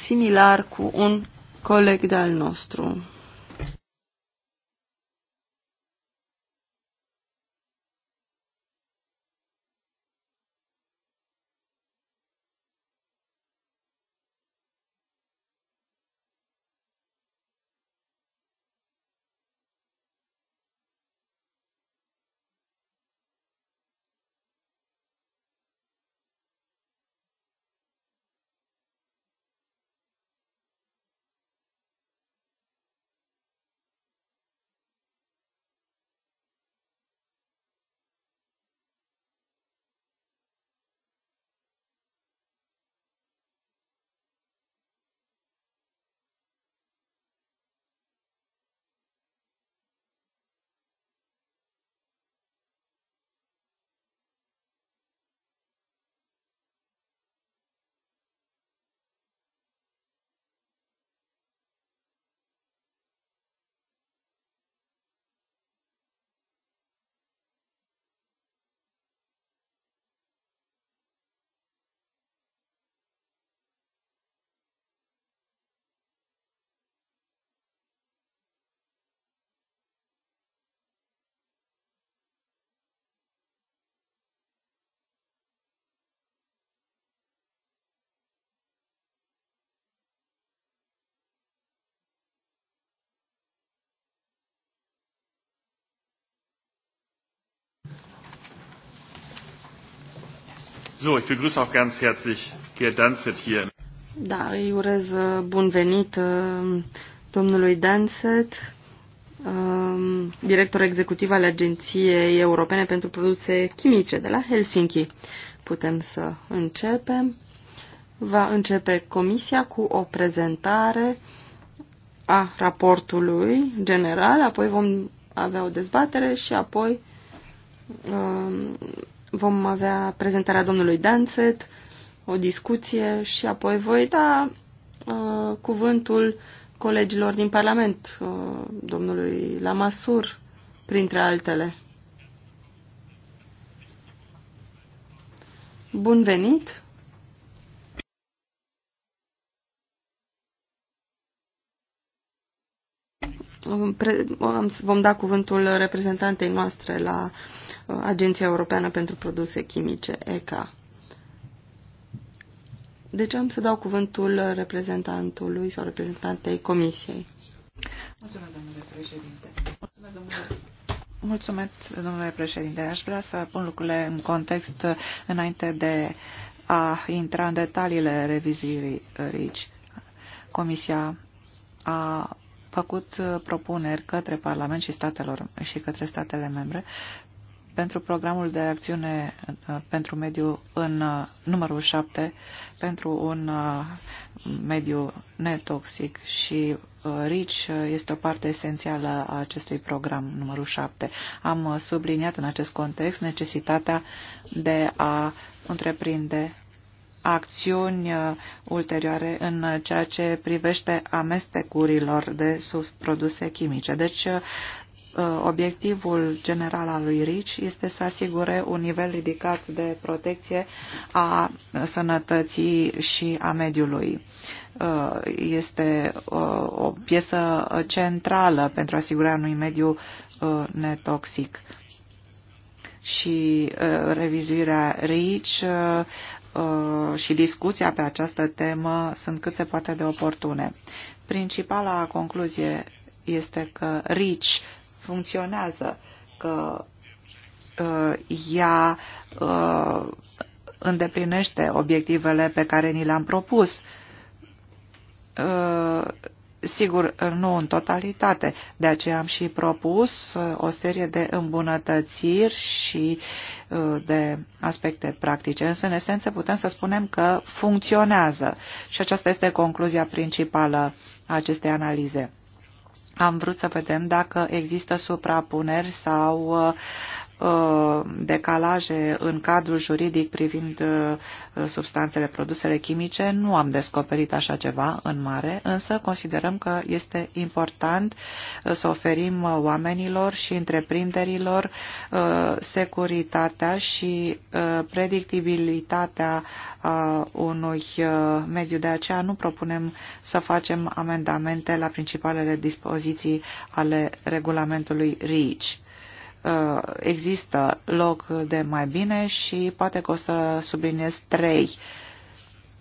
similar cu un coleg de-al nostru. So, ich begrüße auch ganz herzlich Gerd Danzet hier. Da, ich urez uh, bun venit uh, domnului Danzet, um, director executiv al Agenției Europene pentru Produse Chimice de la Helsinki. Putem să începem. Va începe comisia cu o prezentare a raportului general, apoi vom avea o dezbatere și apoi um, Vom avea prezentarea domnului Danset, o discuție și apoi voi da uh, cuvântul colegilor din Parlament, uh, domnului Lamasur, printre altele. Bun venit! vom da cuvântul reprezentantei noastre la uh, Agenția Europeană pentru Produse Chimice, ECA. Deci am să dau cuvântul reprezentantului sau reprezentantei Comisiei. Mulțumesc, domnule președinte. Mulțumesc, domnule. Mulțumesc, domnule președinte. Aș vrea să pun lucrurile în context uh, înainte de a intra în detaliile revizuirii uh, RICI. Comisia a făcut uh, propuneri către Parlament și, statelor, și către statele membre pentru programul de acțiune uh, pentru mediu în uh, numărul 7, pentru un mediu netoxic și rich este o parte esențială a acestui program numărul 7. Am subliniat în acest context necesitatea de a întreprinde acțiuni uh, ulterioare în ceea ce privește amestecurilor de produse chimice. Deci, uh, obiectivul general al lui RICI este să asigure un nivel ridicat de protecție a sănătății și a mediului. Uh, este o piesă centrală pentru asigurarea unui mediu netoxic și revizuirea RICI Uh, și discuția pe această temă sunt cât se poate de oportune. Principala concluzie este că RICI funcționează, că uh, ea uh, îndeplinește obiectivele pe care ni le-am propus Sigur, nu în totalitate, de aceea am și propus uh, o serie de îmbunătățiri și uh, de aspecte practice, însă în esență putem să spunem că funcționează și aceasta este concluzia principală a acestei analize. Am vrut să vedem dacă există suprapuneri sau uh, Uh, decalaje în cadrul juridic privind uh, substanțele, produsele chimice. Nu am descoperit așa ceva în mare, însă considerăm că este important uh, să oferim oamenilor și întreprinderilor securitatea și predictibilitatea unui mediu. De aceea nu propunem să facem amendamente la principalele dispoziții ale regulamentului RICI Uh, există loc de mai bine și poate că o să subliniez trei.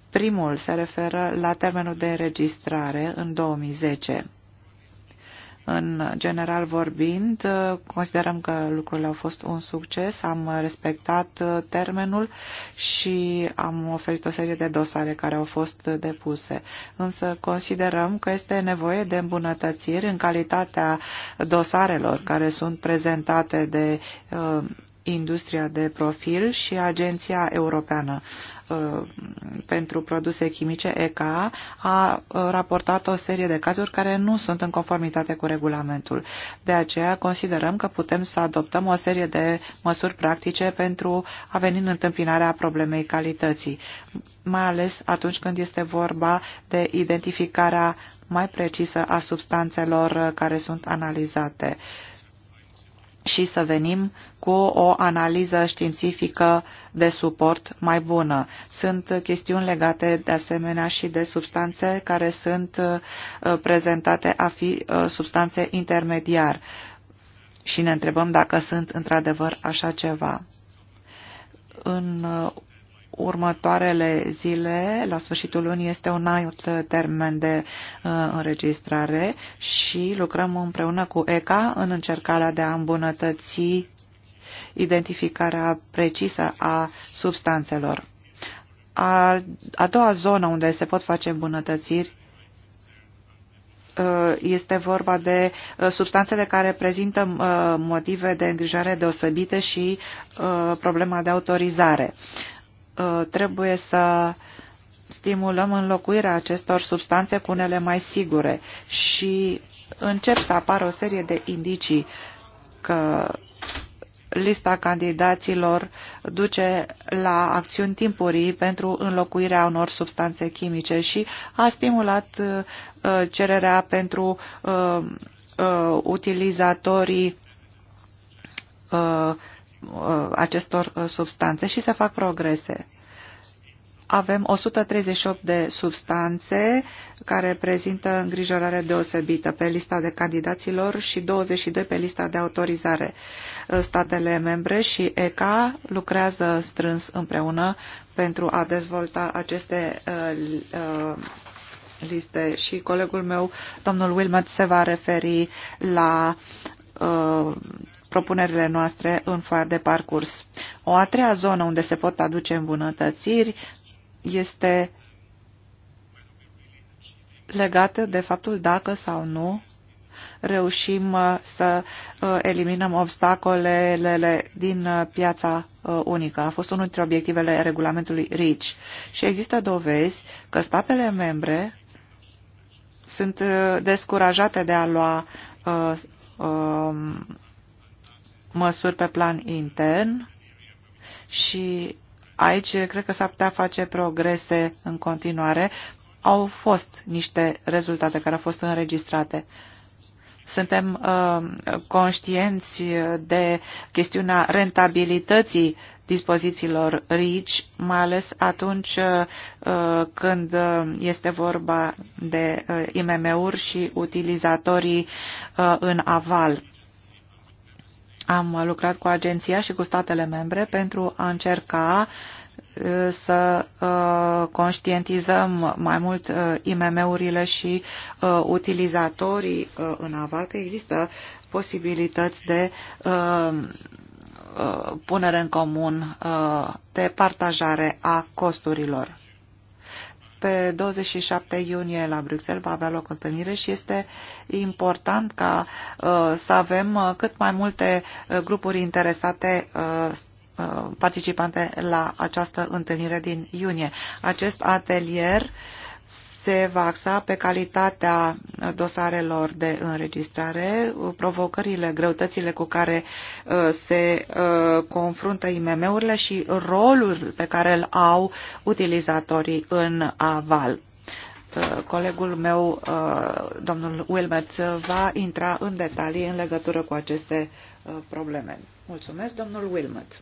Primul se referă la termenul de înregistrare în 2010. În general vorbind, considerăm că lucrurile au fost un succes, am respectat uh, termenul și am oferit o serie de dosare care au fost depuse. Însă considerăm că este nevoie de îmbunătățiri în calitatea dosarelor care sunt prezentate de uh, industria de profil și Agenția Europeană uh, pentru Produse Chimice, ECA, a uh, raportat o serie de cazuri care nu sunt în conformitate cu regulamentul. De aceea considerăm că putem să adoptăm o serie de măsuri practice pentru a veni în întâmpinarea problemei calității, mai ales atunci când este vorba de identificarea mai precisă a substanțelor uh, care sunt analizate și să venim cu o analiză științifică de suport mai bună. Sunt chestiuni legate de asemenea și de substanțe care sunt uh, prezentate a fi uh, substanțe intermediar și ne întrebăm dacă sunt într-adevăr așa ceva. În uh, următoarele zile, la sfârșitul lunii, este un alt termen de uh, înregistrare și lucrăm împreună cu ECA în încercarea de a îmbunătăți identificarea precisă a substanțelor. A, a doua zonă unde se pot face îmbunătățiri uh, este vorba de uh, substanțele care prezintă uh, motive de îngrijare deosebite și problema de autorizare. Uh, trebuie să stimulăm înlocuirea acestor substanțe cu unele mai sigure și încep să apară o serie de indicii că lista candidaților duce la acțiuni timpurii pentru înlocuirea unor substanțe chimice și a stimulat uh, cererea pentru uh, utilizatorii Uh, acestor uh, substanțe și se fac progrese. Avem 138 de substanțe care prezintă îngrijorare deosebită pe lista de candidaților și 22 pe lista de autorizare. Uh, statele membre și ECA lucrează strâns împreună pentru a dezvolta aceste uh, uh, liste și colegul meu, domnul Wilmot, se va referi la uh, propunerile noastre în foaia de parcurs. O a treia zonă unde se pot aduce îmbunătățiri este legată de faptul dacă sau nu reușim uh, să uh, eliminăm obstacolele din uh, piața unică. A fost unul dintre obiectivele regulamentului RICH și există dovezi că statele membre sunt descurajate de a lua um, măsuri pe plan intern și aici cred că s-ar putea face progrese în continuare. Au fost niște rezultate care au fost înregistrate. Suntem uh, conștienți de chestiunea rentabilității dispozițiilor RICI, mai ales atunci uh, când uh, este vorba de uh, IMM-uri și utilizatorii uh, în aval am lucrat cu agenția și cu statele membre pentru a încerca uh, să uh, conștientizăm mai mult uh, IMM-urile și utilizatorii în aval că există posibilități de punere în comun, de partajare a costurilor. Pe 27 iunie la Bruxelles va avea loc întâlnire și este important ca uh, să avem uh, cât mai multe uh, grupuri interesate participante la această întâlnire din iunie. Acest atelier uh, se va axa pe calitatea dosarelor de înregistrare, provocările, greutățile cu care uh, se uh, confruntă IMM-urile și rolul pe care îl au utilizatorii în aval uh, colegul meu, domnul Wilmet, va intra în detalii în legătură cu aceste probleme. Mulțumesc, domnul Wilmet.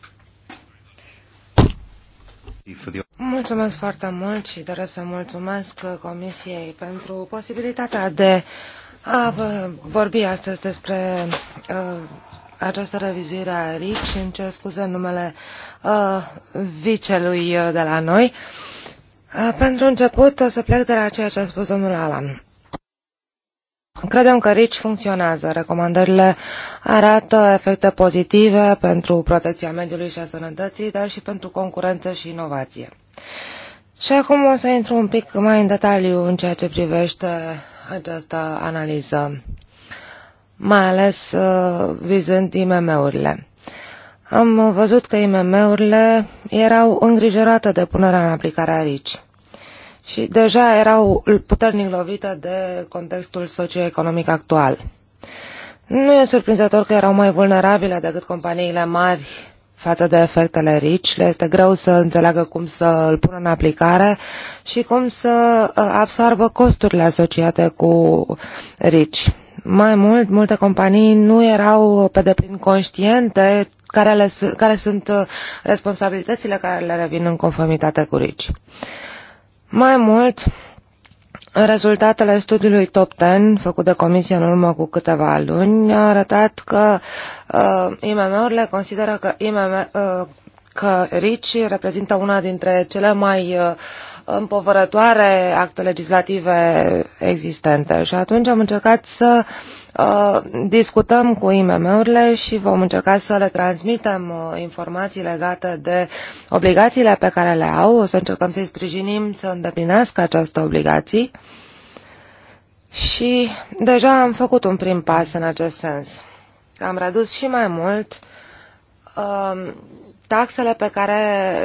Mulțumesc foarte mult și doresc să mulțumesc Comisiei pentru posibilitatea de a vorbi astăzi despre uh, această revizuire a RIC și îmi cer scuze numele uh, vicelui uh, de la noi. Uh, pentru început o să plec de la ceea ce a spus domnul Alan. Credem că RICI funcționează. Recomandările arată efecte pozitive pentru protecția mediului și a sănătății, dar și pentru concurență și inovație. Și acum o să intru un pic mai în detaliu în ceea ce privește această analiză, mai ales uh, vizând IMM-urile. Am văzut că IMM-urile erau îngrijorate de punerea în aplicare a RICI și deja erau puternic lovite de contextul socioeconomic actual. Nu e surprinzător că erau mai vulnerabile decât companiile mari față de efectele RICI. Le este greu să înțeleagă cum să îl pună în aplicare și cum să uh, absorbă costurile asociate cu RICI. Mai mult, multe companii nu erau pe deplin conștiente care, le, care sunt uh, responsabilitățile care le revin în conformitate cu RICI. Mai mult, Rezultatele studiului Top Ten făcut de comisie în urmă cu câteva luni a arătat că uh, IMM-urile consideră că, IMM, uh, că RICI reprezintă una dintre cele mai uh, împovărătoare acte legislative existente. Și atunci am încercat să uh, Uh, discutăm cu IMM-urile și vom încerca să le transmitem uh, informații legate de obligațiile pe care le au. O să încercăm să-i sprijinim să îndeplinească aceste obligații. Și deja am făcut un prim pas în acest sens. Am redus și mai mult uh, taxele pe care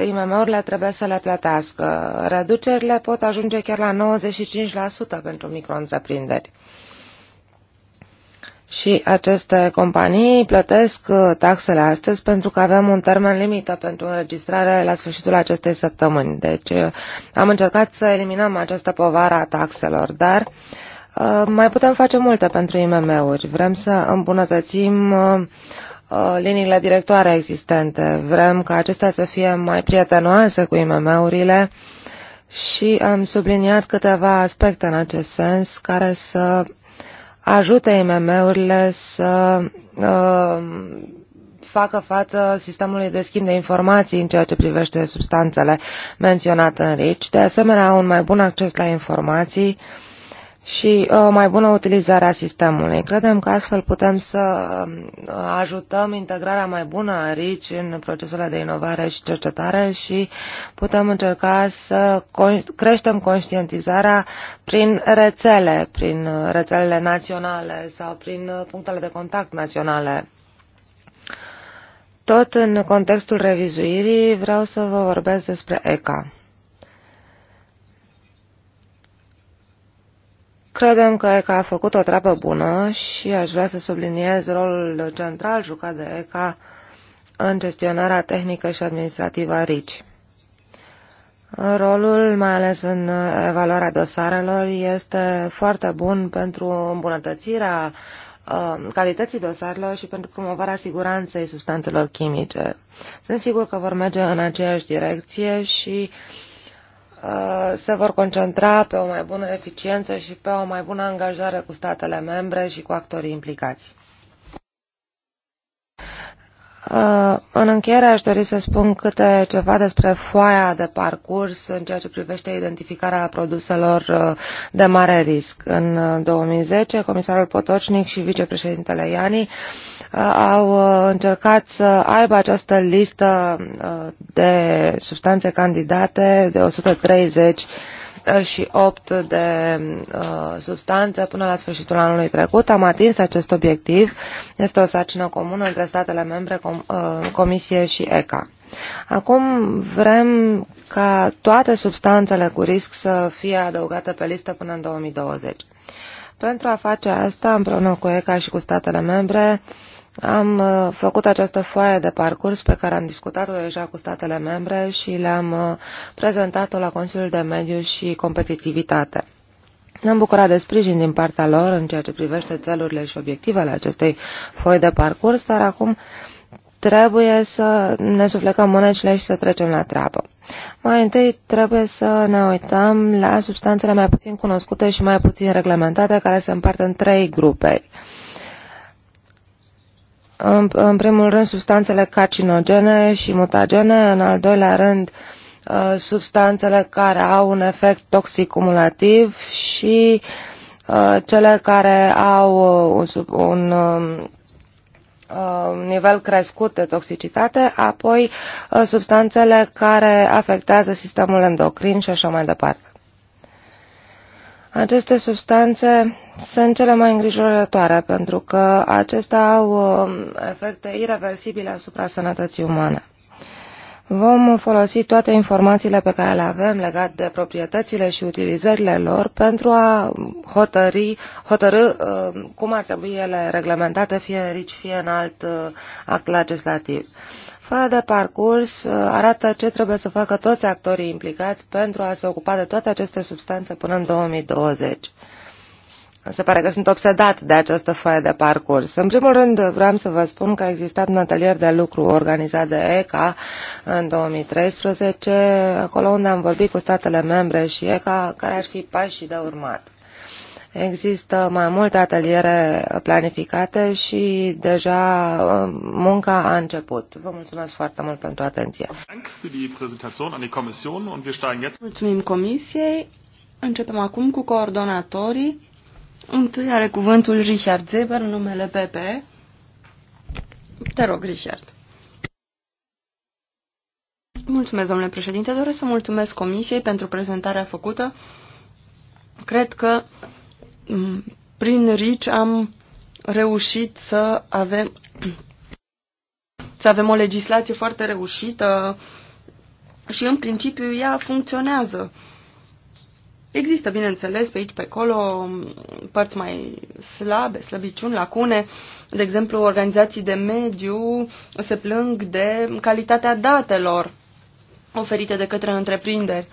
IMM-urile trebuie să le plătească. Reducerile pot ajunge chiar la 95% pentru micro-întreprinderi. Și aceste companii plătesc uh, taxele astăzi pentru că avem un termen limită pentru înregistrare la sfârșitul acestei săptămâni. Deci uh, am încercat să eliminăm această povară a taxelor, dar uh, mai putem face multe pentru IMM-uri. Vrem să îmbunătățim liniile directoare existente. Vrem ca acestea să fie mai prietenoase cu IMM-urile și am subliniat câteva aspecte în acest sens care să Ajută IMM-urile să uh, facă față sistemului de schimb de informații în ceea ce privește substanțele menționate în RICI, de asemenea un mai bun acces la informații uh, și o uh, mai bună utilizare a sistemului. Credem că astfel putem să um, ajutăm integrarea mai bună a RICI în procesele de inovare și cercetare și putem încerca să creștem conștientizarea prin rețele, prin uh, rețelele naționale sau prin uh, punctele de contact naționale. Tot în contextul revizuirii vreau să vă vorbesc despre ECA. Credem că ECA a făcut o treabă bună și aș vrea să subliniez rolul central jucat de ECA în gestionarea tehnică și administrativă a RICI. Rolul, mai ales în evaluarea dosarelor, este foarte bun pentru îmbunătățirea uh, calității dosarelor și pentru promovarea siguranței substanțelor chimice. Sunt sigur că vor merge în aceeași direcție și uh, Uh, se vor concentra pe o mai bună eficiență și pe o mai bună angajare cu statele membre și cu actorii implicați. Uh, în încheiere aș dori să spun câte ceva despre foaia de parcurs în ceea ce privește identificarea produselor uh, de mare risc. În 2010, comisarul Potocnic și vicepreședintele Iani Uh, au uh, încercat să aibă această listă uh, de substanțe candidate de 130 și 8 de uh, substanțe până la sfârșitul anului trecut. Am atins acest obiectiv. Este o sarcină comună între statele membre, com, uh, Comisie și ECA. Acum vrem ca toate substanțele cu risc să fie adăugate pe listă până în 2020. Pentru a face asta, împreună cu ECA și cu statele membre, uh, am uh, făcut această foaie de parcurs pe care am discutat-o deja cu statele membre și le-am uh, prezentat-o la Consiliul de Mediu și Competitivitate. Ne-am bucurat de sprijin din partea lor în ceea ce privește țelurile și obiectivele acestei foi de parcurs, dar acum trebuie să ne suflecăm mânecile și să trecem la treabă. Mai întâi trebuie să ne uităm la substanțele mai puțin cunoscute și mai puțin reglementate, care se împart în trei gruperi în, în primul rând, substanțele carcinogene și mutagene, în al doilea rând, uh, substanțele care au un efect toxic cumulativ și uh, cele care au uh, un, un um, nivel crescut de toxicitate, apoi substanțele care afectează sistemul endocrin și așa mai departe. Aceste substanțe sunt cele mai îngrijorătoare pentru că acestea au um, efecte irreversibile asupra sănătății umane. Vom folosi toate informațiile pe care le avem legat de proprietățile și utilizările lor pentru a hotări, hotărâ um, cum ar trebui ele reglementate, fie în fie în alt uh, act legislativ. Fără de parcurs uh, arată ce trebuie să facă toți actorii implicați pentru a se ocupa de toate aceste substanțe până în 2020. Se pare că sunt obsedat de această foaie de parcurs. În primul rând, vreau să vă spun că a existat un atelier de lucru organizat de ECA în 2013, acolo unde am vorbit cu statele membre și ECA care ar fi pașii de urmat. Există mai multe ateliere planificate și deja um, munca a început. Vă mulțumesc foarte mult pentru atenție. Mulțumim Comisiei. Începem acum cu coordonatorii. Întâi are cuvântul Richard Zeber, numele PP. Te rog, Richard. Mulțumesc, domnule președinte. Doresc să mulțumesc Comisiei pentru prezentarea făcută. Cred că mm, prin RIC am reușit să avem, să avem o legislație foarte reușită și, în principiu, ea funcționează. Există, bineînțeles, pe aici, pe acolo, părți mai slabe, slăbiciuni, lacune. De exemplu, organizații de mediu se plâng de calitatea datelor oferite de către întreprinderi.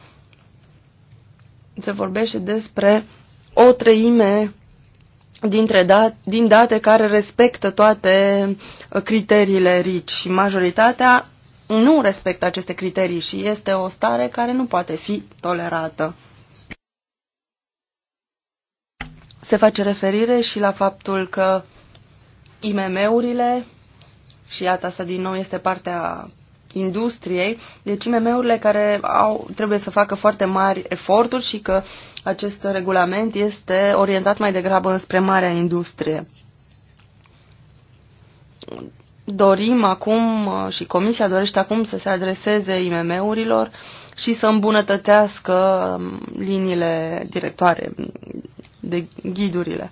Se vorbește despre o treime dintre dat, din date care respectă toate criteriile RICI și majoritatea nu respectă aceste criterii și este o stare care nu poate fi tolerată. se face referire și la faptul că IMM-urile, și iată asta din nou este partea industriei, deci IMM-urile care au, trebuie să facă foarte mari eforturi și că acest regulament este orientat mai degrabă spre marea industrie. Dorim acum și Comisia dorește acum să se adreseze IMM-urilor uh, și să îmbunătățească um, liniile directoare, de ghidurile.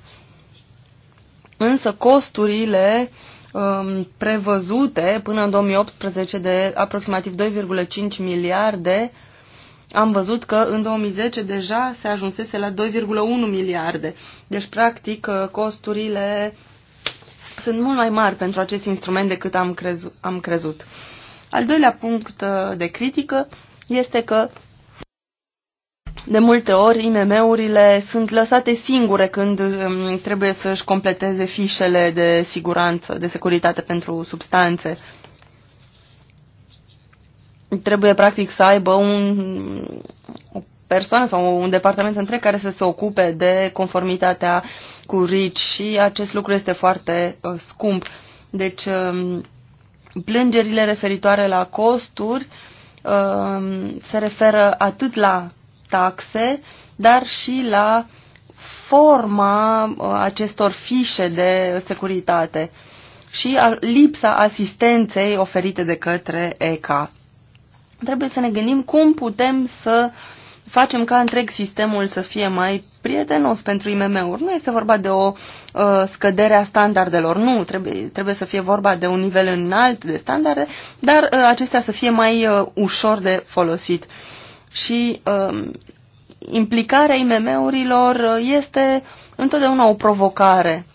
Însă costurile um, prevăzute până în 2018 de aproximativ 2,5 miliarde, am văzut că în 2010 deja se ajunsese la 2,1 miliarde. Deci, practic, uh, costurile sunt mult mai mari pentru acest instrument decât am crezut. Al doilea punct uh, de critică este că de multe ori IMM-urile sunt lăsate singure când um, trebuie să-și completeze fișele de siguranță, de securitate pentru substanțe. Trebuie practic să aibă un, o persoană sau un departament întreg care să se ocupe de conformitatea cu RIC și acest lucru este foarte uh, scump. Deci, uh, plângerile referitoare la costuri uh, Um, se referă atât la taxe, dar și la forma uh, acestor fișe de securitate și lipsa asistenței oferite de către ECA. Trebuie să ne gândim cum putem să uh, facem ca întreg sistemul să fie mai prietenos pentru IMM-uri. Nu este vorba de o uh, scădere a standardelor, nu, trebuie, trebuie să fie vorba de un nivel înalt de standarde, dar uh, acestea să fie mai uh, ușor de folosit. Și um, uh, implicarea IMM-urilor este întotdeauna o provocare.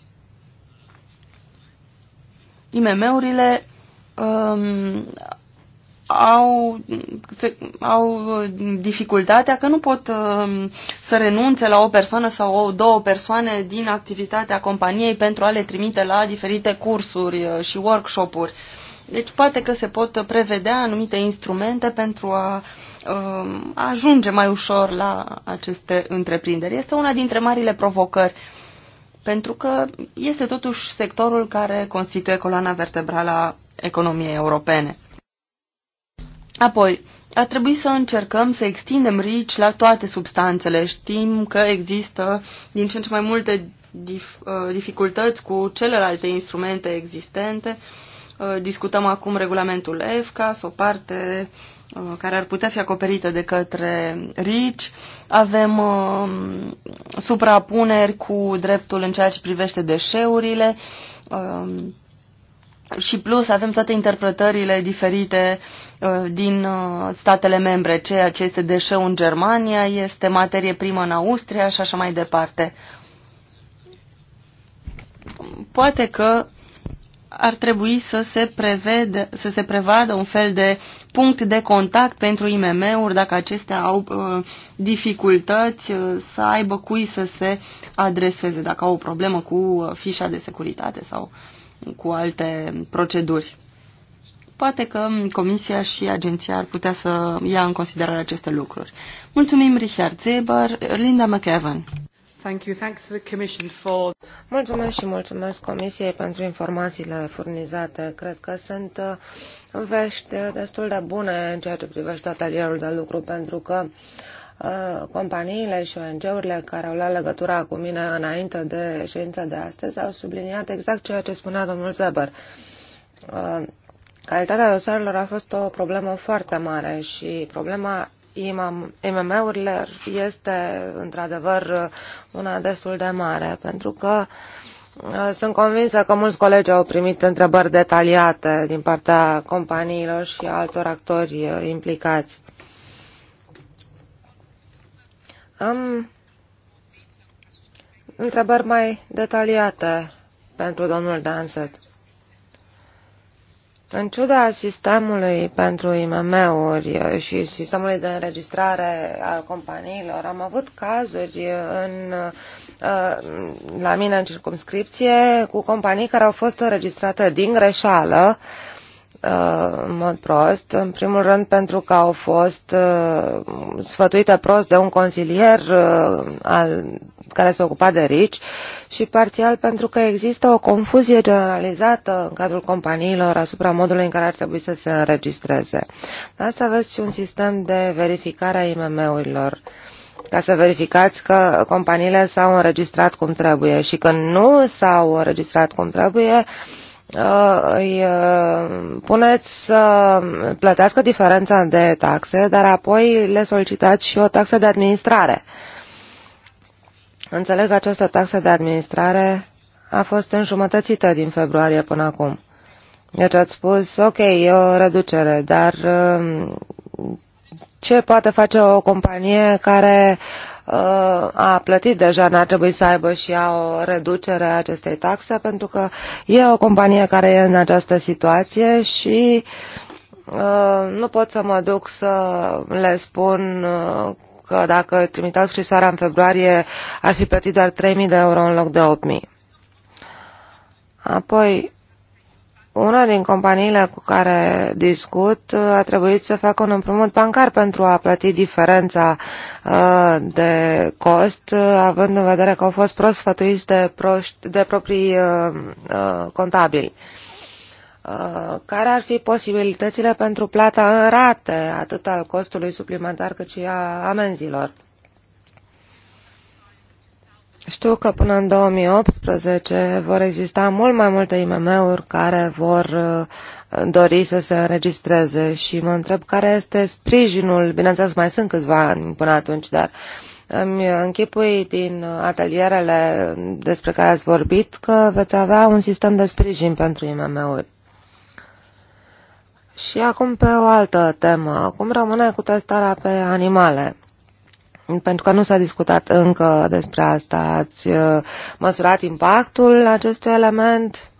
IMM-urile um, au, se, au dificultatea că nu pot uh, să renunțe la o persoană sau două persoane din activitatea companiei pentru a le trimite la diferite cursuri uh, și workshop-uri. Deci poate că se pot prevedea anumite instrumente pentru a uh, ajunge mai ușor la aceste întreprinderi. Este una dintre marile provocări, pentru că este totuși sectorul care constituie coloana vertebrală a economiei europene. Apoi, ar trebui să încercăm să extindem RICI la toate substanțele. Știm că există din ce în ce mai multe dif, uh, dificultăți cu celelalte instrumente existente. Uh, discutăm acum regulamentul EFCAS, o parte uh, care ar putea fi acoperită de către RICI. Avem uh, suprapuneri cu dreptul în ceea ce privește deșeurile uh, și plus avem toate interpretările diferite Uh, din uh, statele membre. Ceea ce este deșeu în Germania este materie primă în Austria și așa mai departe. Poate că ar trebui să se, prevede, să se prevadă un fel de punct de contact pentru IMM-uri dacă acestea au uh, dificultăți uh, să aibă cui să se adreseze, dacă au o problemă cu uh, fișa de securitate sau cu alte proceduri. Poate că Comisia și Agenția ar putea să ia în considerare aceste lucruri. Mulțumim, Richard Zeber, Linda McEvan. Thank you. Thanks to the Commission for... Mulțumesc și mulțumesc Comisiei pentru informațiile furnizate. Cred că sunt uh, vești destul de bune în ceea ce privește atelierul de lucru, pentru că uh, companiile și ONG-urile care au luat legătura cu mine înainte de ședința de astăzi au subliniat exact ceea ce spunea domnul Zeber uh, calitatea dosarelor a fost o problemă foarte mare și problema IMM-urilor este într-adevăr una destul de mare, pentru că uh, sunt convinsă că mulți colegi au primit întrebări detaliate din partea companiilor și altor actori uh, implicați. Am întrebări mai detaliate pentru domnul Danset. În ciuda sistemului pentru IMM-uri uh, și sistemului de înregistrare a companiilor, am avut cazuri uh, în, uh, la mine în circumscripție cu companii care au fost înregistrate din greșeală, în mod prost, în primul rând pentru că au fost sfătuite prost de un consilier al care se ocupa de RICI și parțial pentru că există o confuzie generalizată în cadrul companiilor asupra modului în care ar trebui să se înregistreze. De asta aveți și un sistem de verificare a IMM-urilor ca să verificați că companiile s-au înregistrat cum trebuie și că nu s-au înregistrat cum trebuie, uh, îi uh, puneți să plătească diferența de taxe, dar apoi le solicitați și o taxă de administrare. Uh, Înțeleg că această taxă de administrare a fost înjumătățită din februarie până acum. Deci ați spus, ok, e o reducere, dar um, ce poate face o companie care uh, a plătit deja, n-ar trebui să aibă și ea o reducere a acestei taxe, pentru că e o companie care e în această situație și uh, nu pot să mă duc să le spun uh, că dacă trimiteau scrisoarea în februarie ar fi plătit doar 3.000 de euro în loc de 8.000. Apoi, una din companiile cu care discut uh, a trebuit să facă un împrumut bancar pentru a plăti diferența uh, de cost, uh, având în vedere că au fost prost sfătuiți de, proști, de proprii contabili. Uh, care ar fi posibilitățile pentru plata în rate, atât al costului suplimentar cât și a amenzilor. Știu că până în 2018 vor exista mult mai multe IMM-uri care vor uh, dori să se înregistreze și mă întreb care este sprijinul, bineînțeles mai sunt câțiva ani până atunci, dar îmi închipui din atelierele despre care ați vorbit că veți avea un sistem de sprijin pentru IMM-uri. Și acum pe o altă temă. Cum rămâne cu testarea pe animale? Pentru că nu s-a discutat încă despre asta. Ați uh, măsurat impactul acestui element?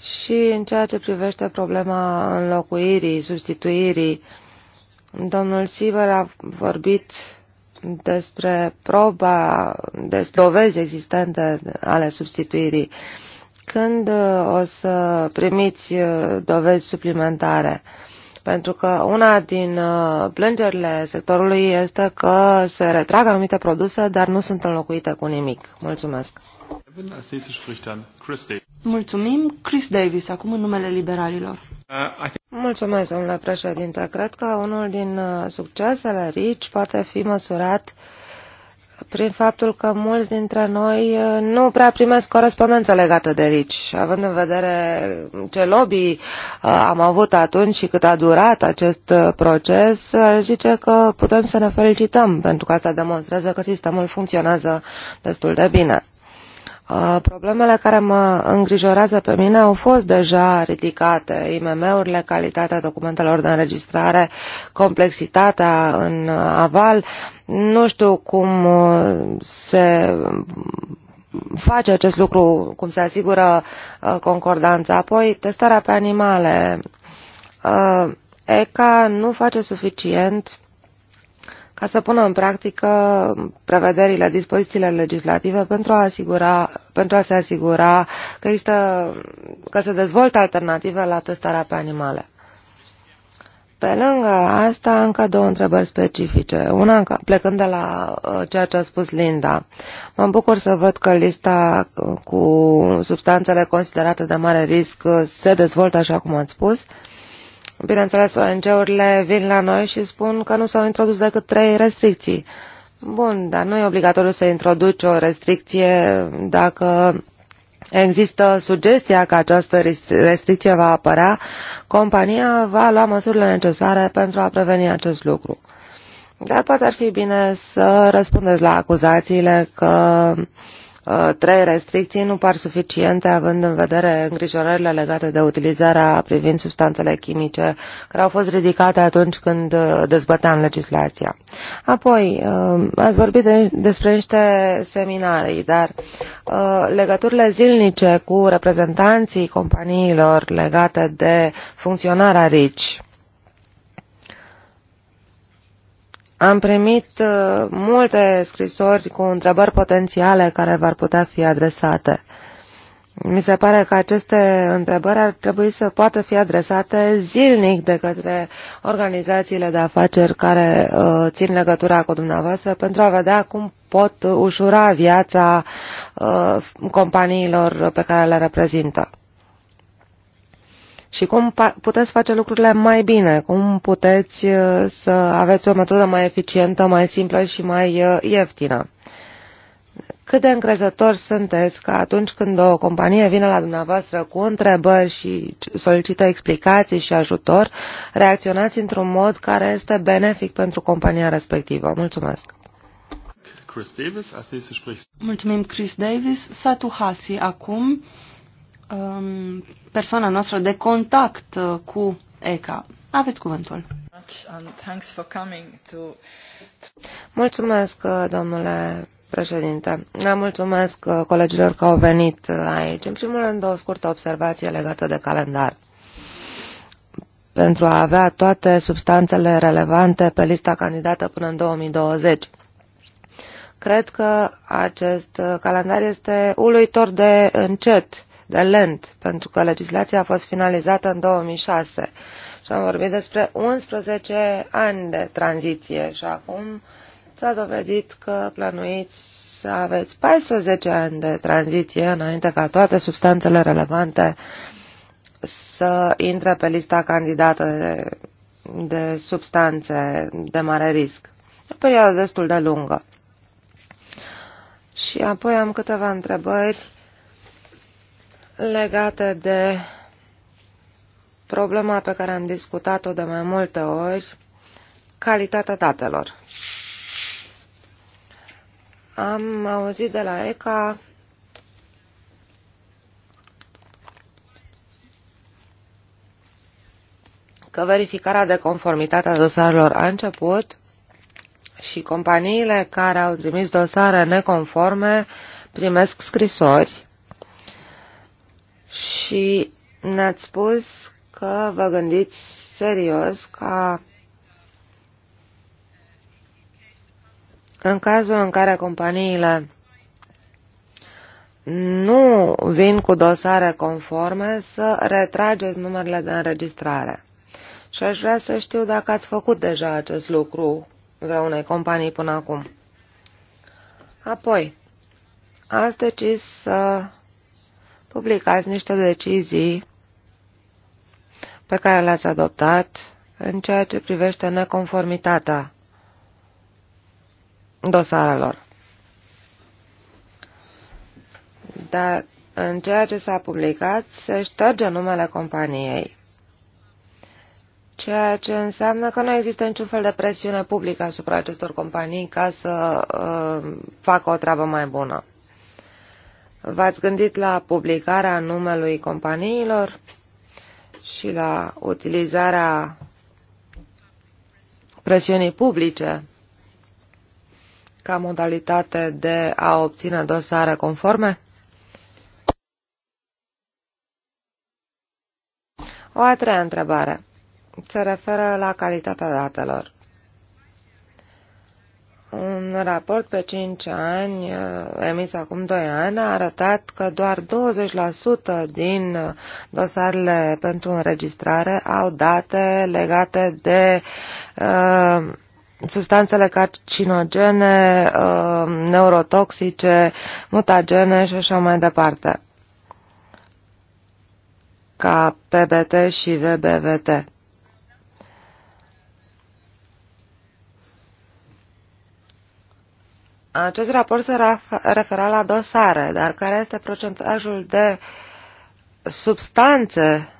Și în ceea ce privește problema înlocuirii, substituirii, domnul Siver a vorbit despre proba, despre dovezi existente ale substituirii. Uh, când uh, o să primiți uh, dovezi suplimentare? Pentru că una din uh, plângerile sectorului este că se retrag anumite produse, dar nu sunt înlocuite cu nimic. Mulțumesc. Mulțumim. Chris Davis, acum în numele liberalilor. Mulțumesc, domnule președinte. Cred că unul din succesele RICI poate fi măsurat uh, prin faptul că mulți dintre noi uh, nu prea primesc corespondență legată de RICI și având în vedere ce lobby uh, am avut atunci și cât a durat acest uh, proces, aș zice că putem să ne felicităm pentru că asta demonstrează că sistemul funcționează destul de bine. Uh, problemele care mă îngrijorează pe mine au fost deja ridicate. IMM-urile, calitatea documentelor de înregistrare, complexitatea în aval. Nu știu cum uh, se face acest lucru, cum se asigură uh, concordanța. Apoi, testarea pe animale. ECA nu face suficient ca să pună în practică prevederile, dispozițiile legislative pentru a, asigura, pentru a se asigura că, există, că se dezvoltă alternative la testarea pe animale. Pe lângă asta, încă două întrebări specifice. Una plecând de la uh, ceea ce a spus Linda. Mă bucur să văd că lista uh, cu substanțele considerate de mare risc uh, se dezvoltă așa cum ați spus. Uh, Bineînțeles, ONG-urile vin la noi și spun că nu s-au introdus decât trei restricții. Bun, dar nu e obligatoriu să introduci o restricție dacă există sugestia că această restricție va apărea, compania va lua măsurile necesare pentru a preveni acest lucru. Dar poate ar fi bine să răspundeți la acuzațiile că uh, Uh, trei restricții nu par suficiente, având în vedere îngrijorările legate de utilizarea privind substanțele chimice care au fost ridicate atunci când uh, dezbăteam legislația. Apoi, uh, ați vorbit de, despre niște seminarii, dar legăturile zilnice cu reprezentanții companiilor legate de funcționarea RICI, Am primit uh, multe scrisori cu întrebări potențiale care v-ar putea fi adresate. Mi se pare că aceste întrebări ar trebui să poată fi adresate zilnic de către organizațiile de afaceri care uh, țin legătura cu dumneavoastră pentru a vedea cum pot ușura viața uh, companiilor pe care le reprezintă și cum puteți face lucrurile mai bine, cum puteți uh, să aveți o metodă mai eficientă, mai simplă și mai uh, ieftină. Cât de încrezători sunteți că atunci când o companie vine la dumneavoastră cu întrebări și solicită explicații și ajutor, reacționați într-un mod care este benefic pentru compania respectivă? Mulțumesc! Chris Davis, Mulțumim, Chris Davis. Satu Hasi, acum um, persoana noastră de contact uh, cu ECA. Aveți cuvântul. Mulțumesc, uh, domnule președinte. mulțumesc uh, colegilor că au venit aici. În primul rând, o scurtă observație legată de calendar. Pentru a avea toate substanțele relevante pe lista candidată până în 2020. Cred că acest calendar este uluitor de încet de lent, pentru că legislația a fost finalizată în 2006 și am vorbit despre 11 ani de tranziție și acum s-a dovedit că plănuiți să aveți 14 ani de tranziție înainte ca toate substanțele relevante să intre pe lista candidată de, de substanțe de mare risc. O perioadă destul de lungă. Și apoi am câteva întrebări legate de problema pe care am discutat-o de mai multe ori, calitatea datelor. Am auzit de la ECA că verificarea de conformitate a dosarelor a început și companiile care au trimis dosare neconforme primesc scrisori și ne-ați spus că vă gândiți serios ca în cazul în care companiile nu vin cu dosare conforme, să retrageți numerele de înregistrare. Și aș vrea să știu dacă ați făcut deja acest lucru vreunei companii până acum. Apoi, ați decis să publicați niște decizii pe care le-ați adoptat în ceea ce privește neconformitatea dosarelor. Dar în ceea ce s-a publicat se șterge numele companiei, ceea ce înseamnă că nu există niciun fel de presiune publică asupra acestor companii ca să uh, facă o treabă mai bună. V-ați gândit la publicarea numelui companiilor și la utilizarea presiunii publice ca modalitate de a obține dosare conforme? O a treia întrebare se referă la calitatea datelor. Un raport pe 5 ani, uh, emis acum 2 ani, a arătat că doar 20% din uh, dosarele pentru înregistrare au date legate de uh, substanțele carcinogene, uh, neurotoxice, mutagene și așa mai departe, ca PBT și VBVT. Acest raport se refera la dosare, dar care este procentajul de substanțe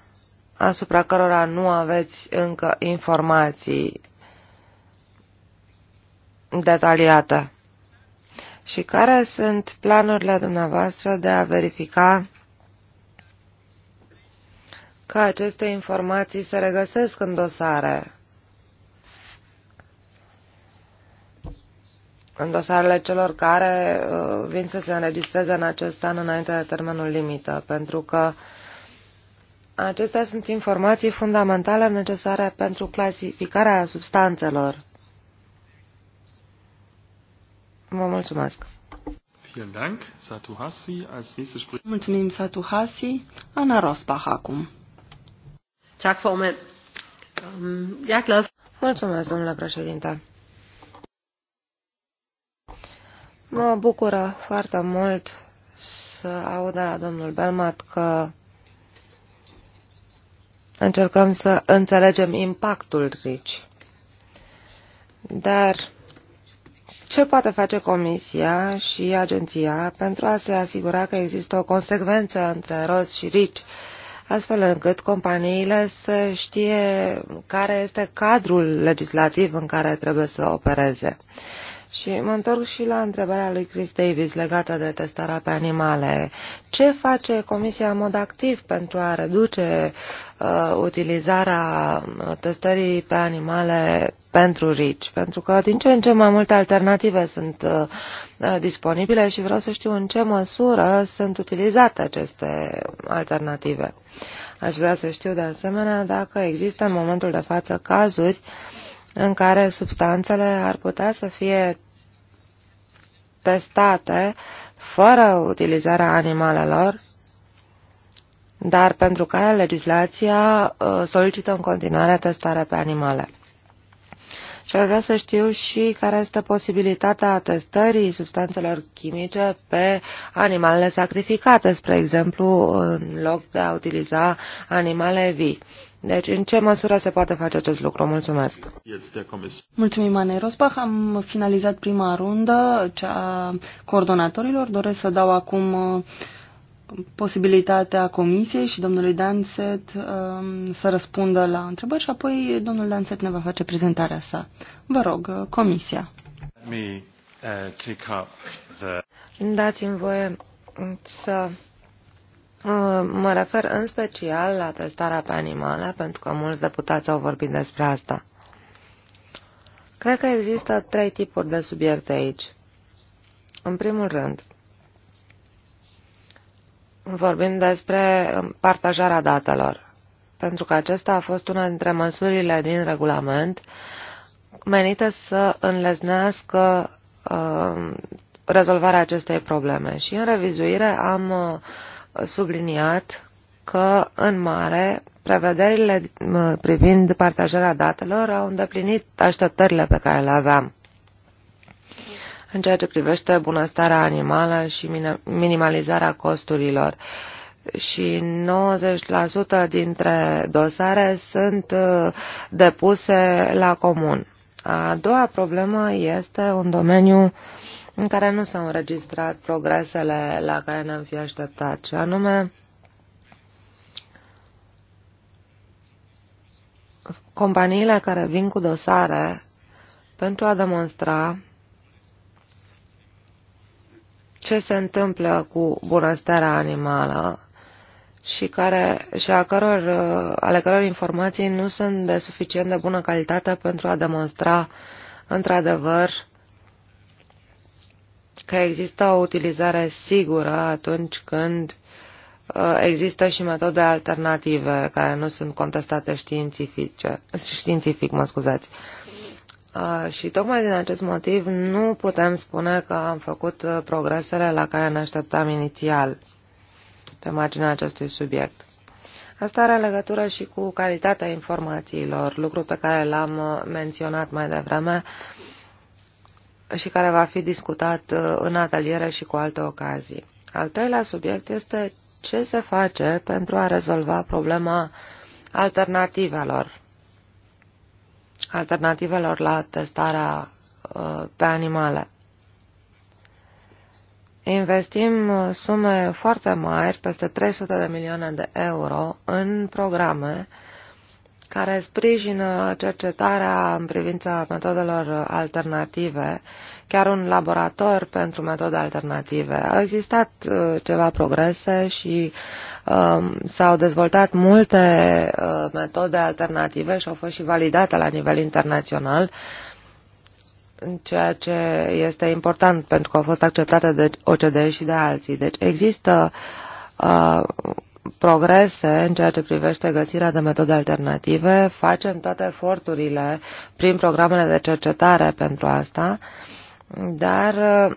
asupra cărora nu aveți încă informații detaliate? Și care sunt planurile dumneavoastră de a verifica că aceste informații se regăsesc în dosare? în dosarele celor care uh, vin să se înregistreze în acest an înainte de termenul limită, pentru că acestea sunt informații fundamentale necesare pentru clasificarea substanțelor. Vă mulțumesc! Mulțumim, Satu Hasi. Ana Rosbach acum. Er mulțumesc, domnule președinte. Mă bucură foarte mult să aud de la domnul Belmat că încercăm să înțelegem impactul RICI. Dar ce poate face Comisia și Agenția pentru a se asigura că există o consecvență între ROS și RICI, astfel încât companiile să știe care este cadrul legislativ în care trebuie să opereze? Și mă întorc și la întrebarea lui Chris Davis legată de testarea pe animale. Ce face Comisia în mod activ pentru a reduce uh, utilizarea uh, testării pe animale pentru RICI? Pentru că din ce în ce mai multe alternative sunt uh, uh, disponibile și vreau să știu în ce măsură sunt utilizate aceste alternative. Aș vrea să știu de asemenea dacă există în momentul de față cazuri uh, în care substanțele ar putea să fie testate fără utilizarea animalelor, dar pentru care legislația uh, solicită în continuare testarea pe animale. Și ar vrea să știu și care este posibilitatea testării substanțelor chimice pe animalele sacrificate, spre exemplu, în loc de a utiliza animale vii. Deci, în ce măsură se poate face acest lucru? Mulțumesc! Mulțumim, Anei Rosbach. Am finalizat prima rundă, cea a coordonatorilor. Doresc să dau acum uh, posibilitatea comisiei și domnului Danset um, să răspundă la întrebări și apoi domnul Danset ne va face prezentarea sa. Vă rog, uh, comisia. Uh, Dați-mi voie să Uh, mă refer în special la testarea pe animale, pentru că mulți deputați au vorbit despre asta. Cred că există trei tipuri de subiecte aici. În primul rând, vorbim despre partajarea datelor, pentru că acesta a fost una dintre măsurile din regulament menite să înleznească uh, rezolvarea acestei probleme. Și în revizuire am uh, subliniat că, în mare, prevederile privind partajarea datelor au îndeplinit așteptările pe care le aveam în ceea ce privește bunăstarea animală și minimalizarea costurilor. Și 90% dintre dosare sunt uh, depuse la comun. A doua problemă este un domeniu uh, în care nu s-au înregistrat progresele la care ne-am fi așteptat, și anume companiile care vin cu dosare pentru a demonstra ce se întâmplă cu bunăstarea animală și, care, și a căror, ale căror informații nu sunt de suficient de bună calitate pentru a demonstra într-adevăr că există o utilizare sigură atunci când uh, există și metode alternative care nu sunt contestate științifice, științific. Mă scuzați. Uh, și tocmai din acest motiv nu putem spune că am făcut uh, progresele la care ne așteptam inițial pe marginea acestui subiect. Asta are legătură și cu calitatea informațiilor, lucru pe care l-am menționat mai devreme. Uh, și care va fi discutat uh, în atelieră și cu alte ocazii. Al treilea subiect este ce se face pentru a rezolva problema alternativelor, alternativelor la testarea uh, pe animale. Investim uh, sume foarte mari, peste 300 de milioane de euro, în programe uh, care sprijină cercetarea în privința metodelor alternative, chiar un laborator pentru metode alternative. Au existat uh, ceva progrese și um, s-au dezvoltat multe uh, metode alternative și au fost și validate la nivel internațional, ceea ce este important pentru că au fost acceptate de OCDE și de alții. Deci există uh, progrese în ceea ce privește găsirea de metode alternative. Facem toate eforturile prin programele de cercetare pentru asta, dar uh,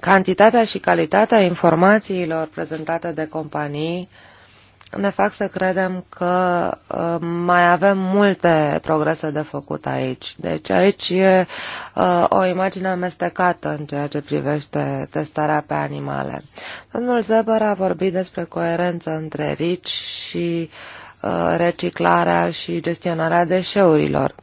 cantitatea și calitatea informațiilor prezentate de companii uh, ne fac să credem că uh, mai avem multe progrese de făcut aici. Deci aici e uh, o imagine amestecată în ceea ce privește testarea pe animale. Domnul Zeber a vorbit despre coerență între RICI și uh, reciclarea și gestionarea deșeurilor.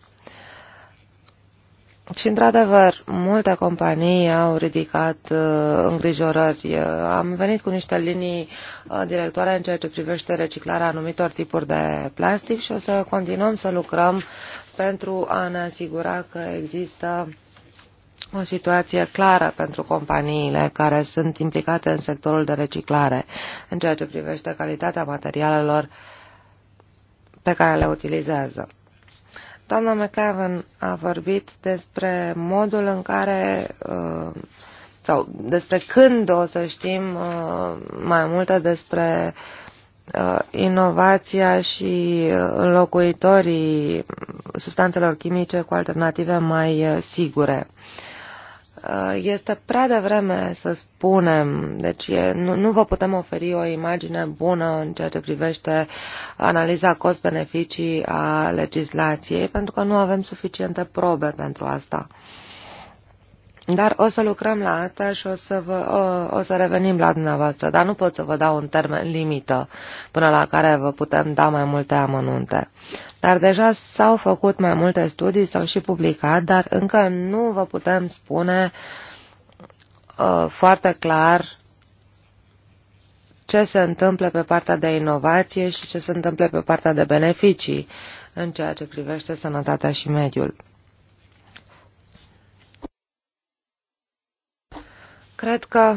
Și, într-adevăr, multe companii au ridicat uh, îngrijorări. Uh, am venit cu niște linii uh, directoare în ceea ce privește reciclarea anumitor tipuri de plastic și o să continuăm să lucrăm pentru a ne asigura că există o situație clară pentru companiile care sunt implicate în sectorul de reciclare în ceea ce privește calitatea materialelor pe care le utilizează. Doamna McLaren a vorbit despre modul în care uh, sau despre când o să știm uh, mai multe despre uh, inovația și înlocuitorii substanțelor chimice cu alternative mai sigure. Uh, este prea devreme să spunem, deci e, nu, nu vă putem oferi o imagine bună în ceea ce privește analiza cost-beneficii a legislației, pentru că nu avem suficiente probe pentru asta. Uh, dar o să lucrăm la asta și o să, vă, o, o să revenim la dumneavoastră, dar nu pot să vă dau un termen limită până la care vă putem da mai multe amănunte. Dar deja s-au făcut mai multe studii, s-au și publicat, dar încă nu vă putem spune uh, foarte clar ce se întâmplă pe partea de inovație și ce se întâmplă pe partea de beneficii în ceea ce privește sănătatea și mediul. Cred că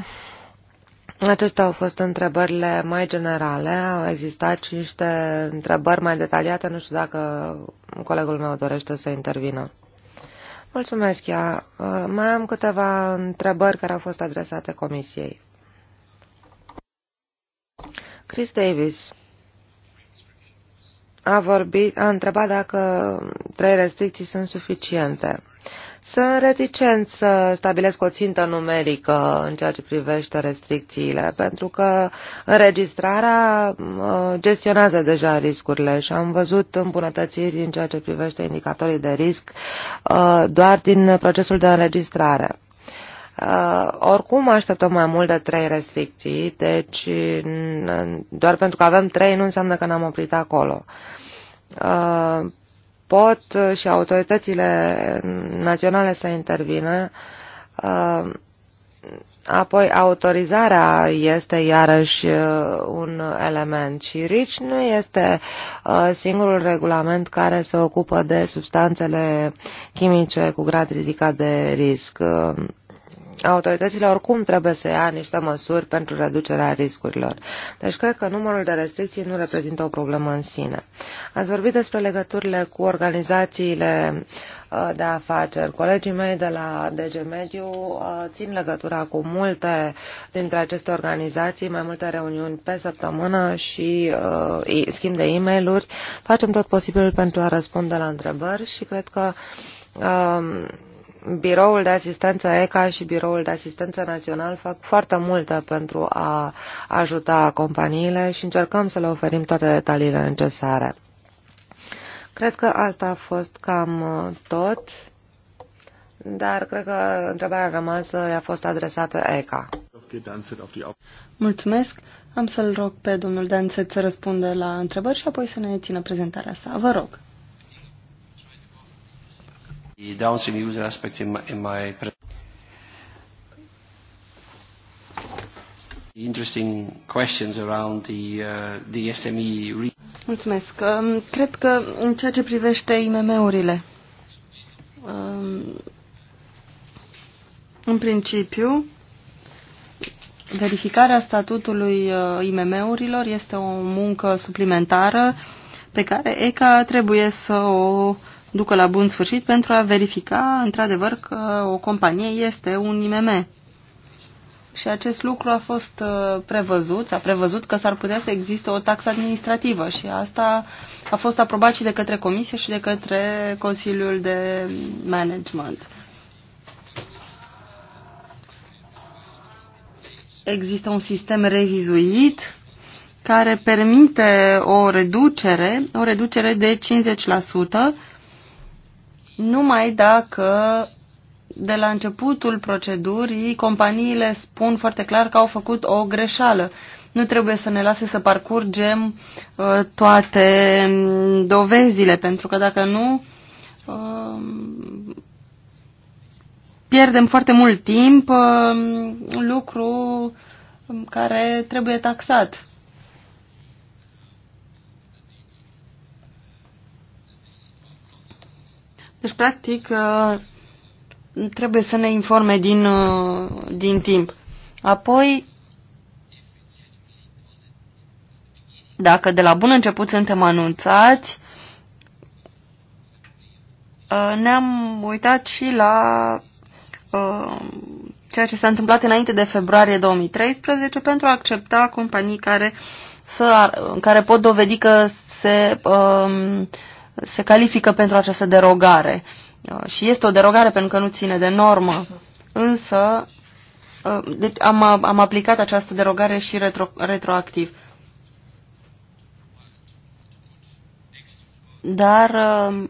Acestea au fost întrebările mai generale. Au existat și niște întrebări mai detaliate. Nu știu dacă colegul meu dorește să intervină. Mulțumesc, Ia. Mai am câteva întrebări care au fost adresate comisiei. Chris Davis a, vorbit, a întrebat dacă trei restricții sunt suficiente. Uh, sunt reticent să stabilesc o țintă numerică în ceea ce privește restricțiile, pentru că înregistrarea uh, gestionează deja riscurile și am văzut îmbunătățiri în ceea ce privește indicatorii de risc uh, doar din procesul de înregistrare. Uh, oricum așteptăm mai mult de trei restricții, deci doar pentru că avem trei nu înseamnă că ne-am oprit acolo. Uh, pot și autoritățile naționale să intervină. Uh, apoi, autorizarea este iarăși uh, un element și RICI nu este uh, singurul regulament care se ocupă de substanțele chimice cu grad ridicat de risc autoritățile oricum trebuie să ia niște măsuri pentru reducerea riscurilor. Deci cred că numărul de restricții nu reprezintă o problemă în sine. Ați vorbit despre legăturile cu organizațiile uh, de afaceri. Colegii mei de la DG Mediu uh, țin legătura cu multe dintre aceste organizații, mai multe reuniuni pe săptămână și uh, schimb de e mail -uri. Facem tot posibilul pentru a răspunde la întrebări și cred că um, Biroul de asistență ECA și Biroul de asistență național fac foarte multe pentru a ajuta companiile și încercăm să le oferim toate detaliile necesare. Cred că asta a fost cam uh, tot, dar cred că întrebarea rămasă a fost adresată ECA. Mulțumesc. Am să-l rog pe domnul Danțet să răspundă la întrebări și apoi să ne țină prezentarea sa. Vă rog downstream user aspect in my, in my interesting questions around the, uh, the SME. Mulțumesc. Um, cred că în ceea ce privește IMM-urile, um, în principiu, verificarea statutului uh, IMM-urilor este o muncă suplimentară pe care ECA trebuie să o uh, ducă la bun sfârșit pentru a verifica, într-adevăr, că o companie este un IMM. Și acest lucru a fost uh, prevăzut, s-a prevăzut că s-ar putea să existe o taxă administrativă și asta a fost aprobat și de către Comisie și de către Consiliul de Management. Există un sistem revizuit care permite o reducere, o reducere de 50% numai dacă de la începutul procedurii companiile spun foarte clar că au făcut o greșeală. Nu trebuie să ne lase să parcurgem uh, toate um, dovezile, pentru că dacă nu, uh, pierdem foarte mult timp, uh, um, un lucru care trebuie taxat. Deci, practic, uh, trebuie să ne informe din, uh, din timp. Apoi, dacă de la bun început suntem anunțați, uh, ne-am uitat și la ceea ce s-a întâmplat înainte de februarie 2013 pentru a accepta companii care, să, care pot dovedi că se um, se califică pentru această derogare. Uh, și este o derogare pentru că nu ține de normă. Însă uh, deci am, am aplicat această derogare și retro, retroactiv. Dar uh,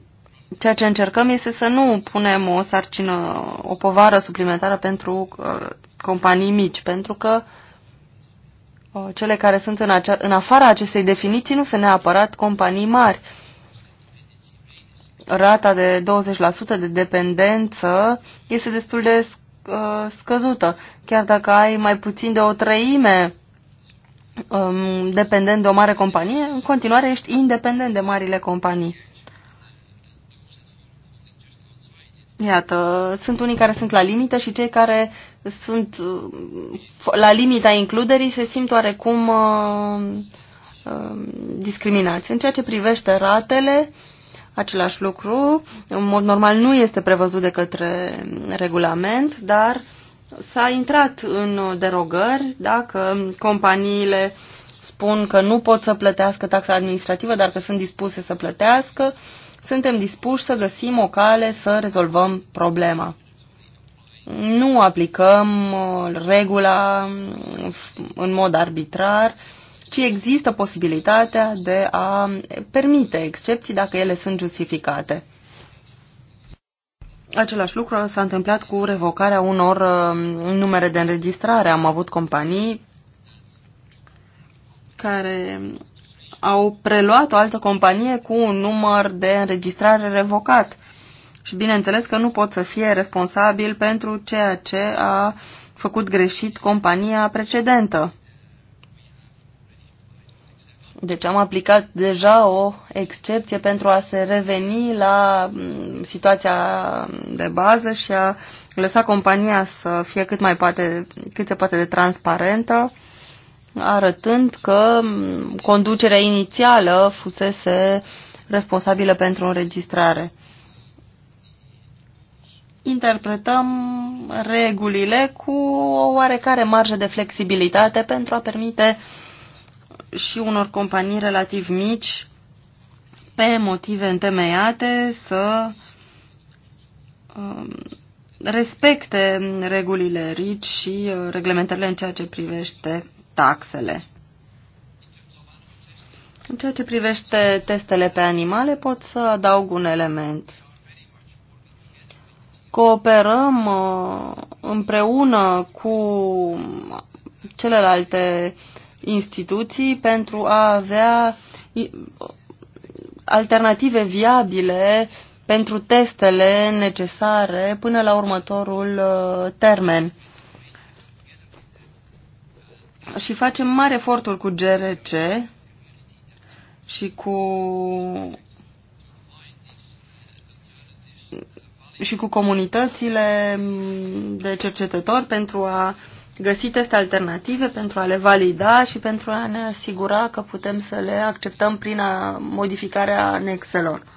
ceea ce încercăm este să nu punem o sarcină, o povară suplimentară pentru companii mici, pentru că cele care sunt în, acea, în afara acestei definiții nu sunt neapărat companii mari rata de 20% de dependență este destul de uh, scăzută. Chiar dacă ai mai puțin de o treime um, dependent de o mare companie, în continuare ești independent de marile companii. Iată, sunt unii care sunt la limită și cei care sunt uh, la limita includerii se simt oarecum uh, uh, discriminați. În ceea ce privește ratele, uh, Același lucru, în mod normal, nu este prevăzut de către regulament, dar s-a intrat în derogări dacă companiile spun că nu pot să plătească taxa administrativă, dar că sunt dispuse să plătească, suntem dispuși să găsim o cale să rezolvăm problema. Nu aplicăm uh, regula în mod arbitrar, ci există posibilitatea de a permite excepții dacă ele sunt justificate. Același lucru s-a întâmplat cu revocarea unor um, numere de înregistrare. Am avut companii care au preluat o altă companie cu un număr de înregistrare revocat. Și bineînțeles că nu pot să fie responsabil pentru ceea ce a făcut greșit compania precedentă. Deci am aplicat deja o excepție pentru a se reveni la mm, situația de bază și a lăsa compania să fie cât mai poate, cât se poate de transparentă, arătând că mm, conducerea inițială fusese responsabilă pentru înregistrare. Interpretăm regulile cu o oarecare marjă de flexibilitate pentru a permite uh, și unor companii relativ mici pe motive întemeiate să um, respecte regulile RICI și uh, reglementările în ceea ce privește taxele. În ceea ce privește testele pe animale, pot să adaug un element. Cooperăm uh, împreună cu celelalte uh, instituții pentru a avea alternative viabile pentru testele necesare până la următorul uh, termen. Și facem mari eforturi cu GRC și cu și cu comunitățile de cercetători pentru a găsi teste alternative pentru a le valida și pentru a ne asigura că putem să le acceptăm prin a, modificarea anexelor.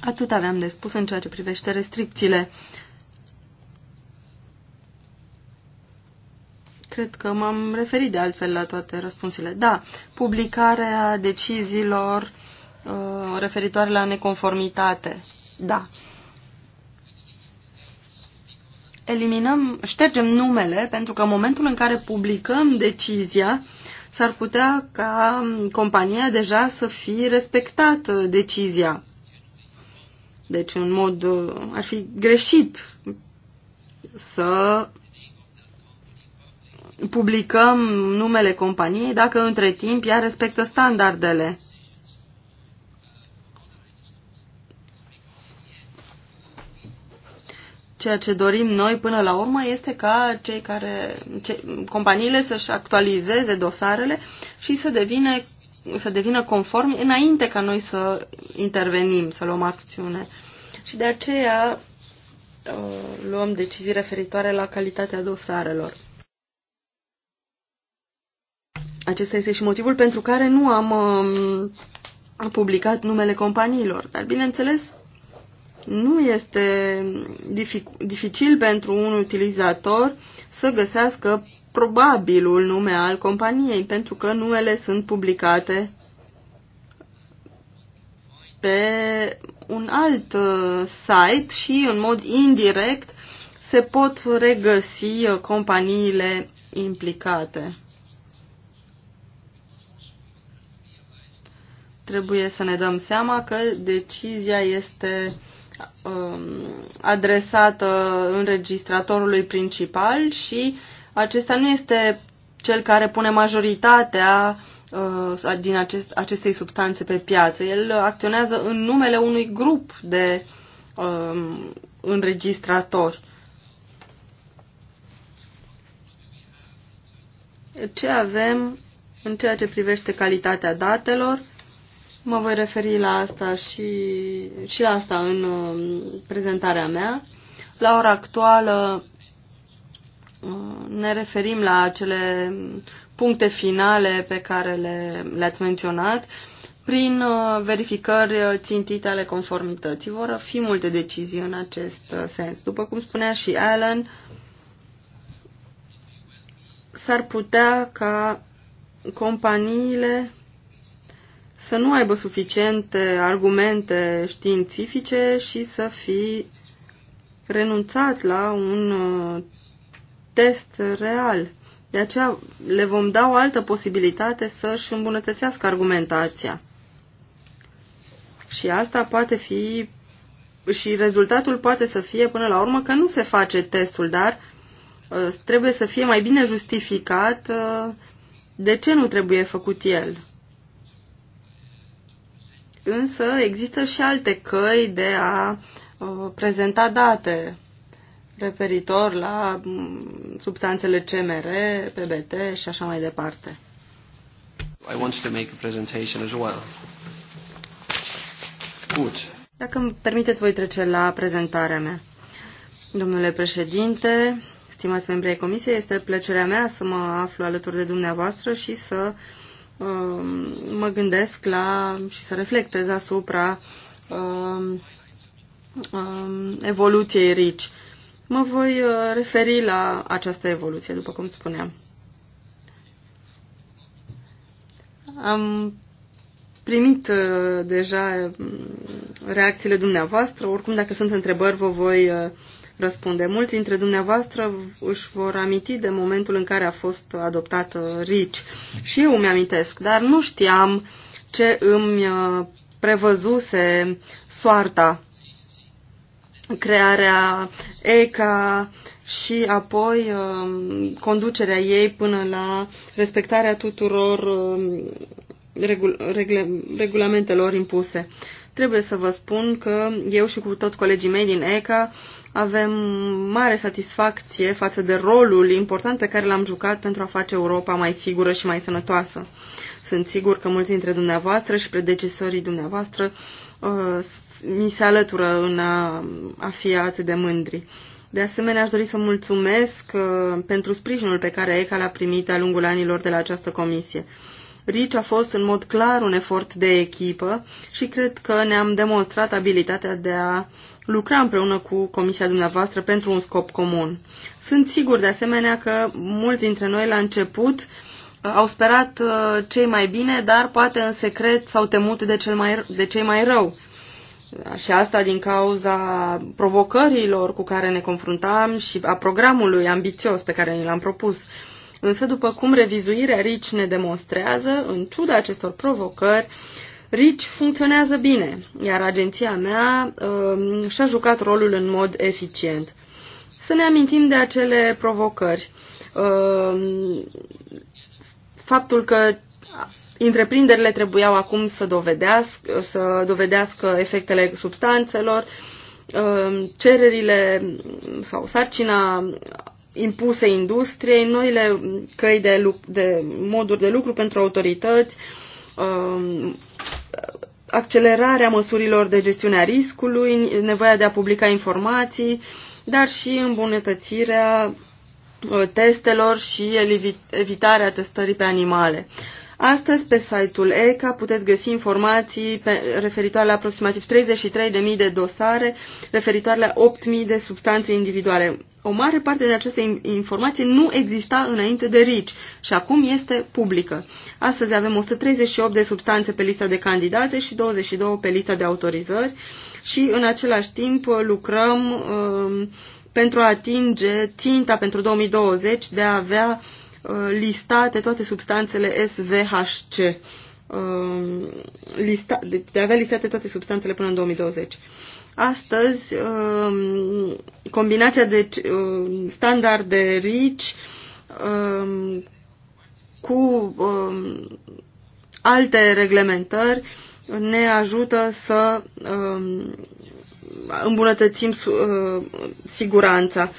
Atât aveam de spus în ceea ce privește restricțiile. Cred că m-am referit de altfel la toate răspunsurile. Da, publicarea deciziilor uh, referitoare la neconformitate. Da. Eliminăm, ștergem numele, pentru că în momentul în care publicăm decizia, s-ar putea ca compania deja să fi respectat uh, decizia. Deci, în mod, uh, ar fi greșit să publicăm numele companiei dacă între timp ea respectă standardele. Ceea ce dorim noi până la urmă este ca cei care, ce, companiile să-și actualizeze dosarele și să, devine, să devină conformi înainte ca noi să intervenim, să luăm acțiune. Și de aceea uh, luăm decizii referitoare la calitatea dosarelor. Acesta este și motivul pentru care nu am uh, publicat numele companiilor. Dar, bineînțeles, nu este dific dificil pentru un utilizator să găsească probabilul nume al companiei, pentru că numele sunt publicate pe un alt uh, site și în mod indirect se pot regăsi uh, companiile implicate. trebuie să ne dăm seama că decizia este um, adresată înregistratorului principal și acesta nu este cel care pune majoritatea uh, din acest, acestei substanțe pe piață. El acționează în numele unui grup de um, înregistratori. Ce avem în ceea ce privește calitatea datelor? Mă voi referi la asta și, și la asta în um, prezentarea mea. La ora actuală uh, ne referim la acele puncte finale pe care le, le-ați menționat prin uh, verificări țintite ale conformității. Vor fi multe decizii în acest uh, sens. După cum spunea și Alan, s-ar putea ca companiile să nu aibă suficiente argumente științifice și să fi renunțat la un uh, test real. De aceea le vom da o altă posibilitate să își îmbunătățească argumentația. Și asta poate fi și rezultatul poate să fie până la urmă că nu se face testul, dar uh, trebuie să fie mai bine justificat uh, de ce nu trebuie făcut el. Însă există și alte căi de a uh, prezenta date referitor la mm, substanțele CMR, PBT și așa mai departe. I want to make a presentation as well. Good. Dacă îmi permiteți, voi trece la prezentarea mea. Domnule președinte, stimați membrii comisiei, este plăcerea mea să mă aflu alături de dumneavoastră și să uh, mă gândesc la și să reflectez asupra um, um, evoluției RICI. Mă voi uh, referi la această evoluție, după cum spuneam. Am primit uh, deja um, reacțiile dumneavoastră, oricum dacă sunt întrebări vă voi uh, răspunde. Mulți dintre dumneavoastră își vor aminti de momentul în care a fost adoptată RICI. Și eu îmi amintesc, dar nu știam ce îmi uh, prevăzuse soarta crearea ECA și apoi uh, conducerea ei până la respectarea tuturor uh, regul regle regulamentelor impuse. Trebuie să vă spun că eu și cu toți colegii mei din ECA avem mare satisfacție față de rolul important pe care l-am jucat pentru a face Europa mai sigură și mai sănătoasă. Sunt sigur că mulți dintre dumneavoastră și predecesorii dumneavoastră uh, mi se alătură în a, a fi atât de mândri. De asemenea, aș dori să mulțumesc uh, pentru sprijinul pe care ECA l-a primit de-a lungul anilor de la această comisie. RICI a fost în mod clar un efort de echipă și cred că ne-am demonstrat abilitatea de a lucra împreună cu comisia dumneavoastră pentru un scop comun. Sunt sigur de asemenea că mulți dintre noi la început uh, au sperat uh, cei mai bine, dar poate în secret s-au temut de, cel mai, de cei mai rău. Și asta din cauza provocărilor cu care ne confruntam și a programului ambițios pe care ni l-am propus. Însă, după cum revizuirea RICI ne demonstrează, în ciuda acestor provocări, Rich funcționează bine, iar agenția mea uh, și-a jucat rolul în mod eficient. Să ne amintim de acele provocări. Uh, faptul că întreprinderile trebuiau acum să dovedească, să dovedească efectele substanțelor, uh, cererile sau sarcina impuse industriei, noile căi de, de moduri de lucru pentru autorități, accelerarea măsurilor de gestiune a riscului, nevoia de a publica informații, dar și îmbunătățirea uh, testelor și evitarea testării pe animale. Astăzi, pe site-ul ECA, puteți găsi informații pe, referitoare la aproximativ 33.000 de dosare, referitoare la 8.000 de substanțe individuale. O mare parte din aceste informații nu exista înainte de RICI și acum este publică. Astăzi avem 138 de substanțe pe lista de candidate și 22 pe lista de autorizări și în același timp lucrăm uh, pentru a atinge ținta pentru 2020 de a avea Uh, listate toate substanțele SVHC. Um, lista, de, deci de a avea listate toate substanțele până în 2020. Astăzi, um, combinația de uh, standarde rich um, cu alte reglementări ne ajută să îmbunătățim uh, siguranța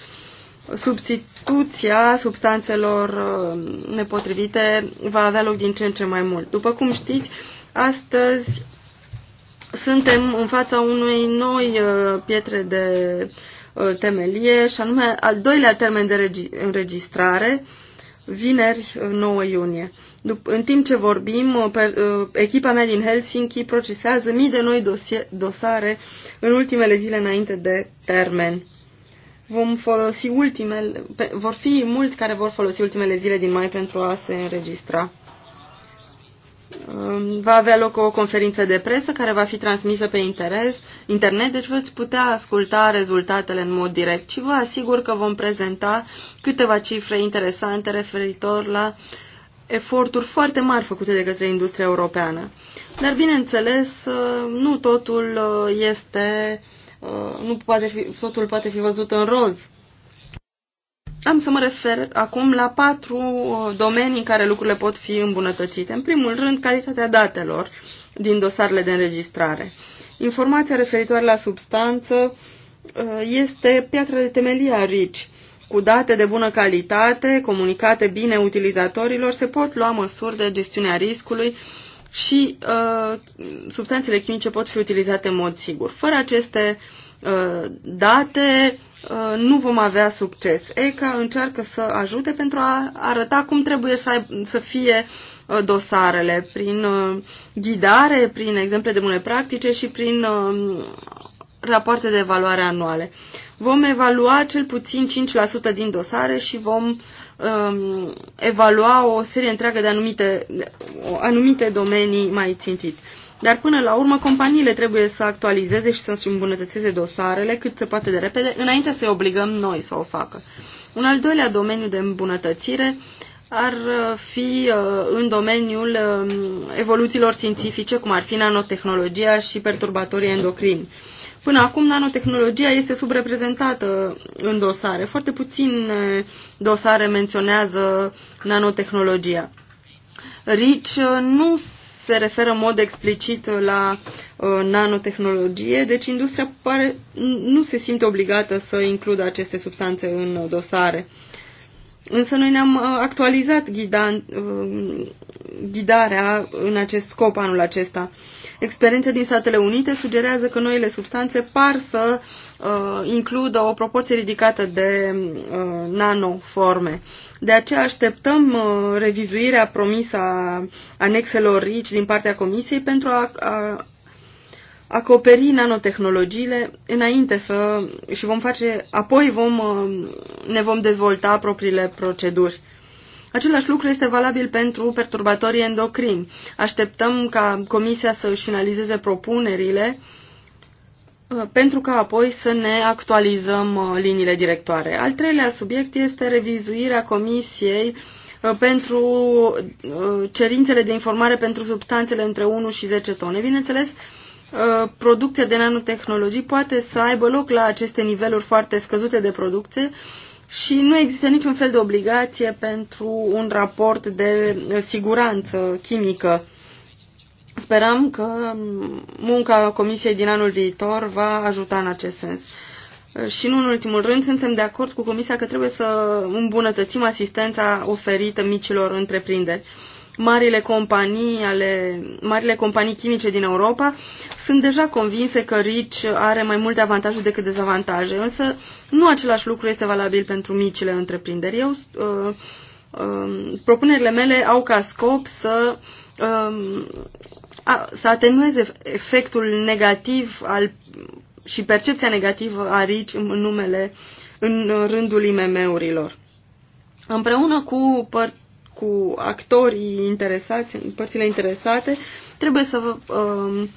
substituția substanțelor uh, nepotrivite va avea loc din ce în ce mai mult. După cum știți, astăzi suntem în fața unei noi uh, pietre de uh, temelie și anume al doilea termen de înregistrare, vineri 9 iunie. În timp ce vorbim, echipa mea din Helsinki procesează mii de noi dosare în ultimele zile înainte de termen vom folosi ultimele, pe, vor fi mulți care vor folosi ultimele zile din mai pentru a se înregistra. Um, va avea loc o conferință de presă care va fi transmisă pe interes, internet, deci veți putea asculta rezultatele în mod direct și vă asigur că vom prezenta câteva cifre interesante referitor la eforturi foarte mari făcute de către industria europeană. Dar, bineînțeles, uh, nu totul uh, este Uh, nu poate fi, soțul poate fi văzut în roz. Am să mă refer acum la patru uh, domenii în care lucrurile pot fi îmbunătățite. În primul rând, calitatea datelor din dosarele de înregistrare. Informația referitoare la substanță uh, este piatra de temelie a RICI. Cu date de bună calitate, comunicate bine utilizatorilor, se pot lua măsuri de gestiune a riscului și uh, substanțele chimice pot fi utilizate în mod sigur. Fără aceste uh, date uh, nu vom avea succes. ECA încearcă să ajute pentru a arăta cum trebuie să, aib- să fie uh, dosarele, prin uh, ghidare, prin exemple de bune practice și prin uh, rapoarte de evaluare anuale. Vom evalua cel puțin 5% din dosare și vom Um, evalua o serie întreagă de anumite, anumite domenii mai țintit. Dar până la urmă, companiile trebuie să actualizeze și să-și îmbunătățeze dosarele cât se poate de repede, înainte să-i obligăm noi să o facă. Un al doilea domeniu de îmbunătățire ar uh, fi uh, în domeniul um, evoluțiilor științifice, cum ar fi nanotehnologia și perturbatorii endocrini Până acum, nanotehnologia este subreprezentată în dosare. Foarte puțin dosare menționează nanotehnologia. RICI uh, nu se referă în mod explicit la uh, nanotehnologie, deci industria pare, nu se simte obligată să includă aceste substanțe în dosare. Însă noi ne-am uh, actualizat ghida, uh, ghidarea în acest scop anul acesta. Experiența din Statele Unite sugerează că noile substanțe par să uh, includă o proporție ridicată de uh, nanoforme. De aceea așteptăm uh, revizuirea promisă a anexelor RICI din partea Comisiei pentru a, a acoperi nanotehnologiile înainte să și vom face, apoi vom, uh, ne vom dezvolta propriile proceduri. Același lucru este valabil pentru perturbatorii endocrini. Așteptăm ca Comisia să își finalizeze propunerile uh, pentru ca apoi să ne actualizăm uh, liniile directoare. Al treilea subiect este revizuirea Comisiei uh, pentru cerințele de informare pentru substanțele între 1 și 10 tone. Bineînțeles, producția de nanotehnologii poate să aibă loc la aceste niveluri foarte scăzute de producție și nu există niciun fel de obligație pentru un raport de siguranță chimică. Sperăm că munca Comisiei din anul viitor va ajuta în acest sens. Și nu în ultimul rând, suntem de acord cu Comisia că trebuie să îmbunătățim asistența oferită micilor întreprinderi marile companii, ale, marile companii chimice din Europa sunt deja convinse că RICI are mai multe avantaje decât dezavantaje, însă nu același lucru este valabil pentru micile întreprinderi. Eu, uh, uh, propunerile mele au ca scop să uh, a, să atenueze efectul negativ al, și percepția negativă a RICI în numele, în rândul IMM-urilor. Împreună cu păr cu actorii interesați, părțile interesate, trebuie să um,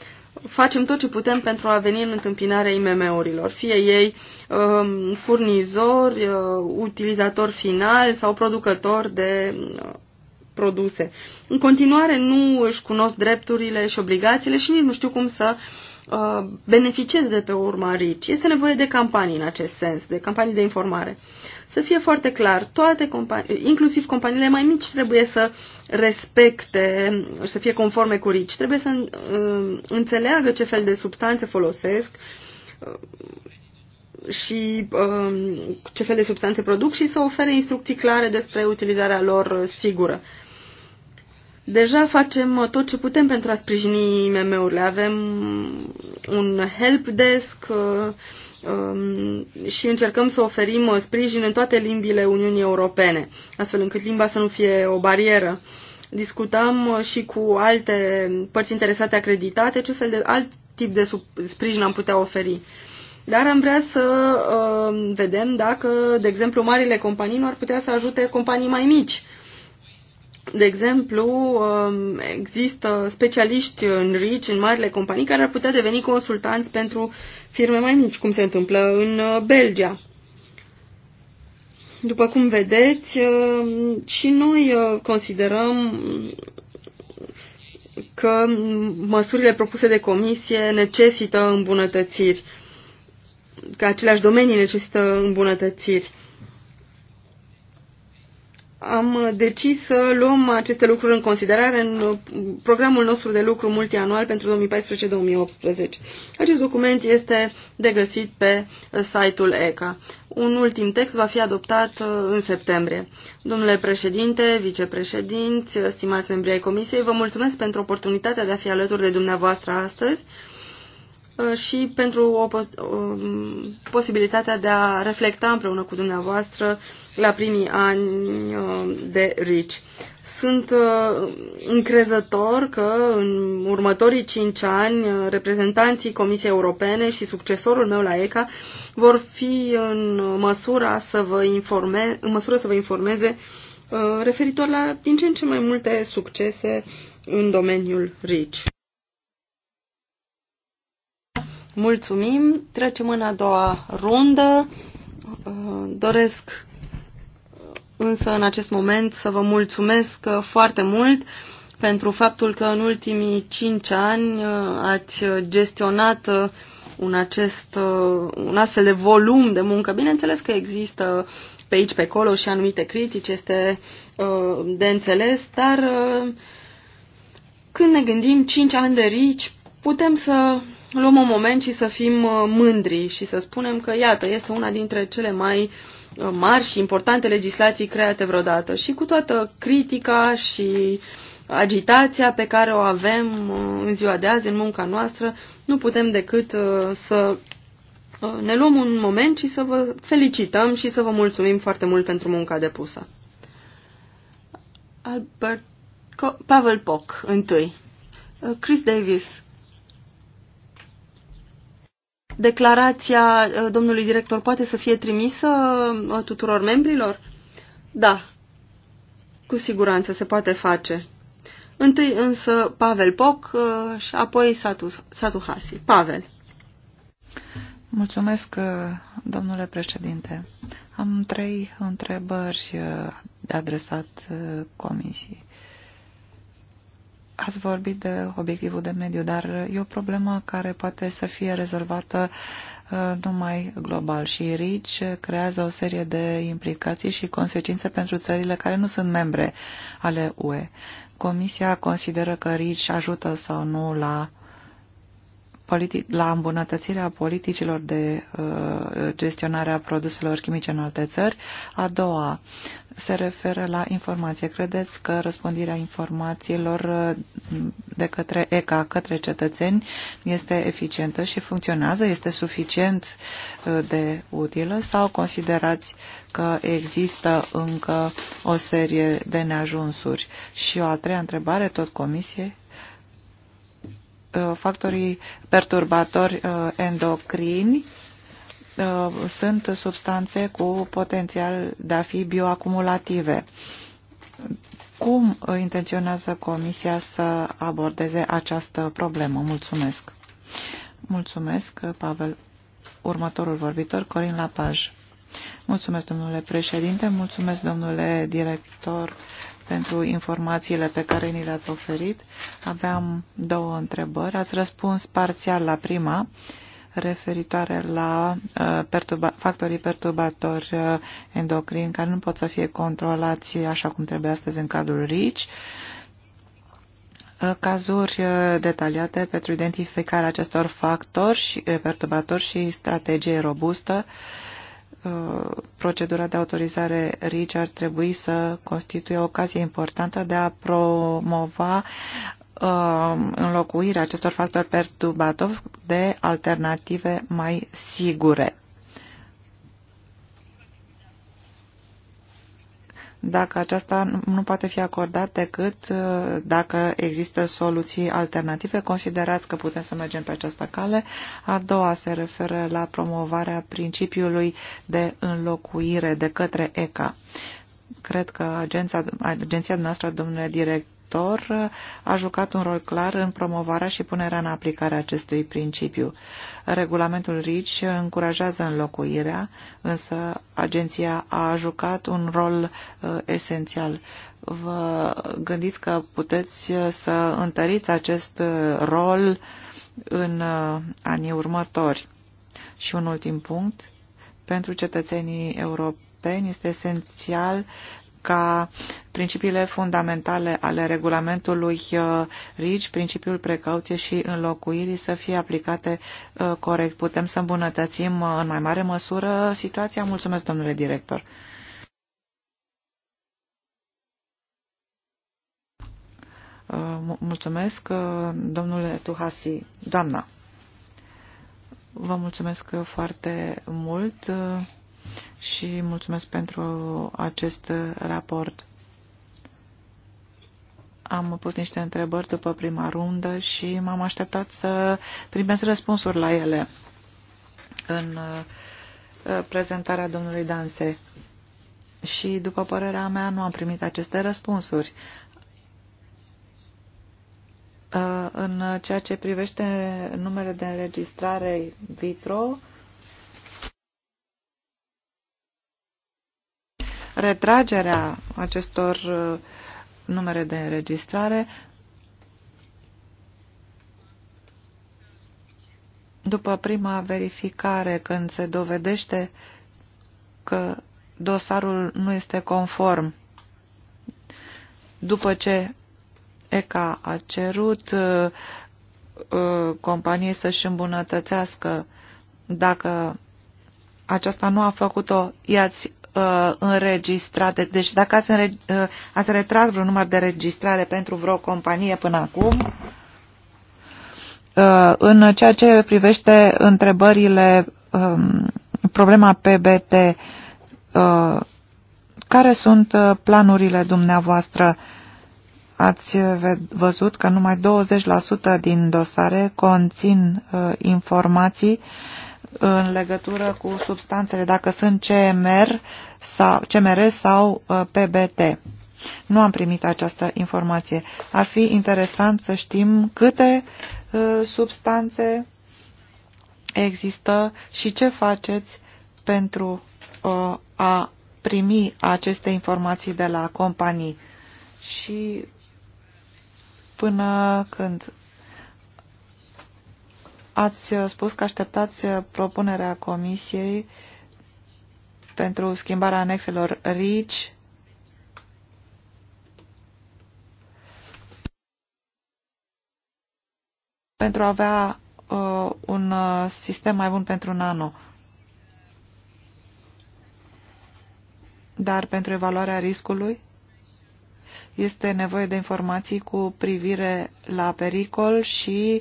facem tot ce putem pentru a veni în întâmpinarea IMM-urilor, fie ei um, furnizori, uh, utilizator final sau producător de uh, produse. În continuare nu își cunosc drepturile și obligațiile și nici nu știu cum să uh, beneficiez de pe urma RICI. Este nevoie de campanii în acest sens, de campanii de informare să fie foarte clar, toate companii, inclusiv companiile mai mici trebuie să respecte, să fie conforme cu RICI, trebuie să uh, înțeleagă ce fel de substanțe folosesc uh, și uh, ce fel de substanțe produc și să ofere instrucții clare despre utilizarea lor sigură. Deja facem tot ce putem pentru a sprijini IMM-urile. Avem un help desk, Um, și încercăm să oferim uh, sprijin în toate limbile Uniunii Europene, astfel încât limba să nu fie o barieră. Discutam uh, și cu alte părți interesate acreditate ce fel de alt tip de sprijin am putea oferi. Dar am vrea să uh, vedem dacă, de exemplu, marile companii nu ar putea să ajute companii mai mici. De exemplu, um, există specialiști în RICI, în marile companii, care ar putea deveni consultanți pentru firme mai mici, cum se întâmplă în uh, Belgia. După cum vedeți, uh, și noi uh, considerăm că măsurile propuse de comisie necesită îmbunătățiri, că aceleași domenii necesită îmbunătățiri am decis să luăm aceste lucruri în considerare în uh, programul nostru de lucru multianual pentru 2014-2018. Acest document este de găsit pe uh, site-ul ECA. Un ultim text va fi adoptat uh, în septembrie. Domnule președinte, vicepreședinți, stimați membri ai Comisiei, vă mulțumesc pentru oportunitatea de a fi alături de dumneavoastră astăzi și pentru o pos um, posibilitatea de a reflecta împreună cu dumneavoastră la primii ani uh, de RICI. Sunt uh, încrezător că în următorii cinci ani uh, reprezentanții Comisiei Europene și succesorul meu la ECA vor fi în măsura să vă, informe, în măsură să vă informeze referitor la din ce în ce mai multe succese în domeniul RICI. Mulțumim. Trecem în a doua rundă. Doresc însă în acest moment să vă mulțumesc uh, foarte mult pentru faptul că în ultimii cinci ani uh, ați gestionat uh, un, acest, un astfel de volum de muncă. Bineînțeles că există pe aici, pe acolo și anumite critici, este de înțeles, dar când ne gândim cinci ani de rici, putem să luăm un moment și să fim mândri și să spunem că, iată, este una dintre cele mai uh, Uh, mari și importante legislații create vreodată. Și cu toată critica și agitația pe care o avem uh, în ziua de azi, în munca noastră, nu putem decât uh, să ne luăm un moment și să vă felicităm și să vă mulțumim foarte mult pentru munca depusă. Albert Pavel Poc, întâi. Chris Davis, declarația uh, domnului director poate să fie trimisă uh, tuturor membrilor? Da, cu siguranță se poate face. Întâi însă Pavel Poc uh, și apoi Satu, Satu Hasi. Pavel. Mulțumesc, domnule președinte. Am trei întrebări de adresat comisiei. Ați vorbit de obiectivul de mediu, dar e o problemă care poate să fie rezolvată uh, numai global și RICI creează o serie de implicații și consecințe pentru țările care nu sunt membre ale UE. Comisia consideră că RICI ajută sau nu la la îmbunătățirea politicilor de uh, gestionare a produselor chimice în alte țări. A doua se referă la informație. Credeți că răspândirea informațiilor uh, de către ECA, către cetățeni, este eficientă și funcționează? Este suficient uh, de utilă sau considerați că există încă o serie de neajunsuri? Și o a treia întrebare, tot comisie, Uh, factorii perturbatori uh, endocrini uh, sunt substanțe cu potențial de a fi bioacumulative. Cum intenționează Comisia să abordeze această problemă? Mulțumesc! Mulțumesc, Pavel. Următorul vorbitor, Corin Lapaj. Mulțumesc, domnule președinte, mulțumesc, domnule director pentru informațiile pe care ni le-ați oferit. Aveam două întrebări. Ați răspuns parțial la prima referitoare la uh, perturba, factorii perturbatori uh, endocrini care nu pot să fie controlați așa cum trebuie astăzi în cadrul RICI uh, cazuri detaliate pentru identificarea acestor factori și perturbatori și strategie robustă Uh, procedura de autorizare RICI ar trebui să constituie o ocazie importantă de a promova uh, înlocuirea acestor factori perturbatori de alternative mai sigure. dacă aceasta nu poate fi acordat decât uh, dacă există soluții alternative. Considerați că putem să mergem pe această cale. A doua se referă la promovarea principiului de înlocuire de către ECA. Cred că agenția, agenția noastră, domnule direct, raportor, a jucat un rol clar în promovarea și punerea în aplicare a acestui principiu. Regulamentul RICI încurajează înlocuirea, însă agenția a jucat un rol uh, esențial. Vă gândiți că puteți uh, să întăriți acest uh, rol în anii următori. Și un ultim punct, pentru cetățenii europeni este esențial ca principiile fundamentale ale regulamentului uh, RIGI, principiul precauție și înlocuirii să fie aplicate uh, corect. Putem să îmbunătățim uh, în mai mare măsură situația. Mulțumesc, domnule director. Mulțumesc, domnule Tuhasi. Doamna, vă mulțumesc foarte mult și mulțumesc pentru acest raport. Am pus niște întrebări după prima rundă și m-am așteptat să primesc răspunsuri la ele în uh, prezentarea domnului Danse. Și, după părerea mea, nu am primit aceste răspunsuri. Uh, în ceea ce privește numele de înregistrare vitro, retragerea acestor uh, numere de înregistrare după prima verificare, când se dovedește că dosarul nu este conform, după ce ECA a cerut uh, uh companiei să-și îmbunătățească dacă aceasta nu a făcut-o, i-ați uh, înregistrate. Deci dacă ați, înre uh, ați retras vreun număr de registrare pentru vreo companie până acum, uh, în ceea ce privește întrebările, um, problema PBT, uh, care sunt uh, planurile dumneavoastră? Ați văzut că numai 20% din dosare conțin uh, informații uh, în legătură cu substanțele, dacă sunt CMR sau, CMR sau uh, PBT. Nu am primit această informație. Ar fi interesant să știm câte uh, substanțe există și ce faceți pentru uh, a primi aceste informații de la companii. Și până când Ați uh, spus că așteptați uh, propunerea Comisiei pentru schimbarea anexelor RICI pentru a avea uh, un uh, sistem mai bun pentru nano. Dar pentru evaluarea riscului este nevoie de informații cu privire la pericol și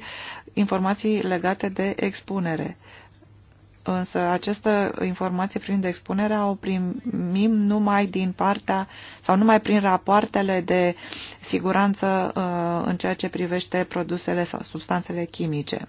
informații legate de expunere. Însă această informație privind expunerea o primim numai din partea sau numai prin rapoartele de siguranță uh, în ceea ce privește produsele sau substanțele chimice.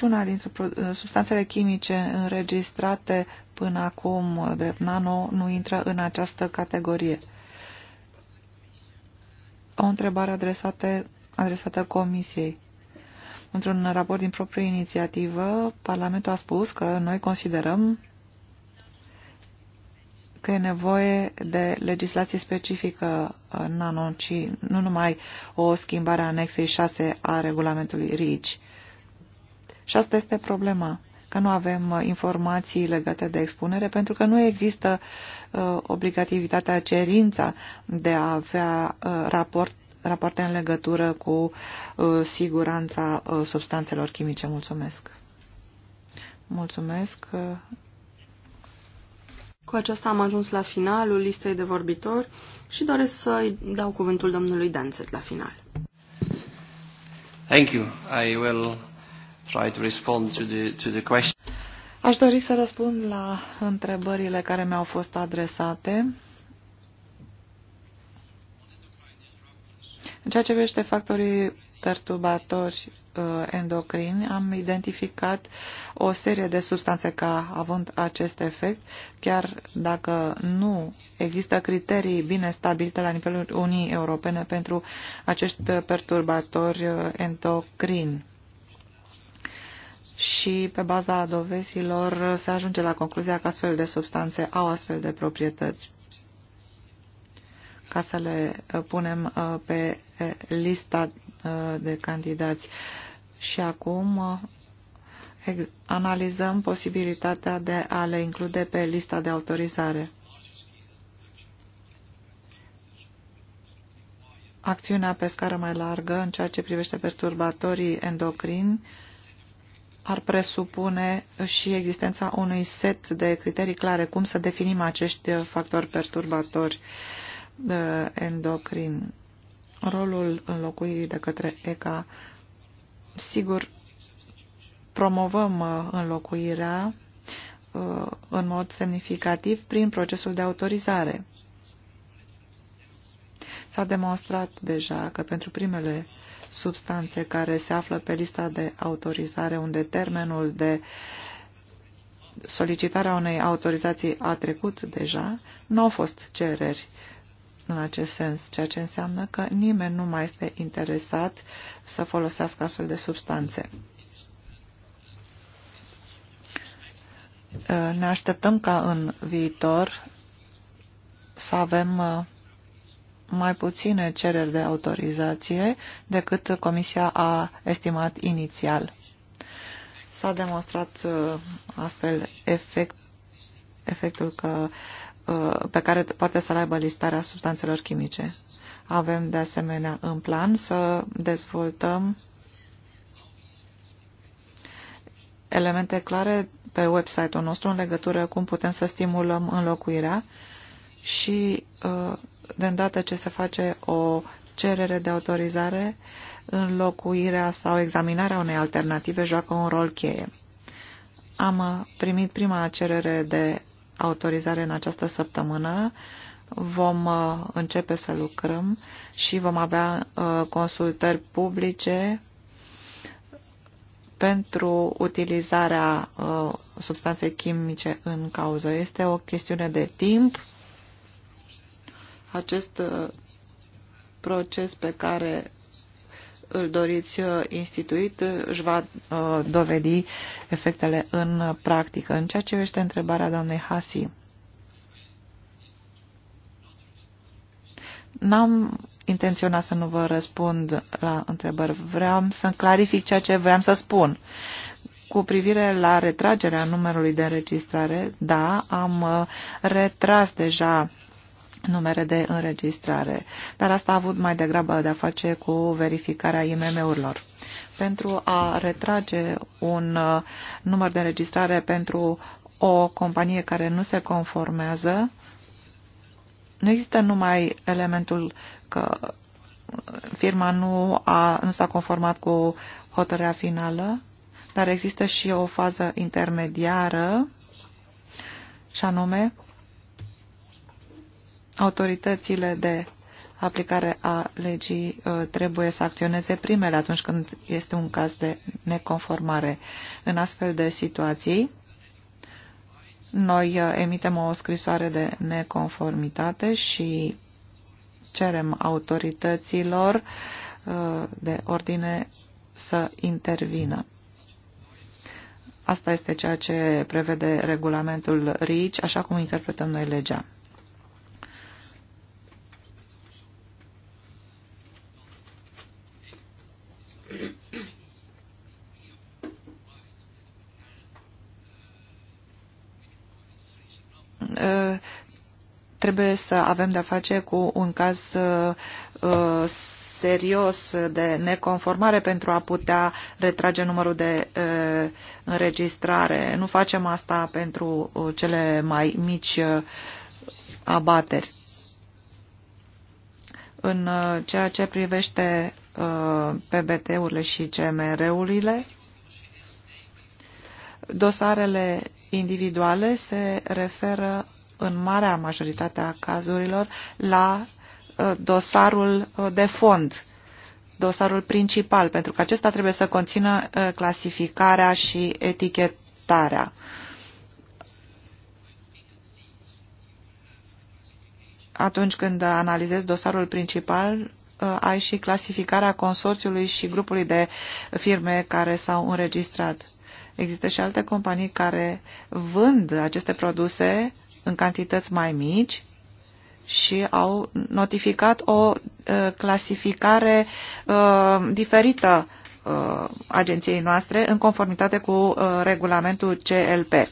niciuna dintre uh, substanțele chimice înregistrate până acum uh, drept nano nu intră în această categorie. O întrebare adresată, adresată Comisiei. Într-un raport din proprie inițiativă, Parlamentul a spus că noi considerăm că e nevoie de legislație specifică uh, nano, ci nu numai o schimbare a anexei 6 a regulamentului RICI. Și asta este problema, că nu avem uh, informații legate de expunere, pentru că nu există uh, obligativitatea, cerința de a avea uh, raport, rapoarte în legătură cu uh, siguranța uh, substanțelor chimice. Mulțumesc! Mulțumesc! Uh. Cu aceasta am ajuns la finalul listei de vorbitori și doresc să-i dau cuvântul domnului Danțet la final. Thank you. I will try to respond to the, to the question. Aș dori să răspund la întrebările care mi-au fost adresate. În ceea ce privește factorii perturbatori uh, endocrini, am identificat o serie de substanțe ca având acest efect, chiar dacă nu există criterii bine stabilite la nivelul Unii Europene pentru acești perturbatori uh, endocrini și pe baza dovezilor se ajunge la concluzia că astfel de substanțe au astfel de proprietăți. Ca să le uh, punem uh, pe uh, lista de candidați. Și acum analizăm posibilitatea de a le include pe lista de autorizare. Acțiunea pe scară mai largă în ceea ce privește perturbatorii endocrini ar presupune și existența unui set de criterii clare, cum să definim acești factori perturbatori uh, endocrini. Rolul înlocuirii de către ECA, sigur, promovăm uh, înlocuirea uh, în mod semnificativ prin procesul de autorizare. S-a demonstrat deja că pentru primele substanțe care se află pe lista de autorizare, unde termenul de solicitarea unei autorizații a trecut deja, nu au fost cereri în acest sens, ceea ce înseamnă că nimeni nu mai este interesat să folosească astfel de substanțe. Ne așteptăm ca în viitor să avem uh, mai puține cereri de autorizație decât Comisia a estimat inițial. S-a demonstrat uh, astfel efect, efectul că, uh, pe care poate să-l aibă listarea substanțelor chimice. Avem de asemenea în plan să dezvoltăm elemente clare pe website-ul nostru în legătură cum putem să stimulăm înlocuirea și uh, de îndată ce se face o cerere de autorizare, înlocuirea sau examinarea unei alternative joacă un rol cheie. Am primit prima cerere de autorizare în această săptămână. Vom uh, începe să lucrăm și vom avea uh, consultări publice pentru utilizarea uh, substanței chimice în cauză. Este o chestiune de timp acest uh, proces pe care îl doriți uh, instituit uh, își va dovedi efectele în practică. În ceea ce este întrebarea doamnei Hasi, n-am intenționat să nu vă răspund la întrebări. Vreau să clarific ceea ce vreau să spun. Cu privire la retragerea numerului de înregistrare, da, am retras deja numere de înregistrare, dar asta a avut mai degrabă de-a face cu verificarea IMM-urilor. Pentru a retrage un uh, număr de înregistrare pentru o companie care nu se conformează, nu există numai elementul că firma nu, a, nu s-a conformat cu hotărârea finală, dar există și o fază intermediară, și anume autoritățile de aplicare a legii uh, trebuie să acționeze primele atunci când este un caz de neconformare. În astfel de situații, noi uh, emitem o scrisoare de neconformitate și cerem autorităților uh, de ordine să intervină. Asta este ceea ce prevede regulamentul RIC, așa cum interpretăm noi legea. trebuie să avem de-a face cu un caz serios de neconformare pentru a putea retrage numărul de înregistrare. Nu facem asta pentru cele mai mici abateri. În ceea ce privește PBT-urile și CMR-urile, dosarele individuale se referă în marea majoritate a cazurilor la uh, dosarul uh, de fond, dosarul principal, pentru că acesta trebuie să conțină uh, clasificarea și etichetarea. Atunci când analizezi dosarul principal, ai și clasificarea consorțiului și grupului de firme care s-au înregistrat. Există și alte companii care vând aceste produse în cantități mai mici și au notificat o uh, clasificare uh, diferită uh, agenției noastre în conformitate cu regulamentul CLP.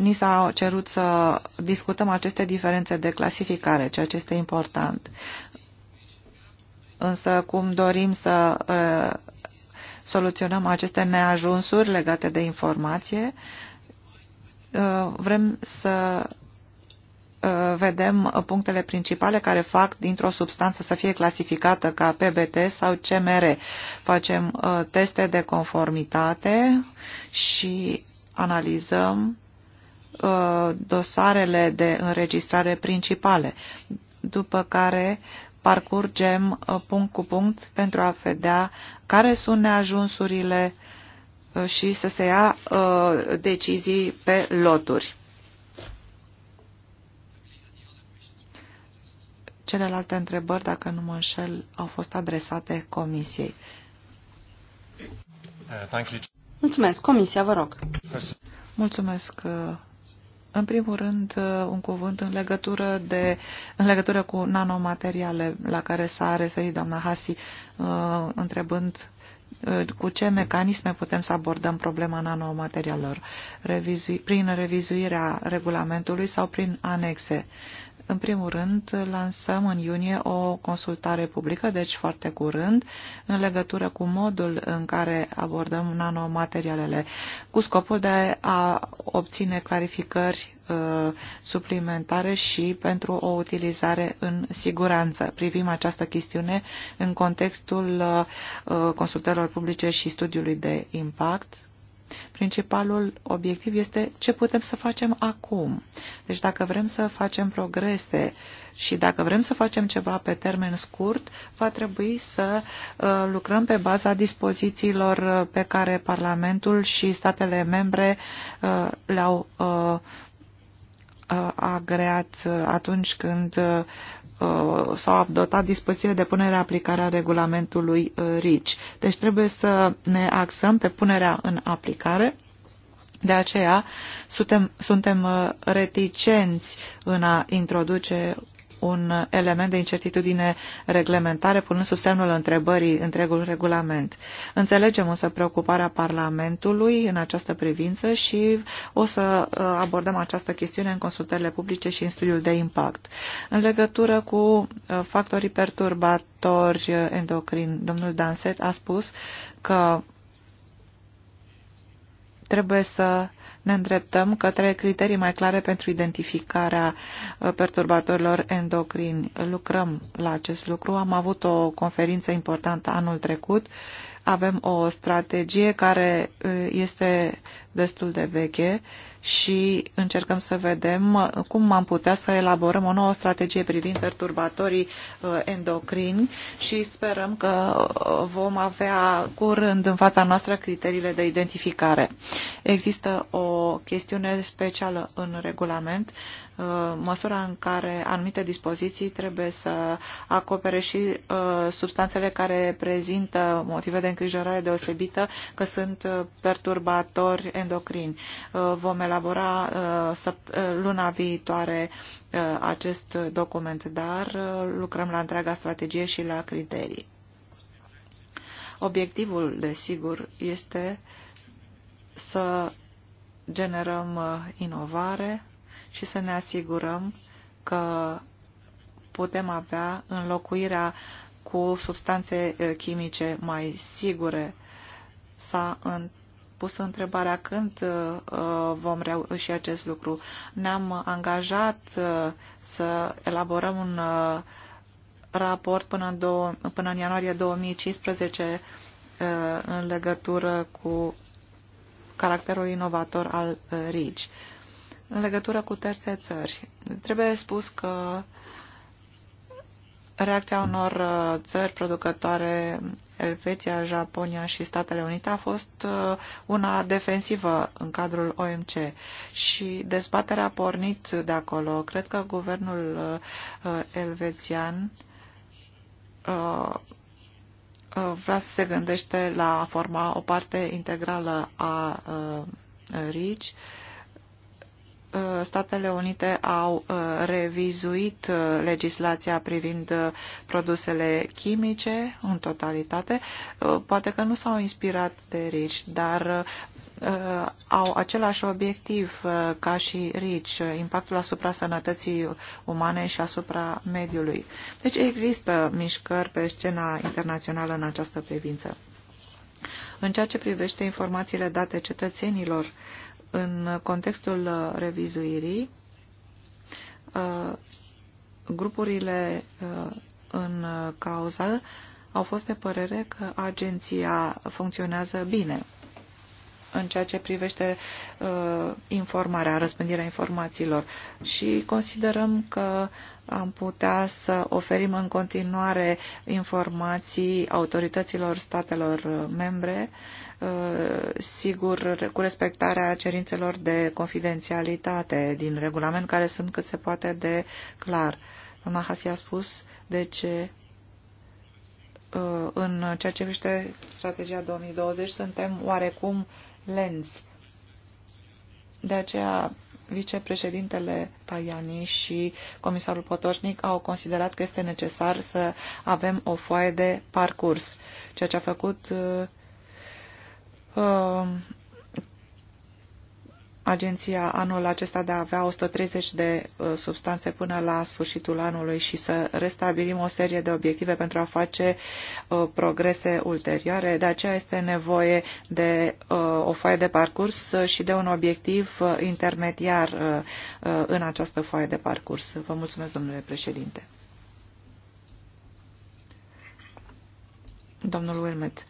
Ni s-a cerut să discutăm aceste diferențe de clasificare, ceea ce este important. Însă, cum dorim să soluționăm aceste neajunsuri legate de informație. Uh, vrem să uh, vedem punctele principale care fac dintr-o substanță să fie clasificată ca PBT sau CMR. Facem uh, teste de conformitate și analizăm dosarele de înregistrare principale după care parcurgem uh, punct cu punct pentru a vedea care sunt neajunsurile uh, și să se ia uh, decizii pe loturi. Celelalte întrebări, dacă nu mă înșel, au fost adresate Comisiei. Mulțumesc. Comisia, vă rog. Mulțumesc, în primul rând, uh, un cuvânt în legătură, de, în legătură cu nanomateriale la care s-a referit doamna Hasi, uh, întrebând uh, cu ce mecanisme putem să abordăm problema nanomaterialelor, prin revizuirea regulamentului sau prin anexe. În primul rând, lansăm în iunie o consultare publică, deci foarte curând, în legătură cu modul în care abordăm nanomaterialele, cu scopul de a obține clarificări uh, suplimentare și pentru o utilizare în siguranță. Privim această chestiune în contextul uh, consultărilor publice și studiului de impact Principalul obiectiv este ce putem să facem acum. Deci dacă vrem să facem progrese și dacă vrem să facem ceva pe termen scurt, va trebui să uh, lucrăm pe baza dispozițiilor uh, pe care Parlamentul și statele membre uh, le-au agreat atunci când Uh, s-au adoptat dispoziții de punere aplicare a regulamentului uh, RICI. Deci trebuie să ne axăm pe punerea în aplicare. De aceea suntem, suntem uh, reticenți în a introduce un element de incertitudine reglementare, punând sub semnul întrebării întregul regulament. Înțelegem însă preocuparea Parlamentului în această privință și o să uh, abordăm această chestiune în consultările publice și în studiul de impact. În legătură cu uh, factorii perturbatori endocrini, domnul Danset a spus că trebuie să ne îndreptăm către criterii mai clare pentru identificarea uh, perturbatorilor endocrini. Lucrăm la acest lucru. Am avut o conferință importantă anul trecut. Avem o strategie care uh, este destul de veche și încercăm să vedem uh, cum am putea să elaborăm o nouă strategie privind perturbatorii uh, endocrini și sperăm că uh, vom avea curând în fața noastră criteriile de identificare. Există o chestiune specială în regulament Uh, măsura în care anumite dispoziții trebuie să acopere și uh, substanțele care prezintă motive de îngrijorare deosebită, că sunt uh, perturbatori endocrini. Vom elabora luna viitoare acest document, dar lucrăm la întreaga strategie și la criterii. Obiectivul, desigur, este să generăm inovare, și să ne asigurăm că putem avea înlocuirea cu substanțe eh, chimice mai sigure. S-a pus întrebarea când eh, eh, vom reuși acest lucru. Ne-am angajat să elaborăm un raport până în, două, până în ianuarie 2015 în legătură cu caracterul inovator al RIGI în legătură cu terțe țări. Trebuie spus că reacția unor uh, țări producătoare, Elveția, Japonia și Statele Unite, a fost uh, una defensivă în cadrul OMC și dezbaterea a pornit de acolo. Cred că guvernul uh, elvețian vrea să se gândește la forma o parte integrală a RICI Uh, Statele Unite au uh, revizuit uh, legislația privind produsele chimice în totalitate. Poate că nu s-au inspirat de RICI, dar au același obiectiv ca și RICI, impactul asupra sănătății umane și asupra mediului. Deci există mișcări pe scena internațională în această privință. În ceea ce privește informațiile date cetățenilor, uh, în contextul uh, revizuirii, uh, grupurile uh, în cauză au fost de părere că agenția funcționează bine în ceea ce privește uh, informarea, răspândirea informațiilor și considerăm că am putea să oferim în continuare informații autorităților statelor membre Uh, sigur cu respectarea cerințelor de confidențialitate din regulament, care sunt cât se poate de clar. Doamna Hasi a spus de ce uh, în ceea ce privește strategia 2020 suntem oarecum lenți. De aceea vicepreședintele Tajani și comisarul Potoșnic au considerat că este necesar să avem o foaie de parcurs, ceea ce a făcut uh, Uh, agenția anul acesta de a avea 130 de uh, substanțe până la sfârșitul anului și să restabilim o serie de obiective pentru a face uh, progrese ulterioare. De aceea este nevoie de o foaie de parcurs și de un obiectiv intermediar în această foaie de parcurs. Vă mulțumesc, domnule președinte. Domnul Wilmet.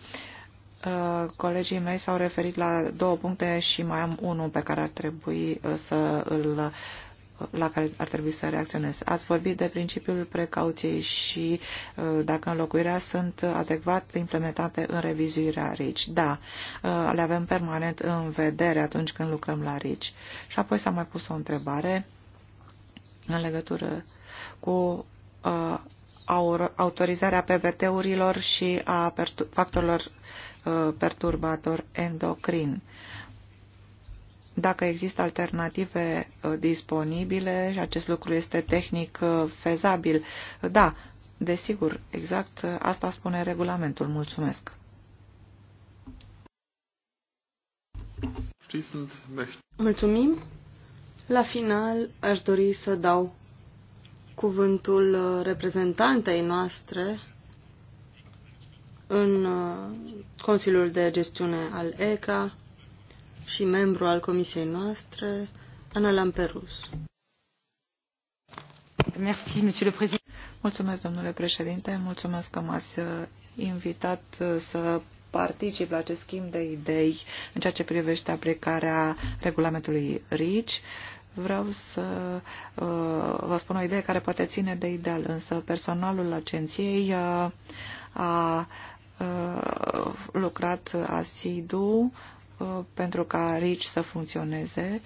Uh, colegii mei s-au referit la două puncte și mai am unul pe care ar trebui uh, să îl uh, la care ar trebui să reacționez. Ați vorbit de principiul precauției și dacă înlocuirea sunt adecvat implementate în revizuirea RICI. Da, le avem permanent în vedere atunci când lucrăm la RICI. Și apoi s-a mai pus o întrebare în legătură cu autorizarea PVT-urilor și a factorilor Uh, perturbator endocrin. dacă există alternative uh, disponibile și acest lucru este tehnic uh, fezabil. Da, desigur, exact asta spune regulamentul. Mulțumesc. Mulțumim. La final aș dori să dau cuvântul reprezentantei noastre în uh, Consiliul de Gestiune al ECA și membru al comisiei noastre, Ana Lamperus. Merci, monsieur le président. Mulțumesc, domnule președinte, mulțumesc că m-ați uh, invitat uh, să particip la acest schimb de idei în ceea ce privește aplicarea regulamentului RICI vreau să uh, vă spun o idee care poate ține de ideal, însă personalul agenției uh, a Uh, lucrat asidu uh, pentru ca RICI să funcționeze.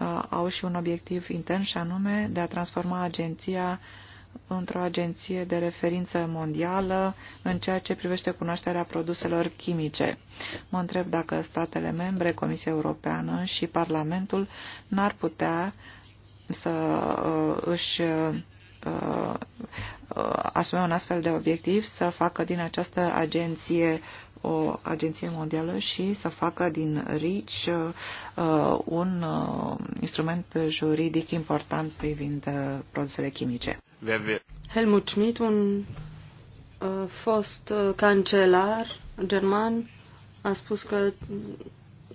Uh, au și un obiectiv intern și anume de a transforma agenția într-o agenție de referință mondială în ceea ce privește cunoașterea produselor chimice. Mă întreb dacă statele membre, Comisia Europeană și Parlamentul n-ar putea să își uh, asume un astfel de obiectiv, să facă din această agenție o agenție mondială și să facă din RICI uh, uh, un uh, instrument juridic important privind uh, produsele chimice. Helmut Schmidt, un uh, fost uh, cancelar german, a spus că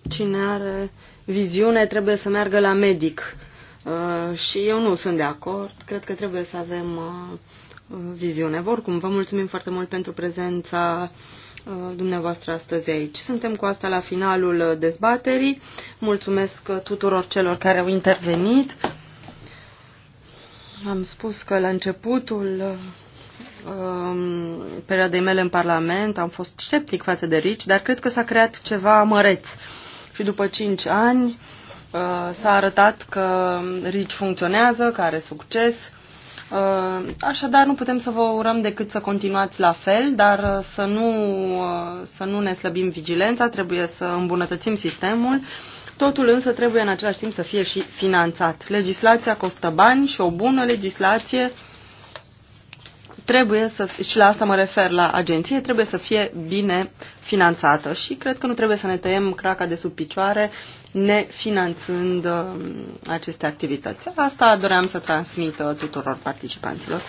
cine are viziune trebuie să meargă la medic Uh, și eu nu sunt de acord. Cred că trebuie să avem uh, viziune. Oricum, vă mulțumim foarte mult pentru prezența uh, dumneavoastră astăzi aici. Suntem cu asta la finalul dezbaterii. Mulțumesc tuturor celor care au intervenit. Am spus că la începutul um, perioadei mele în Parlament am fost sceptic față de Rici, dar cred că s-a creat ceva măreț. Și după cinci ani Uh, s-a arătat că RICI funcționează, că are succes. Uh, așadar, nu putem să vă urăm decât să continuați la fel, dar uh, să nu, să nu ne slăbim vigilența, trebuie să îmbunătățim sistemul. Totul însă trebuie în același timp să fie și finanțat. Legislația costă bani și o bună legislație trebuie să, și la asta mă refer la agenție, trebuie să fie bine finanțată și cred că nu trebuie să ne tăiem craca de sub picioare nefinanțând um, aceste activități. Asta doream să transmit tuturor participanților.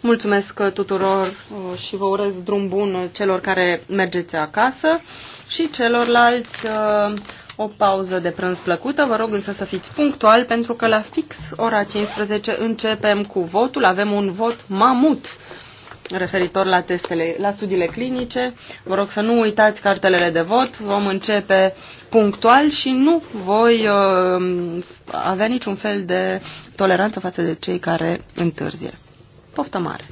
Mulțumesc tuturor uh, și vă urez drum bun celor care mergeți acasă și celorlalți uh, o pauză de prânz plăcută. Vă rog însă să fiți punctual pentru că la fix ora 15 începem cu votul. Avem un vot mamut referitor la testele, la studiile clinice. Vă rog să nu uitați cartelele de vot. Vom începe punctual și nu voi uh, avea niciun fel de toleranță față de cei care întârzie. Poftă mare!